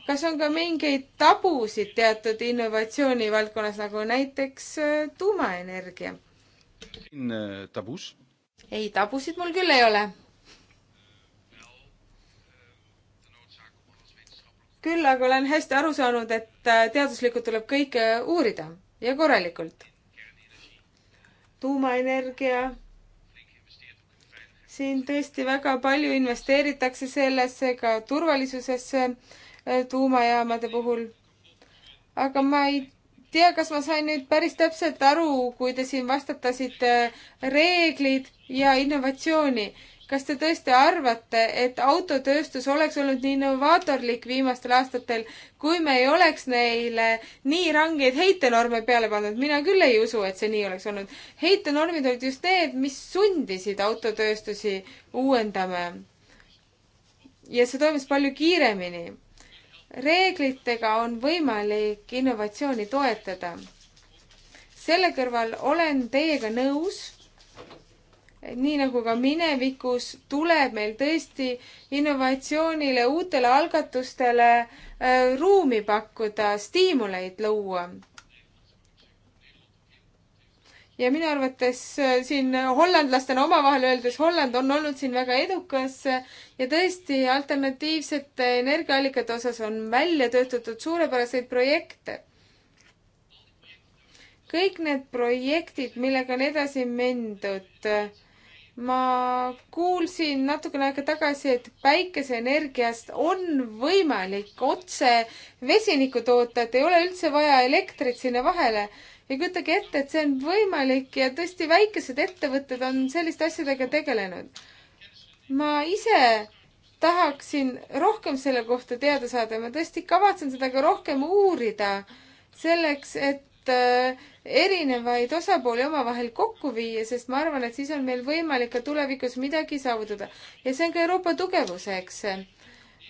kas on ka mingeid tabusid teatud innovatsiooni valdkonnas, nagu näiteks äh, tuumaenergia? Äh, tabus? ei, tabusid mul küll ei ole. küll aga olen hästi aru saanud, et äh, teaduslikult tuleb kõike uurida ja korralikult. tuumaenergia siin tõesti väga palju investeeritakse sellesse, ka turvalisusesse äh, tuumajaamade puhul. aga ma ei tea, kas ma sain nüüd päris täpselt aru, kui te siin vastatasite äh, reeglid ja innovatsiooni kas te tõesti arvate, et autotööstus oleks olnud nii innovaatorlik viimastel aastatel, kui me ei oleks neile nii rangeid heitenorme peale pannud? mina küll ei usu, et see nii oleks olnud. heitenormid olid just need, mis sundisid autotööstusi uuendama. ja see toimus palju kiiremini. reeglitega on võimalik innovatsiooni toetada. selle kõrval olen teiega nõus nii nagu ka minevikus, tuleb meil tõesti innovatsioonile, uutele algatustele äh, ruumi pakkuda, stiimuleid luua. ja minu arvates äh, siin hollandlastena omavahel öeldes Holland on olnud siin väga edukas äh, ja tõesti alternatiivsete energiaallikate osas on välja töötatud suurepäraseid projekte kõik need projektid, millega on edasi mindud äh,, ma kuulsin natukene aega tagasi, et päikeseenergiast on võimalik otse vesinikku toota, et ei ole üldse vaja elektrit sinna vahele. ja kujutage ette, et see on võimalik ja tõesti väikesed ettevõtted on selliste asjadega tegelenud. ma ise tahaksin rohkem selle kohta teada saada, ma tõesti kavatsen seda ka rohkem uurida selleks, et äh, erinevaid osapooli omavahel kokku viia, sest ma arvan, et siis on meil võimalik ka tulevikus midagi saavutada. ja see on ka Euroopa tugevuseks.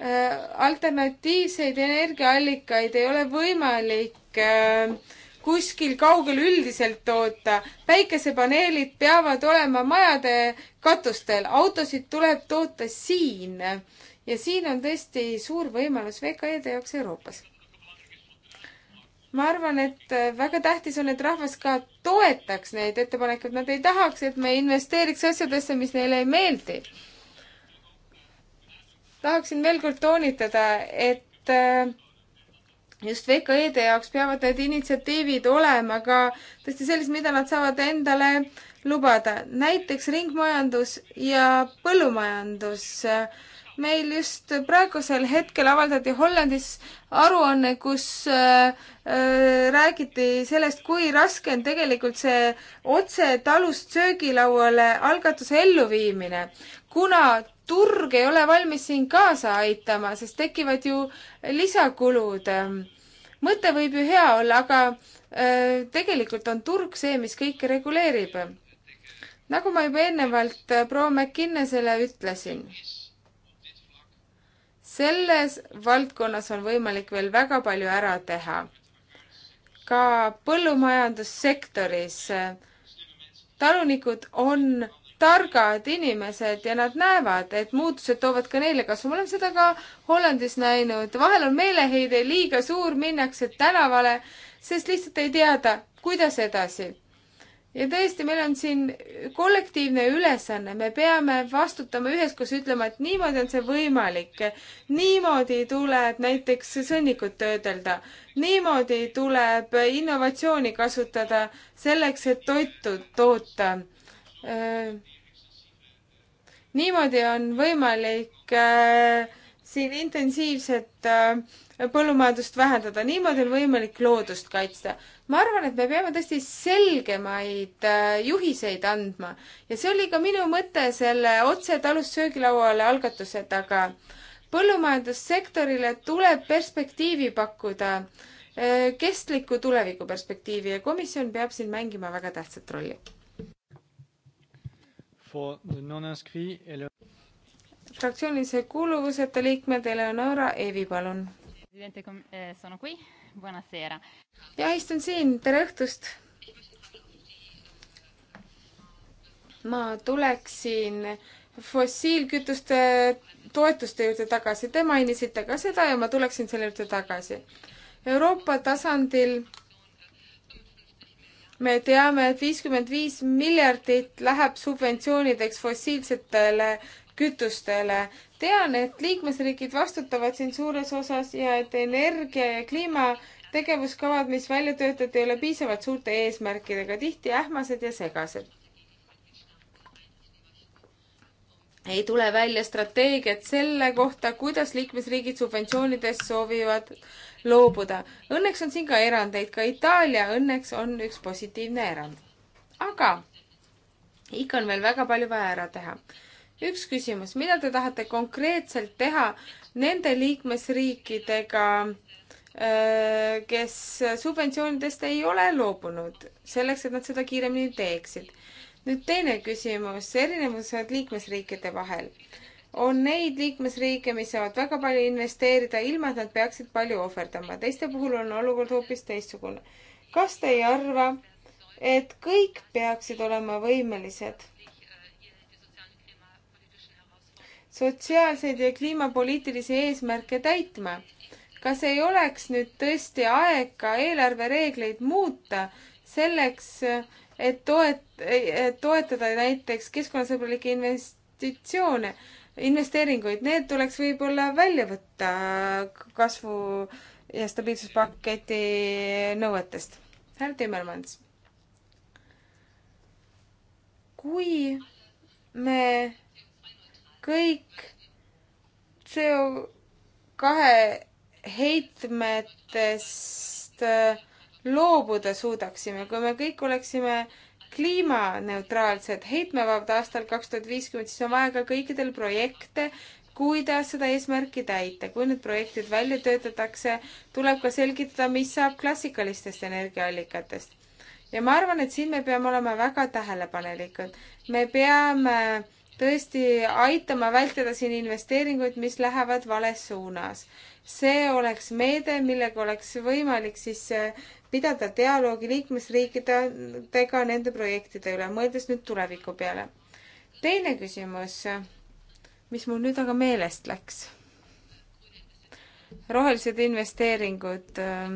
Äh, alternatiivseid energiaallikaid ei ole võimalik äh, kuskil kaugel üldiselt toota. päikesepaneelid peavad olema majade katustel, autosid tuleb toota siin. ja siin on tõesti suur võimalus VKE-de jaoks Euroopas ma arvan, et äh, väga tähtis on, et rahvas ka toetaks neid ettepanekuid, nad ei tahaks, et me investeeriks asjadesse, mis neile ei meeldi. tahaksin veel kord toonitada, et äh, just VKE-de jaoks peavad need initsiatiivid olema ka tõesti sellised, mida nad saavad endale lubada. näiteks ringmajandus ja põllumajandus äh, meil just praegusel hetkel avaldati Hollandis aruanne, kus äh, äh, räägiti sellest, kui raske on tegelikult see otse talust söögilauale algatuse elluviimine, kuna turg ei ole valmis siin kaasa aitama, sest tekivad ju lisakulud. Ähm, mõte võib ju hea olla, aga äh, tegelikult on turg see, mis kõike reguleerib. nagu ma juba eelnevalt äh, proua McKinnesele ütlesin selles valdkonnas on võimalik veel väga palju ära teha. ka põllumajandussektoris talunikud on targad inimesed ja nad näevad, et muutused toovad ka neile kasu. me oleme seda ka Hollandis näinud, vahel on meeleheide liiga suur, minnakse tänavale, sest lihtsalt ei teada, kuidas edasi ja tõesti, meil on siin kollektiivne ülesanne, me peame vastutama üheskoos, ütlema, et niimoodi on see võimalik. niimoodi tuleb näiteks sõnnikut töödelda, niimoodi tuleb innovatsiooni kasutada selleks, et toitu toota. niimoodi on võimalik siin intensiivset äh, põllumajandust vähendada, niimoodi on võimalik loodust kaitsta. ma arvan, et me peame tõesti selgemaid äh, juhiseid andma ja see oli ka minu mõte selle otse talust söögilauale algatuse taga. põllumajandussektorile tuleb perspektiivi pakkuda, äh, kestliku tuleviku perspektiivi ja komisjon peab siin mängima väga tähtsat rolli. For the non-inscrit fraktsioonilise kuuluvuseta liikmed Eleonora Eevi, palun Eh, ja istun siin, tere õhtust! ma tuleksin fossiilkütuste toetuste juurde tagasi, te mainisite ka seda ja ma tuleksin selle juurde tagasi. Euroopa tasandil me teame, et viiskümmend viis miljardit läheb subventsioonideks fossiilsetele kütustele. tean, et liikmesriigid vastutavad siin suures osas ja et energia ja kliima tegevuskavad, mis välja töötati, ei ole piisavalt suurte eesmärkidega, tihti ähmased ja segased. ei tule välja strateegiat selle kohta, kuidas liikmesriigid subventsioonidest soovivad loobuda. Õnneks on siin ka erandeid, ka Itaalia õnneks on üks positiivne erand. aga ikka on veel väga palju vaja ära teha üks küsimus, mida te tahate konkreetselt teha nende liikmesriikidega, äh, kes subventsioonidest ei ole loobunud, selleks et nad seda kiiremini teeksid? nüüd teine küsimus, erinevused liikmesriikide vahel. on neid liikmesriike, mis saavad väga palju investeerida, ilma et nad peaksid palju ohverdama, teiste puhul on olukord hoopis teistsugune. kas te ei arva, et kõik peaksid olema võimelised sotsiaalseid ja kliimapoliitilisi eesmärke täitma. kas ei oleks nüüd tõesti aeg ka eelarvereegleid muuta selleks, et toet-, toetada näiteks keskkonnasõbralikke investitsioone, investeeringuid, need tuleks võib-olla välja võtta kasvu ja stabiilsuspaketi nõuetest. härra Timmermans. kui me kõik CO kahe heitmetest äh, loobuda suudaksime, kui me kõik oleksime kliimaneutraalsed, heitmevabad aastal kaks tuhat viiskümmend, siis on vaja ka kõikidel projekte, kuidas seda eesmärki täita. kui need projektid välja töötatakse, tuleb ka selgitada, mis saab klassikalistest energiaallikatest. ja ma arvan, et siin me peame olema väga tähelepanelikud. me peame äh, tõesti aitama vältida siin investeeringuid, mis lähevad vales suunas. see oleks meede, millega oleks võimalik siis eh, pidada dialoogi liikmesriikidega nende projektide üle, mõeldes nüüd tuleviku peale. teine küsimus, mis mul nüüd aga meelest läks. rohelised investeeringud, eh,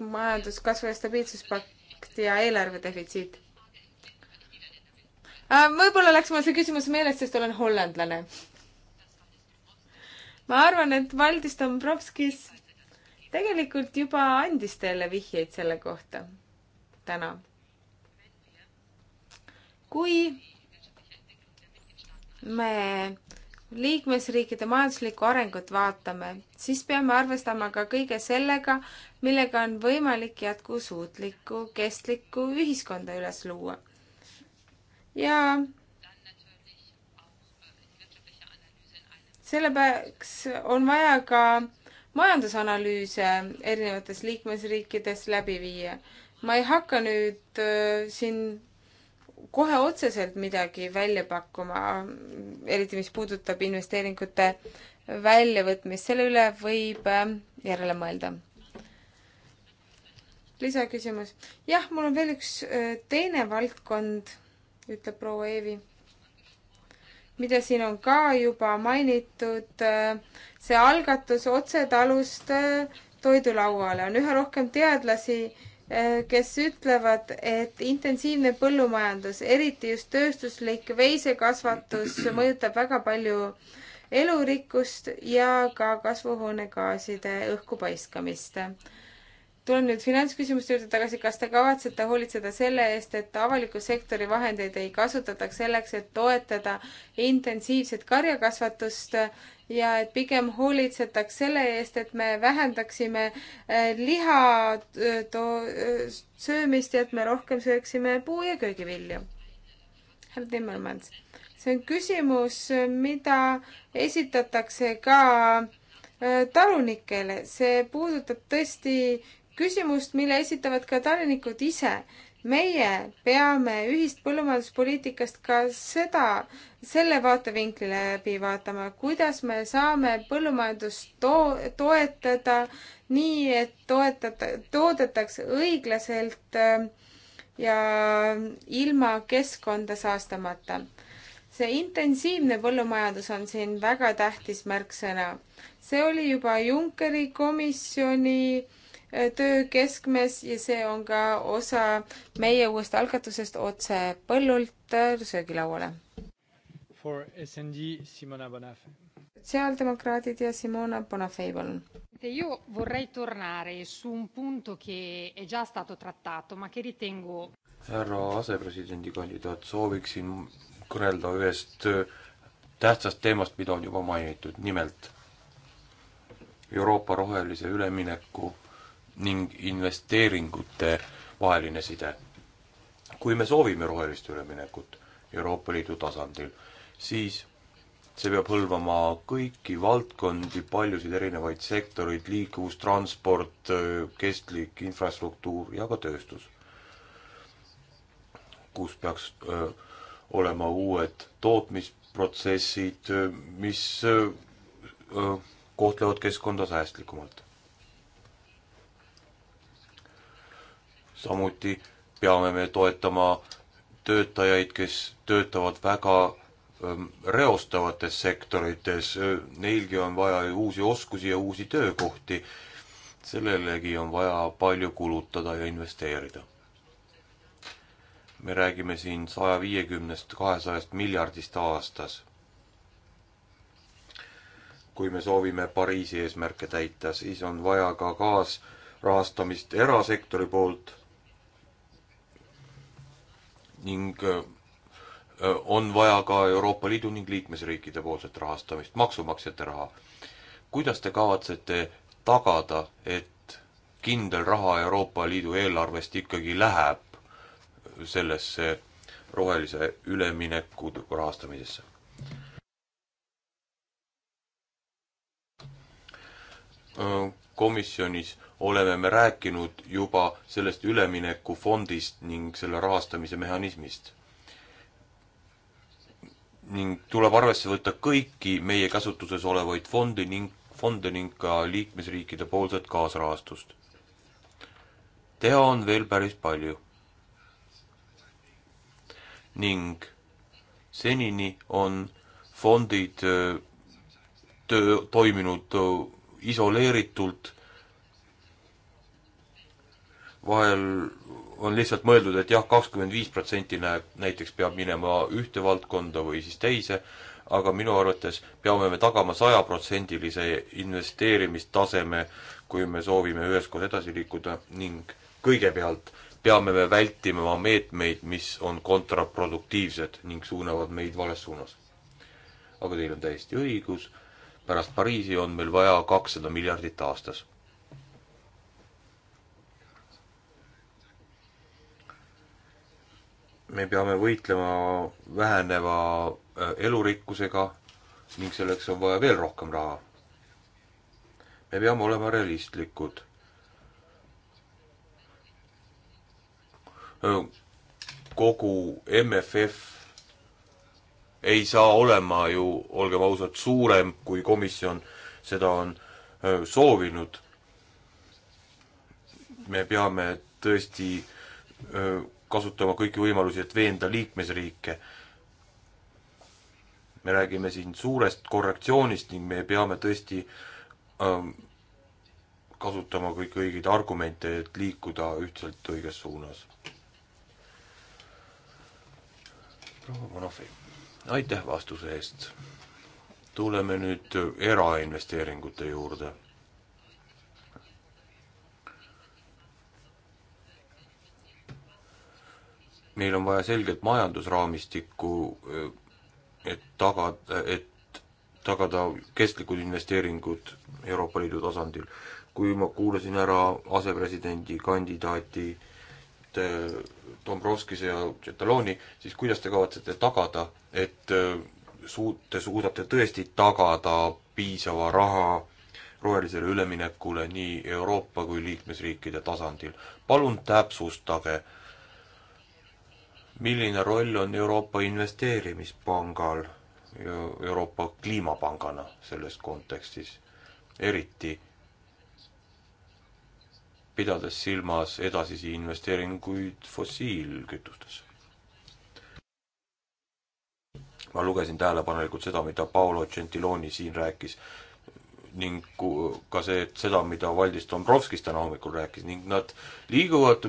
majanduskasvu ja stabiilsuspakt ja eelarve defitsiit Äh, võib-olla läks mul see küsimus meelest, sest olen hollandlane. ma arvan, et Valdis Dombrovskis tegelikult juba andis teile vihjeid selle kohta täna. kui me liikmesriikide majanduslikku arengut vaatame, siis peame arvestama ka kõige sellega, millega on võimalik jätkusuutlikku, kestlikku ühiskonda üles luua ja sellepärast on vaja ka majandusanalüüse erinevates liikmesriikides läbi viia. ma ei hakka nüüd äh, siin kohe otseselt midagi välja pakkuma, eriti mis puudutab investeeringute väljavõtmist, selle üle võib äh, järele mõelda. lisaküsimus. jah, mul on veel üks äh, teine valdkond ütleb proua Eevi. mida siin on ka juba mainitud, äh, see algatus otsetalust äh, toidulauale on üha rohkem teadlasi, äh, kes ütlevad, et intensiivne põllumajandus, eriti just tööstuslik veisekasvatus, mõjutab väga palju elurikkust ja ka kasvuhoonegaaside õhku paiskamist tulen nüüd finantsküsimuste juurde tagasi, kas te kavatsete hoolitseda selle eest, et avaliku sektori vahendeid ei kasutataks selleks, et toetada intensiivset karjakasvatust ja et pigem hoolitsetaks selle eest, et me vähendaksime eh, liha eh, to-, eh, söömist ja et me rohkem sööksime puu- ja köögivilju? härra Timmermans, see on küsimus, mida esitatakse ka talunikele, see puudutab tõesti küsimust, mille esitavad ka talinikud ise. meie peame ühist põllumajanduspoliitikast ka seda, selle vaatevinkli läbi vaatama, kuidas me saame põllumajandust to-, toetada nii, et toetada, toodetaks õiglaselt äh, ja ilma keskkonda saastamata see intensiivne põllumajandus on siin väga tähtis märksõna. see oli juba Junckeri komisjoni äh, töö keskmes ja see on ka osa meie uuest algatusest otse põllult söögilauale. sotsiaaldemokraadid ja Simona Bonafei, palun. Io vorrei tornare su un punto che è già stato trattato, ma che ritengo härra asepresidendi kandidaat, sooviksin kõnelda ühest äh, tähtsast teemast, mida on juba mainitud, nimelt Euroopa rohelise ülemineku ning investeeringute vaheline side. kui me soovime rohelist üleminekut Euroopa Liidu tasandil, siis see peab hõlmama kõiki valdkondi, paljusid erinevaid sektoreid, liikuvus, transport, kestlik infrastruktuur ja ka tööstus, kus peaks öö, olema uued tootmisprotsessid, mis öö, kohtlevad keskkonda säästlikumalt. samuti peame me toetama töötajaid, kes töötavad väga ähm, reostavates sektorites, äh, neilgi on vaja ju uusi oskusi ja uusi töökohti. sellelegi on vaja palju kulutada ja investeerida. me räägime siin saja viiekümnest, kahesajast miljardist aastas. kui me soovime Pariisi eesmärke täita, siis on vaja ka kaasrahastamist erasektori poolt ning äh, on vaja ka Euroopa Liidu ning liikmesriikide poolset rahastamist, maksumaksjate raha. kuidas te kavatsete tagada, et kindel raha Euroopa Liidu eelarvest ikkagi läheb sellesse rohelise ülemineku rahastamisesse? Äh, komisjonis oleme me rääkinud juba sellest üleminekufondist ning selle rahastamise mehhanismist. ning tuleb arvesse võtta kõiki meie käsutuses olevaid fondi ning, fonde ning ka liikmesriikide poolset kaasrahastust. teha on veel päris palju. ning senini on fondid äh, töö, toiminud äh, isoleeritult vahel on lihtsalt mõeldud, et jah, kakskümmend viis protsenti näeb, näiteks peab minema ühte valdkonda või siis teise, aga minu arvates peame me tagama sajaprotsendilise investeerimistaseme, kui me soovime üheskoos edasi liikuda ning kõigepealt peame me vältima meetmeid, mis on kontraproduktiivsed ning suunavad meid vales suunas. aga teil on täiesti õigus, pärast Pariisi on meil vaja kakssada miljardit aastas me peame võitlema väheneva äh, elurikkusega ning selleks on vaja veel rohkem raha. me peame olema realistlikud. Äh, kogu MFF ei saa olema ju, olgem ausad, suurem, kui komisjon seda on äh, soovinud. me peame tõesti kasutama kõiki võimalusi, et veenda liikmesriike. me räägime siin suurest korrektsioonist ning me peame tõesti ähm, kasutama kõiki õigeid argumente, et liikuda ühtselt õiges suunas. proua Panovi, aitäh vastuse eest. tuleme nüüd erainvesteeringute juurde meil on vaja selget majandusraamistikku, eh, et tagada, et tagada kestlikud investeeringud Euroopa Liidu tasandil. kui ma kuulasin ära asepresidendi kandidaati Dombrovskise ja Gentiloni, siis kuidas te kavatsete tagada, et eh, suu-, te suudate tõesti tagada piisava raha rohelisele üleminekule nii Euroopa kui liikmesriikide tasandil. palun täpsustage äh, milline roll on Euroopa Investeerimispangal Euroopa Kliimapangana selles kontekstis, eriti pidades silmas edasisi investeeringuid fossiilkütustesse? ma lugesin tähelepanelikult seda, mida Paolo Gentiloni siin rääkis ning ka see, et seda, mida Valdis Dombrovskis täna hommikul rääkis ning nad liiguvad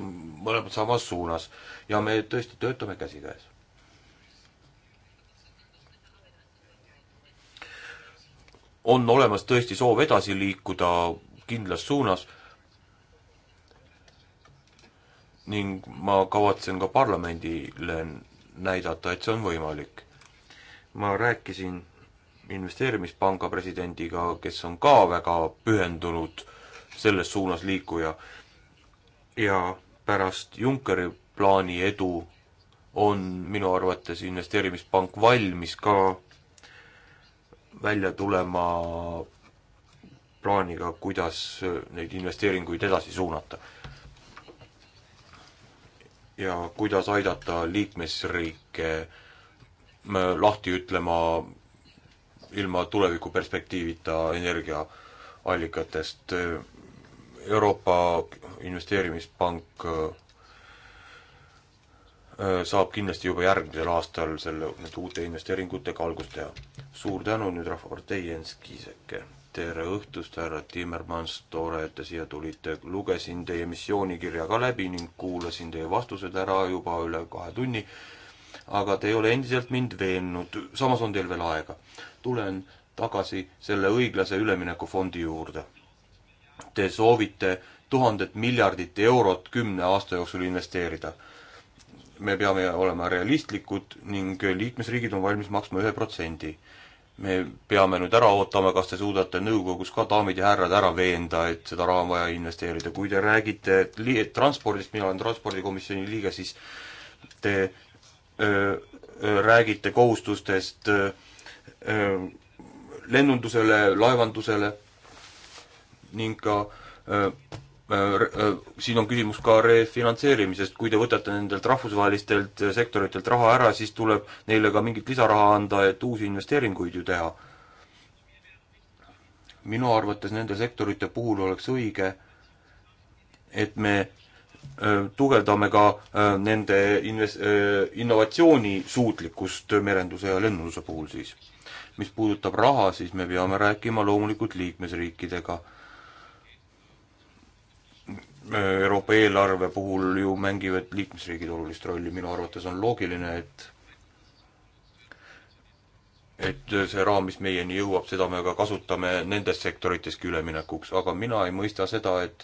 mõlemad samas suunas ja me tõesti töötame käsikäes. on olemas tõesti soov edasi liikuda kindlas suunas ning ma kavatsen ka parlamendile näidata, et see on võimalik. ma rääkisin investeerimispanga presidendiga, kes on ka väga pühendunud selles suunas liikuja. ja pärast Junckeri plaani edu on minu arvates investeerimispank valmis ka välja tulema plaaniga, kuidas neid investeeringuid edasi suunata. ja kuidas aidata liikmesriike lahti ütlema ilma tulevikuperspektiivita energiaallikatest. Euroopa Investeerimispank äh, saab kindlasti juba järgmisel aastal selle, nende uute investeeringutega algust teha. suur tänu nüüd Rahvapartei Jens Kiiseke. tere õhtust, härra Timmermans, tore, et te siia tulite. lugesin teie missioonikirja ka läbi ning kuulasin teie vastused ära juba üle kahe tunni. aga te ei ole endiselt mind veennud, samas on teil veel aega tulen tagasi selle õiglase üleminekufondi juurde. Te soovite tuhandet miljardit eurot kümne aasta jooksul investeerida. me peame olema realistlikud ning liikmesriigid on valmis maksma ühe protsendi. me peame nüüd ära ootama, kas te suudate nõukogus ka daamid ja härrad ära veenda, et seda raha on vaja investeerida. kui te räägite li-, transpordist, mina olen transpordikomisjoni liige, siis te öö, öö, räägite kohustustest öö, lennundusele, laevandusele ning ka siin on küsimus ka refinantseerimisest, kui te võtate nendelt rahvusvahelistelt sektoritelt raha ära, siis tuleb neile ka mingit lisaraha anda, et uusi investeeringuid ju teha. minu arvates nende sektorite puhul oleks õige, et me tugevdame ka nende inves-, innovatsioonisuutlikkust merenduse ja lennunduse puhul siis mis puudutab raha, siis me peame rääkima loomulikult liikmesriikidega. Äh, Euroopa eelarve puhul ju mängivad liikmesriigid olulist rolli, minu arvates on loogiline, et et see raam, mis meieni jõuab, seda me ka kasutame nendes sektoriteski üleminekuks, aga mina ei mõista seda, et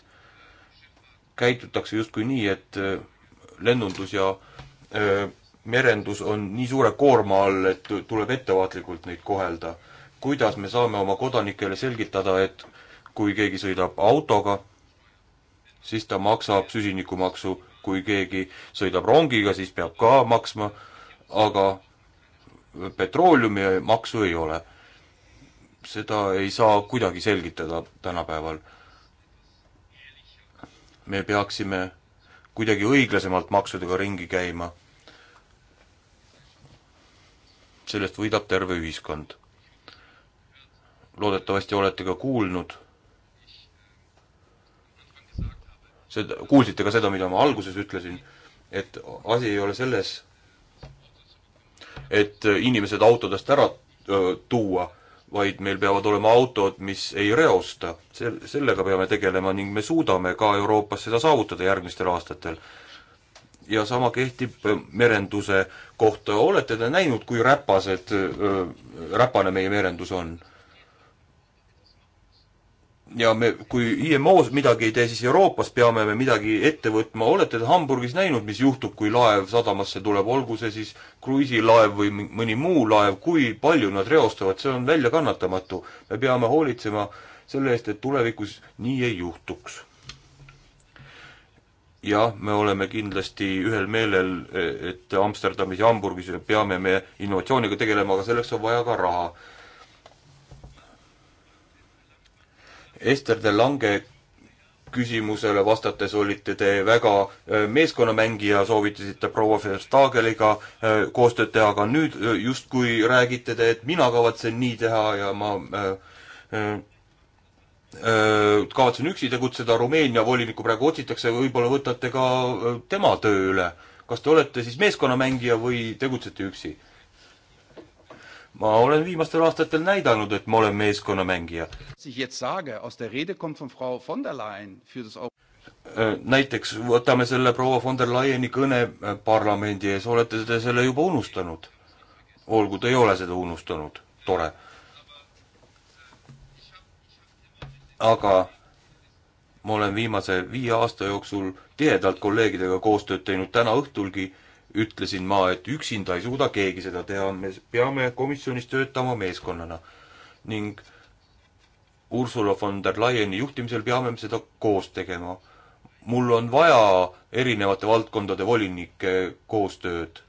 käitutakse justkui nii, et äh, lennundus ja öö, äh, merendus on nii suure koorma all, et tuleb ettevaatlikult neid kohelda. kuidas me saame oma kodanikele selgitada, et kui keegi sõidab autoga, siis ta maksab süsinikumaksu, kui keegi sõidab rongiga, siis peab ka maksma, aga petrooleumi maksu ei ole. seda ei saa kuidagi selgitada tänapäeval. me peaksime kuidagi õiglasemalt maksudega ringi käima sellest võidab terve ühiskond. loodetavasti olete ka kuulnud seda, kuulsite ka seda, mida ma alguses ütlesin, et asi ei ole selles, et inimesed autodest ära öö, tuua, vaid meil peavad olema autod, mis ei reosta. sel-, sellega peame tegelema ning me suudame ka Euroopas seda saavutada järgmistel aastatel ja sama kehtib äh, merenduse kohta, olete te näinud, kui räpased, äh, räpane meie merendus on? ja me, kui IMO-s midagi ei tee, siis Euroopas peame me midagi ette võtma, olete te Hamburgis näinud, mis juhtub, kui laev sadamasse tuleb, olgu see siis kruiisilaev või mõni muu laev, kui palju nad reostavad, see on väljakannatamatu. me peame hoolitsema selle eest, et tulevikus nii ei juhtuks jah, me oleme kindlasti ühel meelel, et Amsterdamis ja Hamburgis peame me innovatsiooniga tegelema, aga selleks on vaja ka raha. Ester de Lange küsimusele vastates olite te väga äh, meeskonnamängija, soovitasite proua Verstageliga äh, koostööd teha, aga nüüd äh, justkui räägite te, et mina kavatsen nii teha ja ma äh, äh, Äh, kavatsen üksi tegutseda, Rumeenia volinikku praegu otsitakse, võib-olla võtate ka äh, tema töö üle. kas te olete siis meeskonnamängija või tegutsete üksi? ma olen viimastel aastatel näidanud, et ma olen meeskonnamängija. Äh, näiteks võtame selle proua von der Leyeni kõne parlamendi ees, olete te selle juba unustanud? olgu, te ei ole seda unustanud, tore aga ma olen viimase viie aasta jooksul tihedalt kolleegidega koostööd teinud, täna õhtulgi ütlesin ma, et üksinda ei suuda keegi seda teha, me peame komisjonis töötama meeskonnana. ning Ursula von der Leyeni juhtimisel peame me seda koos tegema. mul on vaja erinevate valdkondade volinike koostööd.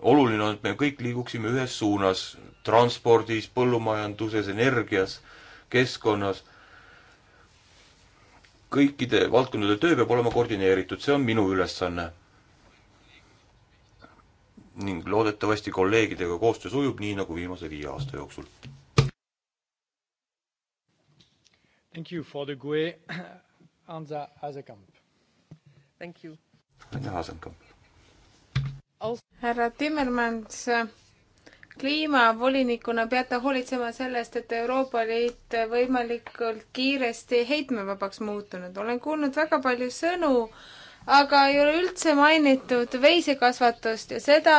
oluline on, et me kõik liiguksime ühes suunas, transpordis, põllumajanduses, energias keskkonnas. kõikide valdkondade töö peab olema koordineeritud, see on minu ülesanne. ning loodetavasti kolleegidega koostöö sujub nii, nagu viimase viie aasta jooksul. Thank you for the GUE, Anza Asekamp. Thank you. Anza Asekamp härra Timmermans, kliimavolinikuna peate hoolitsema sellest, et Euroopa Liit võimalikult kiiresti heitmevabaks muutunud. olen kuulnud väga palju sõnu, aga ei ole üldse mainitud veisekasvatust ja seda,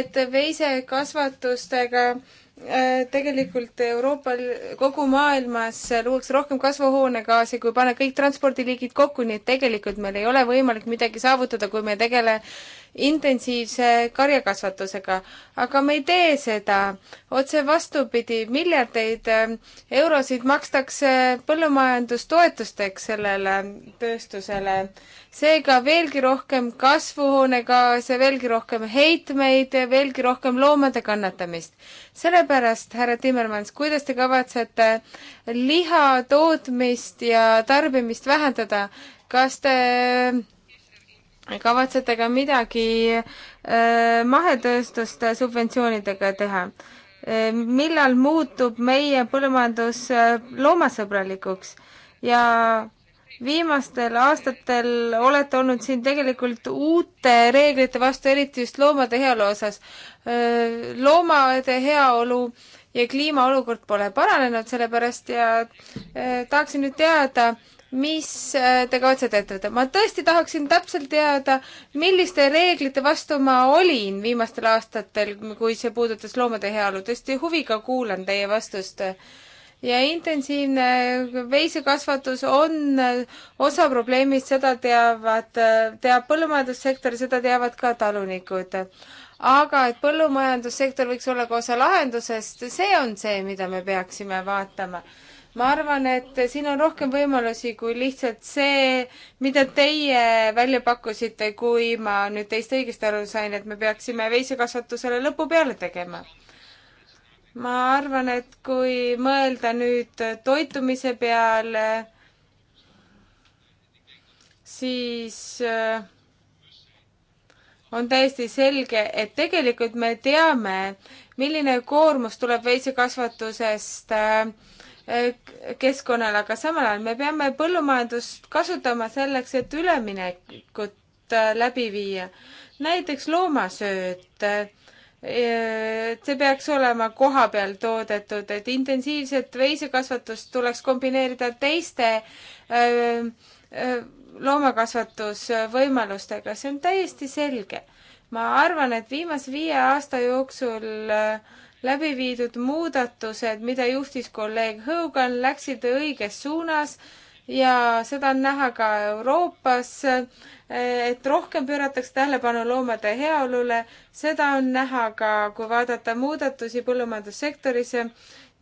et veisekasvatustega äh, tegelikult Euroopal, kogu maailmas luuakse rohkem kasvuhoonegaasi, kui panna kõik transpordiliigid kokku, nii et tegelikult meil ei ole võimalik midagi saavutada, kui me ei tegele intensiivse karjakasvatusega, aga me ei tee seda. otse vastupidi, miljardeid äh, eurosid makstakse põllumajandustoetusteks sellele tööstusele. seega veelgi rohkem kasvuhoonegaase, veelgi rohkem heitmeid, veelgi rohkem loomade kannatamist. sellepärast, härra Timmermans, kuidas te kavatsete liha tootmist ja tarbimist vähendada, kas te kavatsete ka midagi äh, mahetööstuste subventsioonidega teha? Äh, millal muutub meie põllumajandus äh, loomasõbralikuks ja viimastel aastatel olete olnud siin tegelikult uute reeglite vastu, eriti just loomade heaolu osas. loomade heaolu ja kliimaolukord pole paranenud sellepärast ja tahaksin nüüd teada, mis äh, te kavatsete ette võtta? ma tõesti tahaksin täpselt teada, milliste reeglite vastu ma olin viimastel aastatel, kui see puudutas loomade heaolu. tõesti huviga kuulan teie vastust. ja intensiivne veisekasvatus on osa probleemist, seda teavad, teab põllumajandussektor, seda teavad ka talunikud aga et põllumajandussektor võiks olla ka osa lahendusest, see on see, mida me peaksime vaatama ma arvan, et siin on rohkem võimalusi kui lihtsalt see, mida teie välja pakkusite, kui ma nüüd teist õigesti aru sain, et me peaksime veisekasvatusele lõpu peale tegema. ma arvan, et kui mõelda nüüd toitumise peale, siis äh, on täiesti selge, et tegelikult me teame, milline koormus tuleb veisekasvatusest äh, Eh, keskkonnale, aga samal ajal me peame põllumajandust kasutama selleks, et üleminekut äh, läbi viia. näiteks loomasööt, äh, see peaks olema kohapeal toodetud, et intensiivset veisekasvatust tuleks kombineerida teiste äh, loomakasvatusvõimalustega, see on täiesti selge. ma arvan, et viimase viie aasta jooksul äh, läbi viidud muudatused, mida juhtis kolleeg Hogan, läksid õiges suunas ja seda on näha ka Euroopas, et rohkem pööratakse tähelepanu loomade heaolule, seda on näha ka, kui vaadata muudatusi põllumajandussektoris.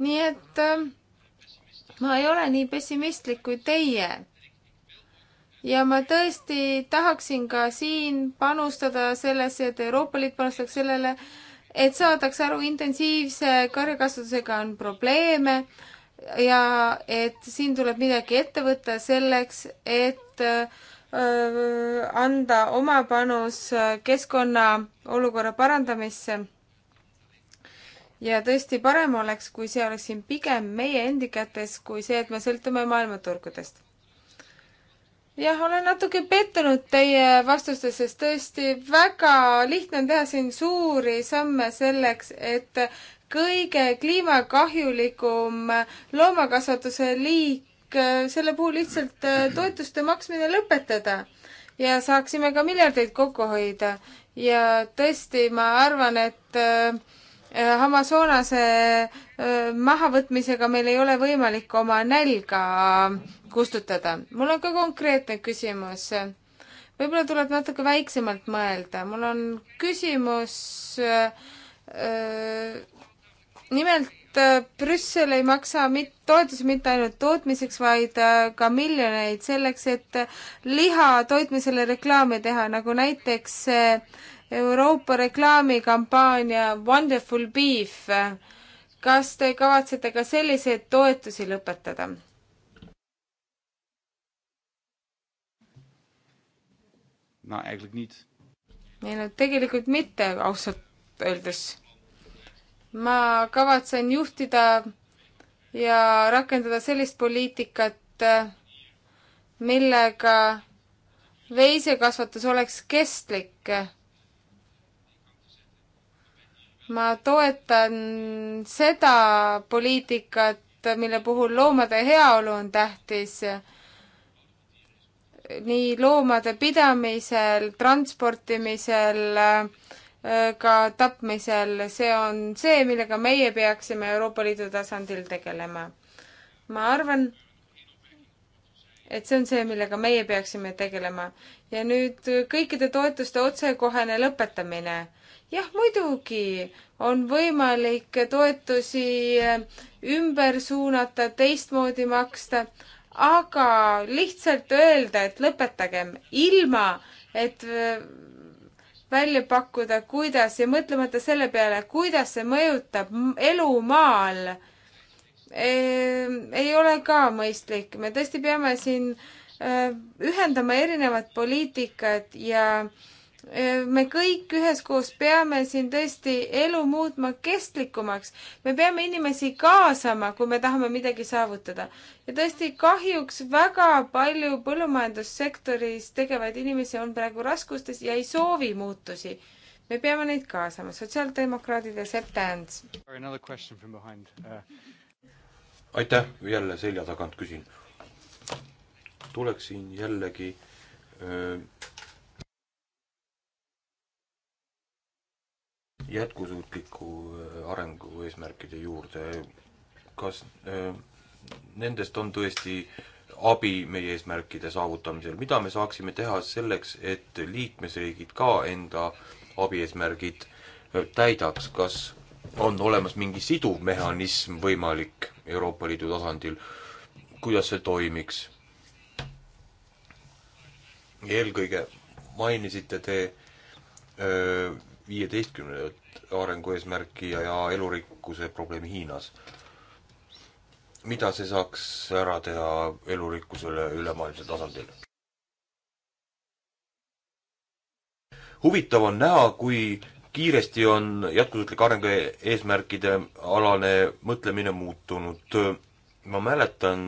nii et äh, ma ei ole nii pessimistlik kui teie. ja ma tõesti tahaksin ka siin panustada sellesse, et Euroopa Liit panustaks sellele, et saadakse aru, intensiivse karjakasvatusega on probleeme ja et siin tuleb midagi ette võtta selleks, et äh, anda oma panus äh, keskkonna olukorra parandamisse. ja tõesti parem oleks, kui see oleks siin pigem meie endi kätes, kui see, et me sõltume maailmaturgudest jah, olen natuke pettunud teie vastustes, sest tõesti väga lihtne on teha siin suuri samme selleks, et kõige kliimakahjulikum loomakasvatuse liik, selle puhul lihtsalt äh, toetuste maksmine lõpetada ja saaksime ka miljardeid kokku hoida. ja tõesti, ma arvan, et äh, Äh, Amazonase äh, mahavõtmisega meil ei ole võimalik oma nälga kustutada. mul on ka konkreetne küsimus. võib-olla tuleb natuke väiksemalt mõelda. mul on küsimus äh,. äh nimelt Brüssel ei maksa mit-, toetusi mitte ainult tootmiseks, vaid ka miljoneid selleks, et liha toitmisele reklaami teha, nagu näiteks äh, Euroopa reklaamikampaania Wonderful Beef. kas te kavatsete ka selliseid toetusi lõpetada? no eigenlijk niet. ei no tegelikult mitte, ausalt öeldes. ma kavatsen juhtida ja rakendada sellist poliitikat, millega veisekasvatus oleks kestlik ma toetan seda poliitikat, mille puhul loomade heaolu on tähtis. nii loomade pidamisel, transportimisel, ka tapmisel, see on see, millega meie peaksime Euroopa Liidu tasandil tegelema. ma arvan, et see on see, millega meie peaksime tegelema. ja nüüd kõikide toetuste otsekohene lõpetamine jah, muidugi on võimalik toetusi ümber suunata, teistmoodi maksta, aga lihtsalt öelda, et lõpetagem ilma, et välja pakkuda, kuidas ja mõtlemata selle peale, kuidas see mõjutab elu maal, e, ei ole ka mõistlik. me tõesti peame siin e, ühendama erinevad poliitikad ja äh, me kõik üheskoos peame siin tõesti elu muutma kestlikumaks. me peame inimesi kaasama, kui me tahame midagi saavutada. ja tõesti, kahjuks väga palju põllumajandussektoris tegevaid inimesi on praegu raskustes ja ei soovi muutusi. me peame neid kaasama. sotsiaaldemokraadid ja Sepp Täns. Uh, aitäh, jälle selja tagant küsin. tuleksin jällegi öö, uh, jätkusuutliku äh, arengu eesmärkide juurde, kas äh, nendest on tõesti abi meie eesmärkide saavutamisel, mida me saaksime teha selleks, et liikmesriigid ka enda abieesmärgid äh, täidaks, kas on olemas mingi siduv mehhanism võimalik Euroopa Liidu tasandil, kuidas see toimiks? eelkõige mainisite te viieteistkümnendat arengueesmärki ja, ja elurikkuse probleemi Hiinas. mida see saaks ära teha elurikkusele ülemaailmsel tasandil? huvitav on näha, kui kiiresti on jätkusuutlike arengueesmärkide alane mõtlemine muutunud. ma mäletan,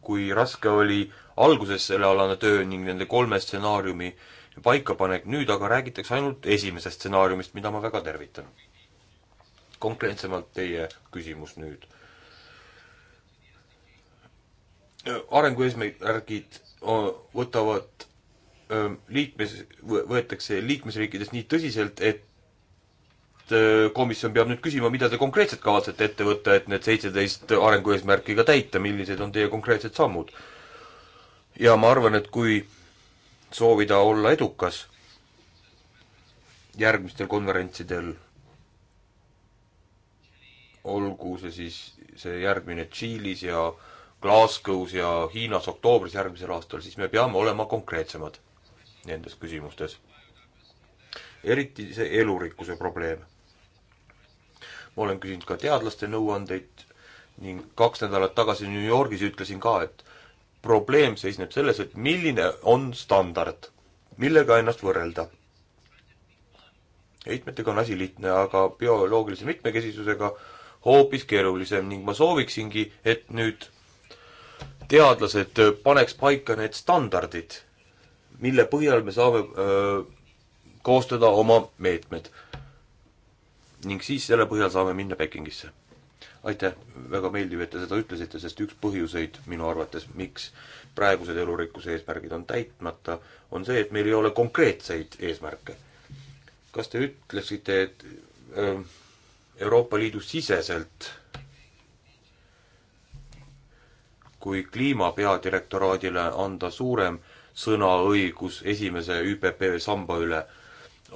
kui raske oli alguses sellealane töö ning nende kolme stsenaariumi äh, paikapanek, nüüd aga räägitakse ainult esimesest stsenaariumist, mida ma väga tervitan. konkreetsemalt teie küsimus nüüd. arengu eesmärgid võtavad liikmes, võetakse liikmesriikides nii tõsiselt, et komisjon peab nüüd küsima, mida te konkreetselt kavatsete ette võtta, et need seitseteist arengueesmärki ka täita, millised on teie konkreetsed sammud. ja ma arvan, et kui soovida olla edukas järgmistel konverentsidel, olgu see siis see järgmine Tšiilis ja Glasgow's ja Hiinas oktoobris järgmisel aastal, siis me peame olema konkreetsemad nendes küsimustes. eriti see elurikkuse probleem. ma olen küsinud ka teadlaste nõuandeid ning kaks nädalat tagasi New Yorgis ütlesin ka, et probleem seisneb selles, et milline on standard, millega ennast võrrelda. heitmetega on asi lihtne, aga bioloogilise mitmekesisusega hoopis keerulisem ning ma sooviksingi, et nüüd teadlased paneks paika need standardid, mille põhjal me saame öö, koostada oma meetmed. ning siis selle põhjal saame minna Pekingisse aitäh, väga meeldiv, et te seda ütlesite, sest üks põhjuseid minu arvates, miks praegused elurikkuse eesmärgid on täitmata, on see, et meil ei ole konkreetseid eesmärke. kas te ütleksite, et ähm, Euroopa Liidu siseselt kui kliima peadirektoraadile anda suurem sõnaõigus esimese ÜPP samba üle,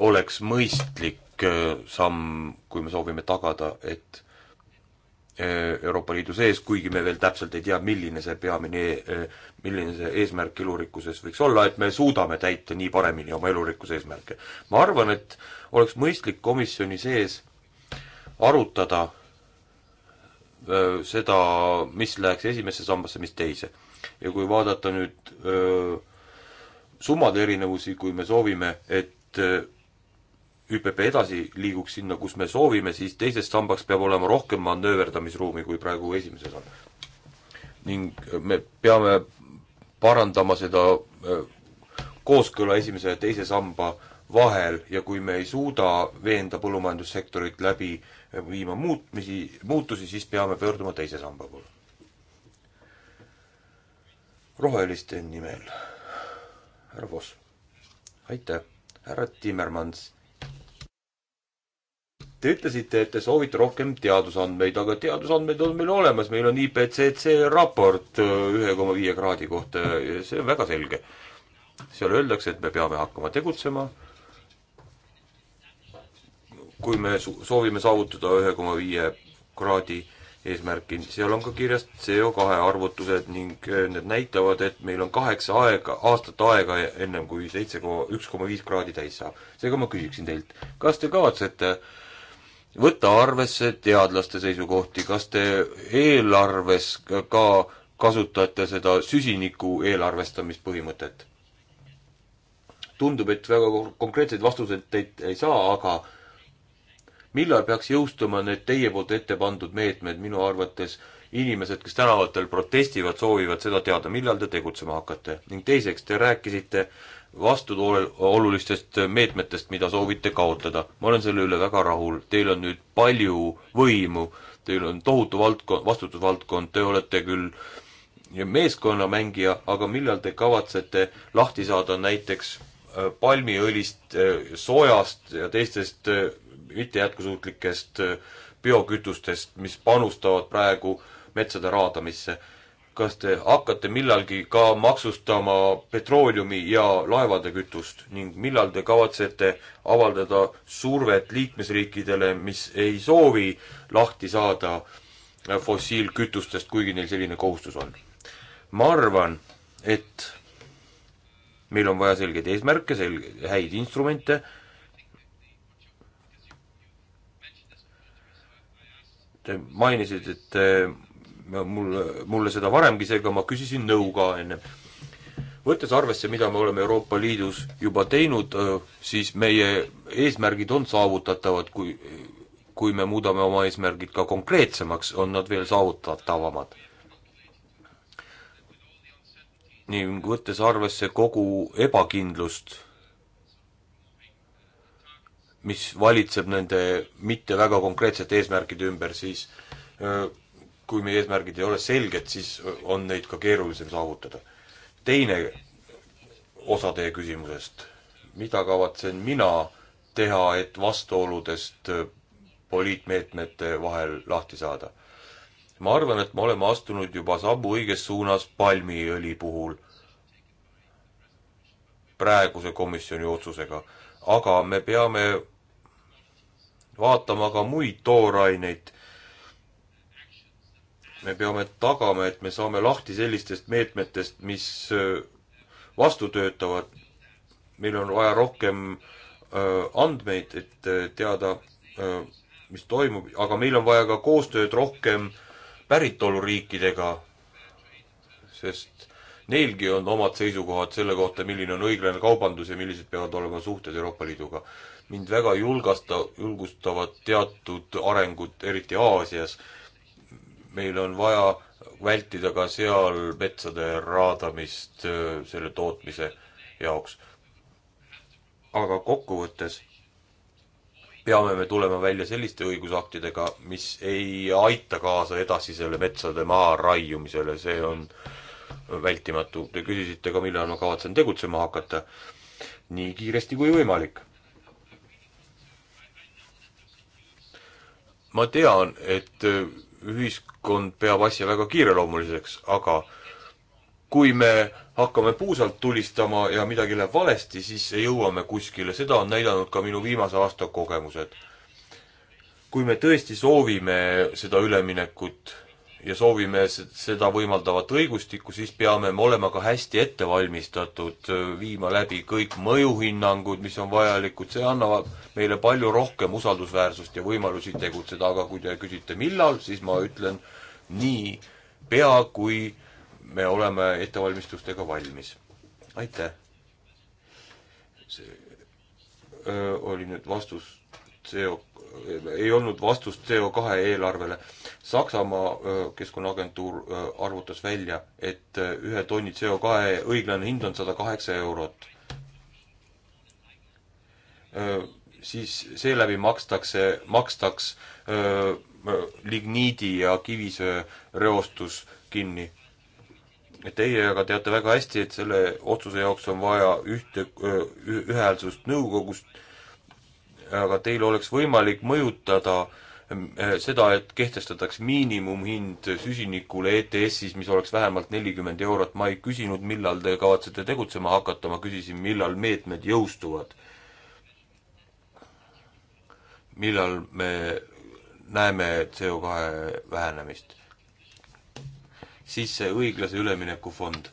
oleks mõistlik äh, samm, kui me soovime tagada, et Eh, Euroopa Liidu sees, kuigi me veel täpselt ei tea, milline see peamine, eh, milline see eesmärk elurikkuses võiks olla, et me suudame täita nii paremini oma elurikkuse eesmärke. ma arvan, et oleks mõistlik komisjoni sees arutada eh, seda, mis läheks esimesse sambasse, mis teise. ja kui vaadata nüüd summade erinevusi, kui me soovime, et ÜPP edasi liiguks sinna, kus me soovime, siis teises sambas peab olema rohkem manööverdamisruumi, kui praegu esimeses on. ning äh, me peame parandama seda äh, kooskõla esimese ja teise samba vahel ja kui me ei suuda veenda põllumajandussektorit läbi äh, viima muutmisi, muutusi, siis peame pöörduma teise samba poole. roheliste nimel härra Voss. aitäh, härra Timmermans Te ütlesite, et te soovite rohkem teadusandmeid, aga teadusandmed on meil olemas, meil on IPCC raport äh, ühe koma viie kraadi kohta ja see on väga selge. seal öeldakse, et me peame hakkama tegutsema, kui me soovime saavutada ühe koma viie kraadi eesmärki, seal on ka kirjas CO kahe arvutused ning äh, need näitavad, et meil on kaheksa aega, aastat aega ennem kui seitse koma, üks koma viis kraadi täis saab. seega ma küsiksin teilt, kas te kavatsete äh, võtta arvesse teadlaste seisukohti, kas te eelarves ka kasutate seda süsiniku eelarvestamispõhimõtet? tundub, et väga konkreetseid vastuseid teilt ei saa, aga millal peaks jõustuma need teie poolt ette pandud meetmed, minu arvates inimesed, kes tänavatel protestivad, soovivad seda teada, millal te tegutsema hakkate? ning teiseks, te rääkisite äh, vastuolulistest meetmetest, mida soovite kaotada. ma olen selle üle väga rahul, teil on nüüd palju võimu, teil on tohutu valdkond, vastutusvaldkond, te olete küll meeskonnamängija, aga millal te kavatsete lahti saada näiteks äh, palmiõlist, äh, sojast ja teistest äh, mitte jätkusuutlikest biokütustest, mis panustavad praegu metsade raadamisse kas te hakkate millalgi ka maksustama petrooleumi ja laevade kütust ning millal te kavatsete avaldada survet liikmesriikidele, mis ei soovi lahti saada fossiilkütustest, kuigi neil selline kohustus on? ma arvan, et meil on vaja selgeid eesmärke, selge, häid instrumente, te mainisite, et mulle, mulle seda varemgi, seega ma küsisin nõu ka ennem. võttes arvesse, mida me oleme Euroopa Liidus juba teinud, äh, siis meie eesmärgid on saavutatavad, kui kui me muudame oma eesmärgid ka konkreetsemaks, on nad veel saavutatavamad. nii, võttes arvesse kogu ebakindlust, mis valitseb nende mitte väga konkreetsete eesmärkide ümber, siis öö, äh, kui meie eesmärgid ei ole selged, siis on neid ka keerulisem saavutada. teine osa teie küsimusest, mida kavatsen mina teha, et vastuoludest poliitmeetmete vahel lahti saada? ma arvan, et me oleme astunud juba sammu õiges suunas palmiõli puhul praeguse komisjoni otsusega, aga me peame vaatama ka muid tooraineid me peame tagama, et me saame lahti sellistest meetmetest, mis äh, vastu töötavad. meil on vaja rohkem äh, andmeid, et äh, teada, mis toimub, aga meil on vaja ka koostööd rohkem päritoluriikidega, sest neilgi on omad seisukohad selle kohta, milline on õiglane kaubandus ja millised peavad olema suhted Euroopa Liiduga. mind väga julgasta, julgustavad teatud arengud, eriti Aasias meil on vaja vältida ka seal metsade raadamist selle tootmise jaoks. aga kokkuvõttes peame me tulema välja selliste õigusaktidega, mis ei aita kaasa edasisele metsade maha raiumisele, see on vältimatu. Te küsisite ka, millal ma kavatsen tegutsema hakata. nii kiiresti kui võimalik. ma tean, et ühiskond peab asja väga kiireloomuliseks, aga kui me hakkame puusalt tulistama ja midagi läheb valesti, siis jõuame kuskile, seda on näidanud ka minu viimase aasta kogemused. kui me tõesti soovime seda üleminekut ja soovime seda võimaldavat õigustikku, siis peame me olema ka hästi ette valmistatud, äh, viima läbi kõik mõjuhinnangud, mis on vajalikud, see annab meile palju rohkem usaldusväärsust ja võimalusi tegutseda, aga kui te küsite, millal, siis ma ütlen nii pea, kui me oleme ettevalmistustega valmis. aitäh! see öö, äh, oli nüüd vastus CO, ei olnud vastust CO2 eelarvele Saksamaa keskkonnaagentuur arvutas välja, et ühe tonni CO2 õiglane hind on sada kaheksa eurot. siis seeläbi makstakse, makstaks ligniidi ja kivisöe reostus kinni. Teie aga teate väga hästi, et selle otsuse jaoks on vaja ühte, ühehäälsust nõukogust, aga teil oleks võimalik mõjutada äh, Eh, seda, et kehtestataks miinimumhind süsinikule ETS-is, mis oleks vähemalt nelikümmend eurot, ma ei küsinud, millal te kavatsete tegutsema hakata, ma küsisin, millal meetmed jõustuvad. millal me näeme CO kahe vähenemist? siis see õiglase ülemineku fond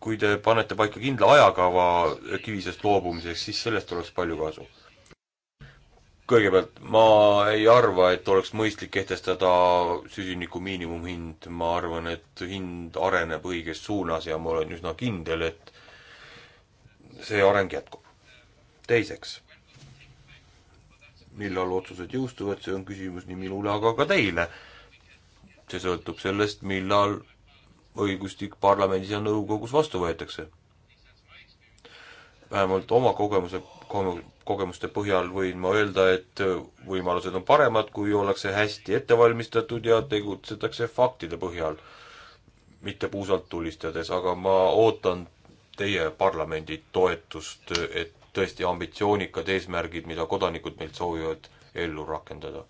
kui te panete paika kindla ajakava kivisest loobumiseks, siis sellest oleks palju kasu. kõigepealt, ma ei arva, et oleks mõistlik kehtestada süsiniku miinimumhind, ma arvan, et hind areneb õiges suunas ja ma olen üsna kindel, et see areng jätkub. teiseks, millal otsused jõustuvad, see on küsimus nii minule, aga ka teile. see sõltub sellest, millal õigustik parlamendis ja nõukogus vastu võetakse. vähemalt oma kogemuse, kogemuste põhjal võin ma öelda, et võimalused on paremad, kui ollakse hästi ette valmistatud ja tegutsetakse faktide põhjal, mitte puusalt tulistades, aga ma ootan teie parlamendi toetust, et tõesti ambitsioonikad eesmärgid, mida kodanikud meilt soovivad ellu rakendada.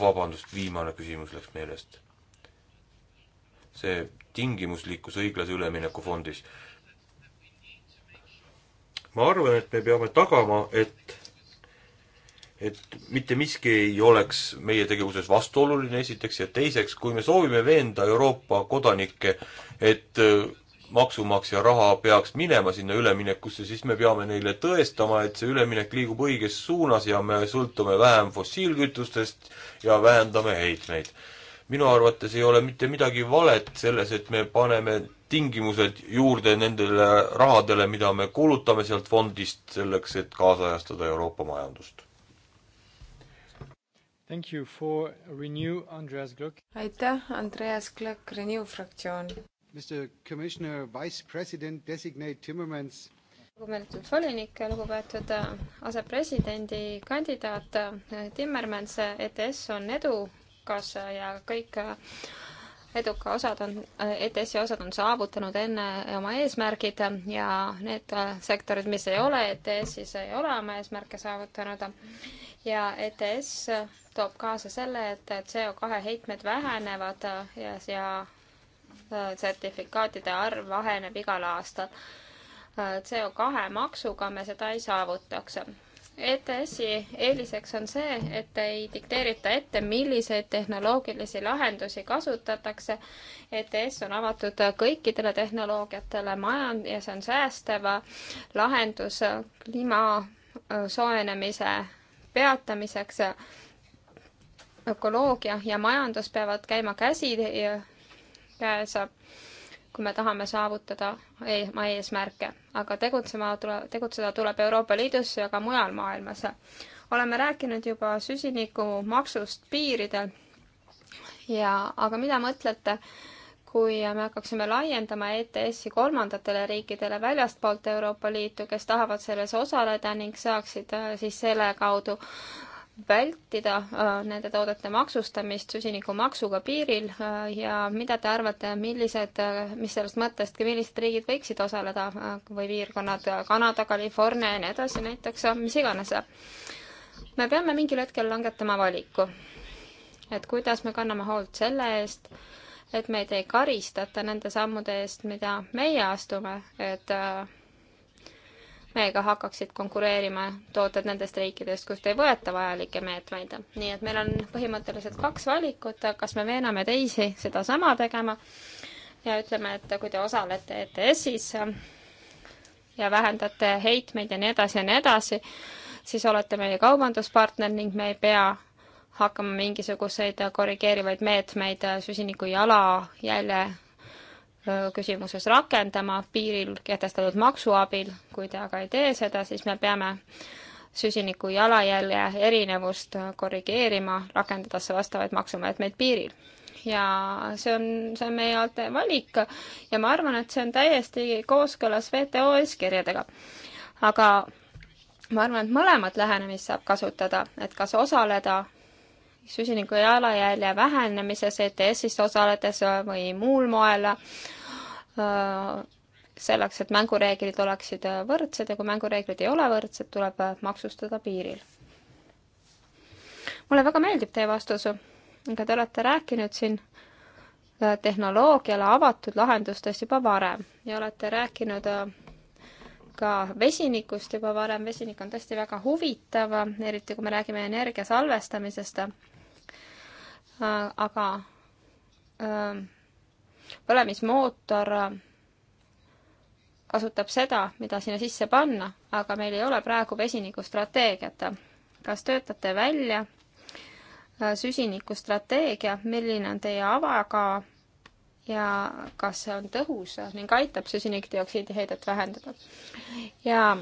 vabandust, viimane küsimus läks meelest see tingimuslikkus õiglase ülemineku fondis. ma arvan, et me peame tagama, et et mitte miski ei oleks meie tegevuses vastuoluline, esiteks, ja teiseks, kui me soovime veenda Euroopa kodanikke, et äh, maksumaksja raha peaks minema sinna üleminekusse, siis me peame neile tõestama, et see üleminek liigub õiges suunas ja me sõltume vähem fossiilkütustest ja vähendame heitmeid minu arvates ei ole mitte midagi valet selles, et me paneme tingimused juurde nendele rahadele, mida me kulutame sealt fondist selleks, et kaasajastada Euroopa majandust. aitäh, Andreas Glöck, Renew fraktsioon. lugupeetud volinik, lugupeetud äh, asepresidendi kandidaat äh, Timmermans, äh, ETS on edu edukas ja kõik äh, eduka osad on, äh, ETS-i osad on saavutanud enne oma eesmärgid ja need äh, sektorid, mis ei ole ETS-is, ei ole oma eesmärke saavutanud. ja ETS toob kaasa selle, et CO2 heitmed vähenevad ja, ja sertifikaatide arv vaheneb igal aastal. CO2 maksuga me seda ei saavutaks ETS-i eeliseks on see, et ei dikteerita ette, milliseid tehnoloogilisi lahendusi kasutatakse. ETS on avatud kõikidele tehnoloogiatele, majand- ja see on säästev lahendus kliima soojenemise peatamiseks. ökoloogia ja majandus peavad käima käsi käes kui me tahame saavutada e-, oma eesmärke, aga tegutsema tule, tegutseda tuleb Euroopa Liidus ja ka mujal maailmas. oleme rääkinud juba süsinikumaksust piiridel ja, aga mida mõtlete, kui me hakkaksime laiendama ETS-i kolmandatele riikidele väljastpoolt Euroopa Liitu, kes tahavad selles osaleda ning saaksid äh, siis selle kaudu vältida äh, nende toodete maksustamist süsinikumaksuga piiril äh, ja mida te arvate, millised, äh, mis sellest mõttest, millised riigid võiksid osaleda või piirkonnad, Kanada, California ja nii edasi näiteks, mis iganes. me peame mingil hetkel langetama valiku, et kuidas me kanname hoolt selle eest, et meid ei karistata nende sammude eest, mida meie astume, et äh, meiega hakkaksid konkureerima tooted nendest riikidest, kust ei võeta vajalikke meetmeid. nii et meil on põhimõtteliselt kaks valikut, kas me veename teisi sedasama tegema ja ütleme, et kui te osalete ETS-is ja vähendate heitmeid ja nii edasi ja nii edasi, siis olete meie kaubanduspartner ning me ei pea hakkama mingisuguseid korrigeerivaid meetmeid süsiniku jalajälje küsimuses rakendama piiril kehtestatud maksu abil, kui te aga ei tee seda, siis me peame süsiniku jalajälje erinevust korrigeerima, rakendades vastavaid maksumeetmeid piiril. ja see on, see on meie alte valik ja ma arvan, et see on täiesti kooskõlas WTO eeskirjadega. aga ma arvan, et mõlemat lähenemist saab kasutada, et kas osaleda süsiniku jalajälje vähenemises ETS-ist osaledes või muul moel Äh, selleks, et mängureeglid oleksid äh, võrdsed ja kui mängureeglid ei ole võrdsed, tuleb äh, maksustada piiril. mulle väga meeldib teie vastus, aga te olete rääkinud siin tehnoloogiale avatud lahendustest juba varem ja olete rääkinud ka vesinikust juba varem, vesinik on tõesti väga huvitav, eriti kui me räägime energia salvestamisest. aga põlemismootor äh, kasutab seda, mida sinna sisse panna, aga meil ei ole praegu vesinikustrateegiat. kas töötate välja äh, süsinikustrateegia, milline on teie avaga ja kas see on tõhus ning aitab süsinikdioksiidi heidet vähendada? ja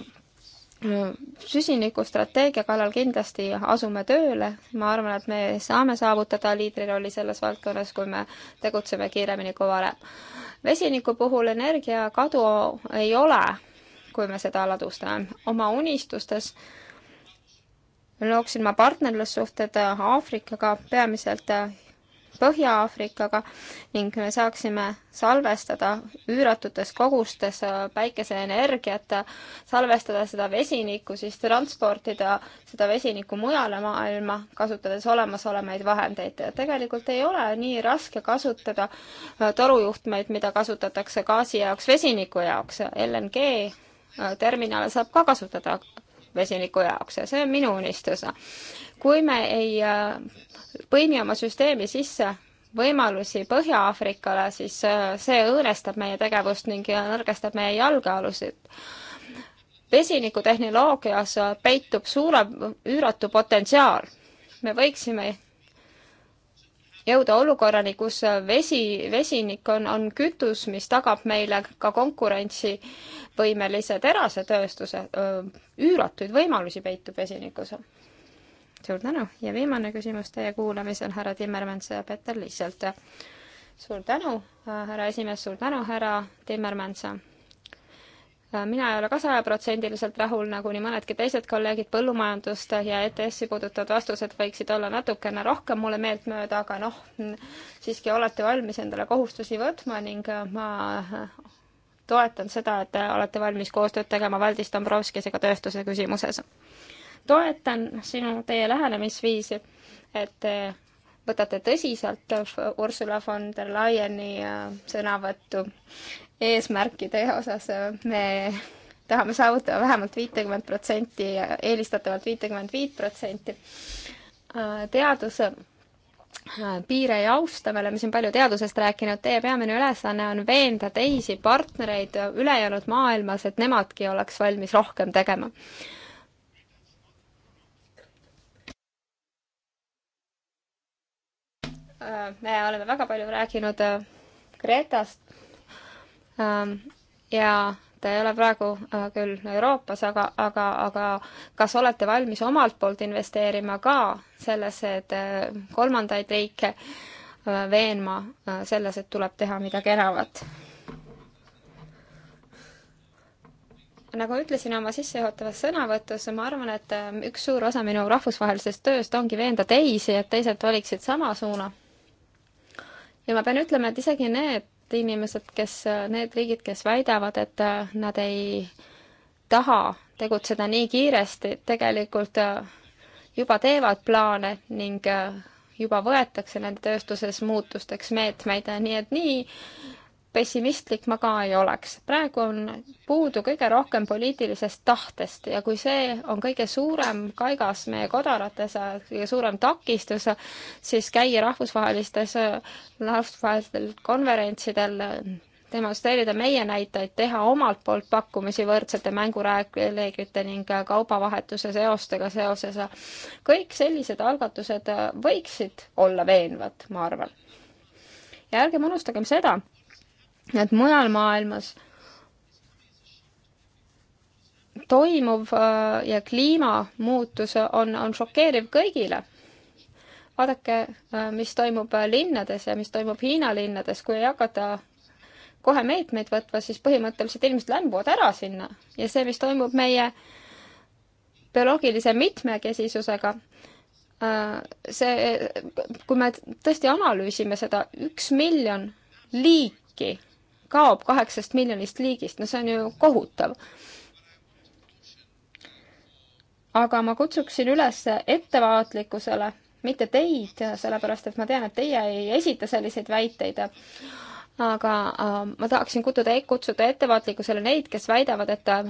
süsinikustrateegia kallal kindlasti asume tööle, ma arvan, et me saame saavutada liidrirolli selles valdkonnas, kui me tegutseme kiiremini kui varem. vesiniku puhul energiakadu ei ole, kui me seda ladustame. oma unistustes looksin ma partnerlussuhted Aafrikaga peamiselt Põhja-Aafrikaga ning me saaksime salvestada üüratutes kogustes äh, päikeseenergiat, salvestada seda vesinikku, siis transportida seda vesinikku mujale maailma, kasutades olemasolevaid vahendeid. tegelikult ei ole nii raske kasutada äh, torujuhtmeid, mida kasutatakse gaasi jaoks, vesiniku jaoks. LNG äh, terminale saab ka kasutada vesiniku jaoks ja see on minu unistus. kui me ei põimi oma süsteemi sisse võimalusi Põhja-Aafrikale, siis äh, see õõnestab meie tegevust ning nõrgestab meie jalgealusid. vesinikutehnoloogias äh, peitub suure, üüratu potentsiaal. me võiksime jõuda olukorrani, kus äh, vesi, vesinik on, on kütus, mis tagab meile ka konkurentsivõimelise terasetööstuse. üüratuid võimalusi peitub vesinikus suur tänu ja viimane küsimus teie kuulamisel, härra Timmermans ja Peeter Liiselt. suur tänu, äh, härra esimees, suur tänu, härra Timmermans. Äh, mina ei ole ka sajaprotsendiliselt rahul, nagu nii mõnedki teised kolleegid, põllumajandust ja ETS-i puudutavad vastused võiksid olla natukene rohkem mulle meeltmööda, aga noh, siiski olete valmis endale kohustusi võtma ning äh, ma toetan seda, et olete valmis koostööd tegema Valdis Dombrovskisega tööstuse küsimuses toetan noh, sinu, teie lähenemisviisi, et te eh, võtate tõsiselt Ursula von der Leyeni eh, sõnavõttu eesmärkide osas. me tahame saavutada vähemalt viitekümmet protsenti, eelistatavalt viitekümmet viit protsenti. Eh, teadus piire ei austa, me oleme siin palju teadusest rääkinud, teie peamine ülesanne on veenda teisi partnereid ülejäänud maailmas, et nemadki oleks valmis rohkem tegema Äh, me oleme väga palju rääkinud Gretast äh, ähm, ja ta ei ole praegu äh, küll Euroopas, aga, aga, aga kas olete valmis omalt poolt investeerima ka sellesse, et kolmandaid riike veenma selles, et tuleb teha midagi enamat? nagu ütlesin oma sissejuhatavas sõnavõtus, ma arvan, et üks suur osa minu rahvusvahelisest tööst ongi veenda teisi, et teised valiksid sama suuna ja ma pean ütlema, et isegi need inimesed, kes, need riigid, kes väidavad, et äh, nad ei taha tegutseda nii kiiresti, tegelikult äh, juba teevad plaane ning äh, juba võetakse nende tööstuses muutusteks meetmeid, nii et nii pessimistlik ma ka ei oleks. praegu on puudu kõige rohkem poliitilisest tahtest ja kui see on kõige suurem kaigas meie kodarates, kõige suurem takistus, siis käia rahvusvahelistes, rahvusvahelistel konverentsidel, demonstreerida meie näiteid, teha omalt poolt pakkumisi võrdsete mängureeglite ning kaubavahetuse seostega seoses. kõik sellised algatused võiksid olla veenvad, ma arvan ja ärgem unustagem seda, et mujal maailmas toimuv äh, ja kliimamuutus on, on šokeeriv kõigile. vaadake, äh, mis toimub äh, linnades ja mis toimub Hiina linnades, kui ei hakata kohe meetmeid võtma, siis põhimõtteliselt inimesed lämbuvad ära sinna ja see, mis toimub meie bioloogilise mitmekesisusega, see, kui me tõesti analüüsime seda, üks miljon liiki kaob kaheksast miljonist liigist, no see on ju kohutav. aga ma kutsuksin üles ettevaatlikkusele, mitte teid, sellepärast et ma tean, et teie ei esita selliseid väiteid aga äh, ma tahaksin kutsuda, e-, kutsuda ettevaatlikkusele neid, kes väidavad, et äh,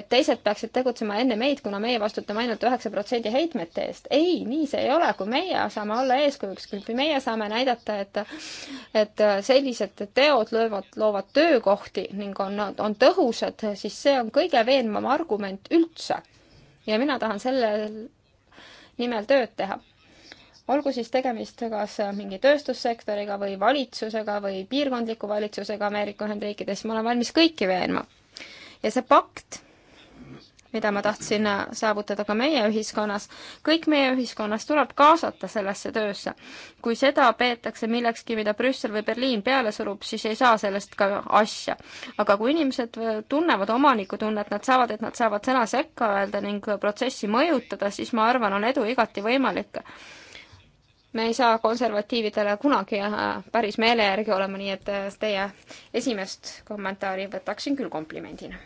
et teised peaksid tegutsema enne meid, kuna meie vastutame ainult üheksa protsendi heitmete eest. ei, nii see ei ole, kui meie saame olla eeskujuks, kui meie saame näidata, et et äh, sellised teod löövad, loovad töökohti ning on, on tõhusad, siis see on kõige veenvam argument üldse. ja mina tahan selle nimel tööd teha olgu siis tegemist kas mingi tööstussektoriga või valitsusega või piirkondliku valitsusega Ameerika Ühendriikides, ma olen valmis kõiki veenma. ja see pakt, mida ma tahtsin saavutada ka meie ühiskonnas, kõik meie ühiskonnas tuleb kaasata sellesse töösse. kui seda peetakse millekski, mida Brüssel või Berliin peale surub, siis ei saa sellest ka asja. aga kui inimesed tunnevad omanikutunnet, nad saavad, et nad saavad sõna sekka öelda ning protsessi mõjutada, siis ma arvan, on edu igati võimalik me ei saa konservatiividele kunagi äh, päris meele järgi olema, nii et äh, teie esimest kommentaari võtaksin küll komplimendina.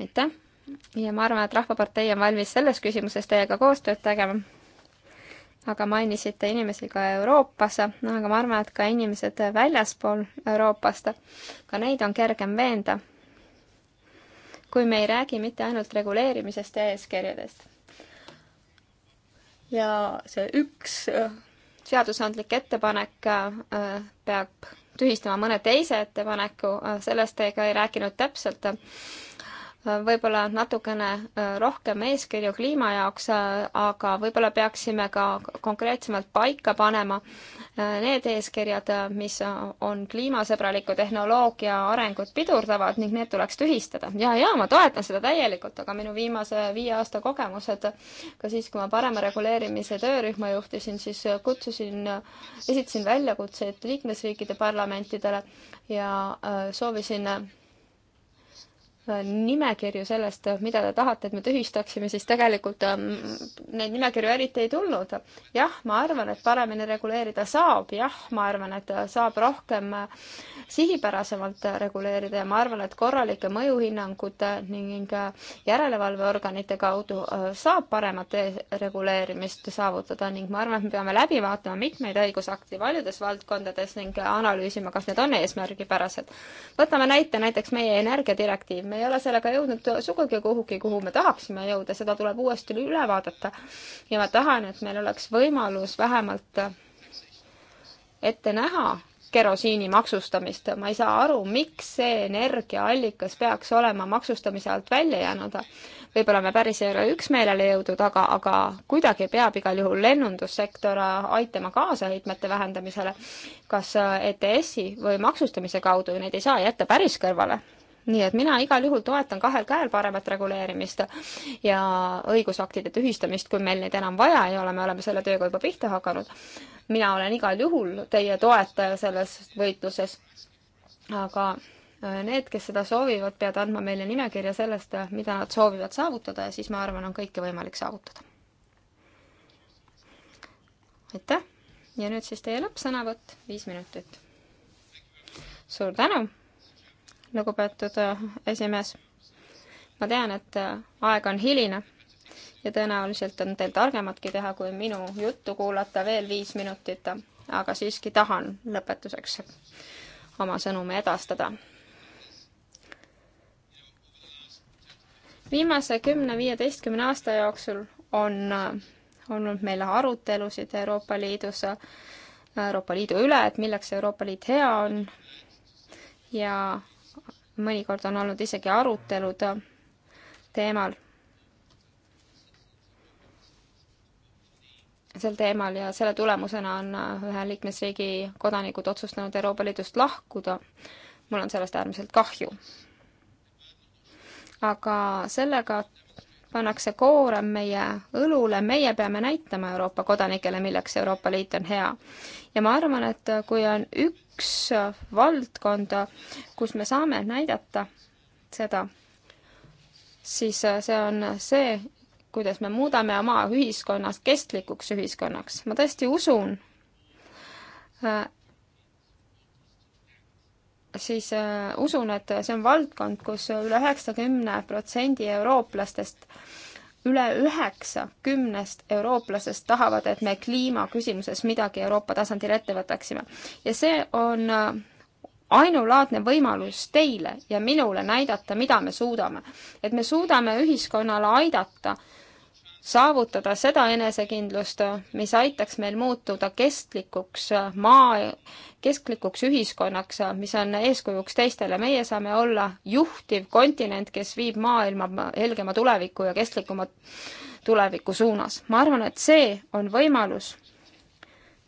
aitäh ja ma arvan, et Rahvapartei on valmis selles küsimuses teiega koostööd tegema. aga mainisite inimesi ka Euroopas, aga ma arvan, et ka inimesed väljaspool Euroopast, ka neid on kergem veenda, kui me ei räägi mitte ainult reguleerimisest ja eeskirjadest ja see üks äh, seadusandlik ettepanek äh, peab tühistama mõne teise ettepaneku, äh, sellest te ka ei rääkinud täpselt võib-olla natukene äh, rohkem eeskirju kliima jaoks, äh, aga võib-olla peaksime ka konkreetsemalt paika panema äh, need eeskirjad, mis on kliimasõbraliku tehnoloogia arengut pidurdavad ning need tuleks tühistada. ja, ja ma toetan seda täielikult, aga minu viimase viie aasta kogemused, ka siis, kui ma parema reguleerimise töörühma juhtisin, siis kutsusin, esitasin väljakutseid liikmesriikide parlamentidele ja soovisin nimekirju sellest, mida te tahate, et me tühistaksime, siis tegelikult ähm, neid nimekirju eriti ei tulnud. jah, ma arvan, et paremini reguleerida saab, jah, ma arvan, et saab rohkem äh, sihipärasemalt reguleerida ja ma arvan, et korralike mõjuhinnangute ning äh, järelevalveorganite kaudu äh, saab paremat e-, reguleerimist saavutada ning ma arvan, et me peame läbi vaatama mitmeid õigusakti paljudes valdkondades ning analüüsima, kas need on eesmärgipärased. võtame näite näiteks meie energiadirektiiv me ei ole sellega jõudnud sugugi kuhugi, kuhu me tahaksime jõuda, seda tuleb uuesti üle vaadata. ja ma tahan, et meil oleks võimalus vähemalt ette näha kerosiini maksustamist. ma ei saa aru, miks see energiaallikas peaks olema maksustamise alt välja jäänud. võib-olla me päris ei ole üksmeelele jõudnud, aga, aga kuidagi peab igal juhul lennundussektor aitama kaasa heitmete vähendamisele. kas ETS-i või maksustamise kaudu, neid ei saa jätta päris kõrvale nii et mina igal juhul toetan kahel käel paremat reguleerimist ja õigusaktide tühistamist, kui meil neid enam vaja ei ole, me oleme selle tööga juba pihta hakanud. mina olen igal juhul teie toetaja selles võitluses. aga äh, need, kes seda soovivad, peavad andma meile nimekirja sellest, äh, mida nad soovivad saavutada ja siis ma arvan, on kõike võimalik saavutada. aitäh ja nüüd siis teie lõppsõnavõtt, viis minutit. suur tänu lugupeetud äh, esimees. ma tean, et äh, aeg on hiline ja tõenäoliselt on teil targematki teha, kui minu juttu kuulata veel viis minutit, aga siiski tahan lõpetuseks oma sõnumi edastada. viimase kümne-viieteistkümne aasta jooksul on äh, olnud meil arutelusid Euroopa Liidus, Euroopa Liidu üle, et milleks Euroopa Liit hea on ja mõnikord on olnud isegi arutelud äh, teemal, sel teemal ja selle tulemusena on äh, ühe liikmesriigi kodanikud otsustanud Euroopa Liidust lahkuda. mul on sellest äärmiselt kahju. aga sellega pannakse koorem meie õlule, meie peame näitama Euroopa kodanikele, milleks Euroopa Liit on hea. ja ma arvan, et äh, kui on üks üks valdkonda, kus me saame näidata seda, siis see on see, kuidas me muudame oma ühiskonnas kestlikuks ühiskonnaks. ma tõesti usun äh, siis äh, usun, et see on valdkond kus, kus üle üheksakümne protsendi eurooplastest äh, üle üheksa kümnest eurooplasest tahavad, et me kliimaküsimuses midagi Euroopa tasandil ette võtaksime. ja see on äh, ainulaadne võimalus teile ja minule näidata, mida me suudame. et me suudame ühiskonnale aidata äh, saavutada seda enesekindlust, mis aitaks meil muutuda kestlikuks maa, kestlikuks ühiskonnaks, mis on eeskujuks teistele. meie saame olla juhtiv kontinent, kes viib maailma helgema tuleviku ja kestlikuma tuleviku suunas. ma arvan, et see on võimalus,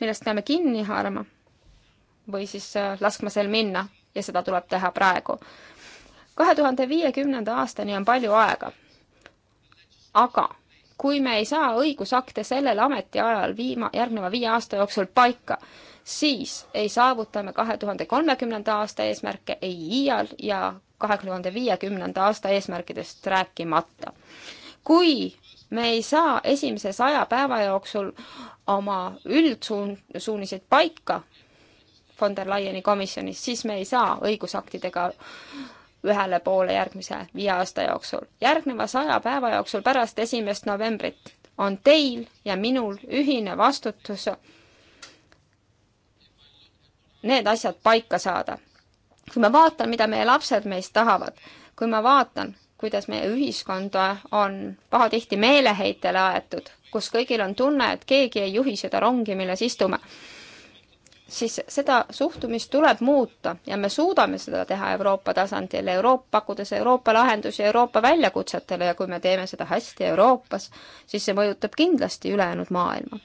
millest peame kinni haarama või siis äh, laskma sel minna ja seda tuleb teha praegu. kahe tuhande viiekümnenda aastani on palju aega. aga kui me ei saa õigusakte sellel ametiajal viima, järgneva viie aasta jooksul paika, siis ei saavuta me kahe tuhande kolmekümnenda aasta eesmärke ei iial ja kahe tuhande viiekümnenda aasta eesmärkidest rääkimata. kui me ei saa esimese saja päeva jooksul oma üldsuuniseid paika von der Leyeni komisjonis, siis me ei saa õigusaktidega ühele poole järgmise viie aasta jooksul. järgneva saja päeva jooksul pärast esimest novembrit on teil ja minul ühine vastutus need asjad paika saada. kui ma vaatan, mida meie lapsed meist tahavad, kui ma vaatan, kuidas meie ühiskond on pahatihti meeleheitele aetud, kus kõigil on tunne, et keegi ei juhi seda rongi, milles istume siis seda suhtumist tuleb muuta ja me suudame seda teha Euroopa tasandil, Euroopa, pakkudes Euroopa lahendusi Euroopa väljakutsetele ja kui me teeme seda hästi Euroopas, siis see mõjutab kindlasti ülejäänud maailma.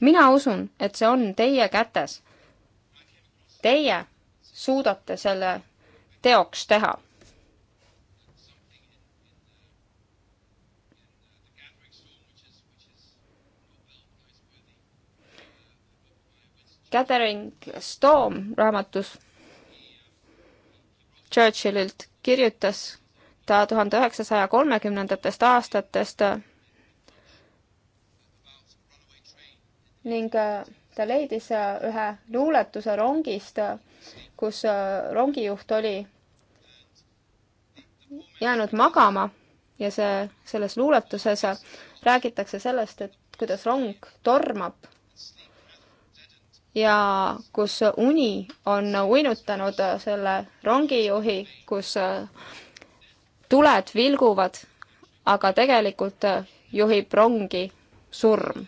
mina usun, et see on teie kätes. Teie suudate selle teoks teha Gathering Storm raamatus Churchillilt kirjutas ta tuhande üheksasaja kolmekümnendatest aastatest ning äh, ta leidis äh, ühe luuletuse rongist, kus äh, rongijuht oli jäänud magama ja see, selles luuletuses räägitakse sellest, et kuidas rong tormab ja kus uni on uinutanud selle rongijuhi, kus äh, tuled vilguvad, aga tegelikult äh, juhib rongi surm.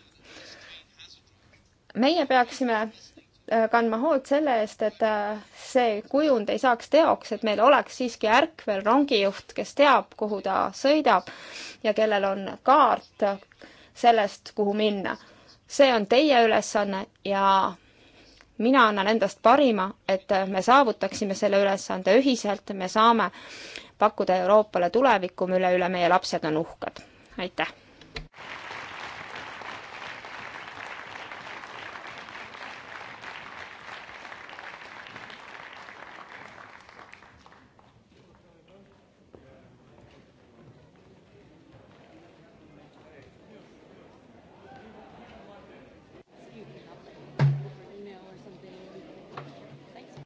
meie peaksime äh, kandma hoolt selle eest, et see kujund ei saaks teoks, et meil oleks siiski ärkvel rongijuht, kes teab, kuhu ta sõidab ja kellel on kaart sellest, kuhu minna. see on teie ülesanne ja mina annan endast parima, et me saavutaksime selle ülesande ühiselt, me saame pakkuda Euroopale tulevikku, mille üle meie lapsed on uhked. aitäh!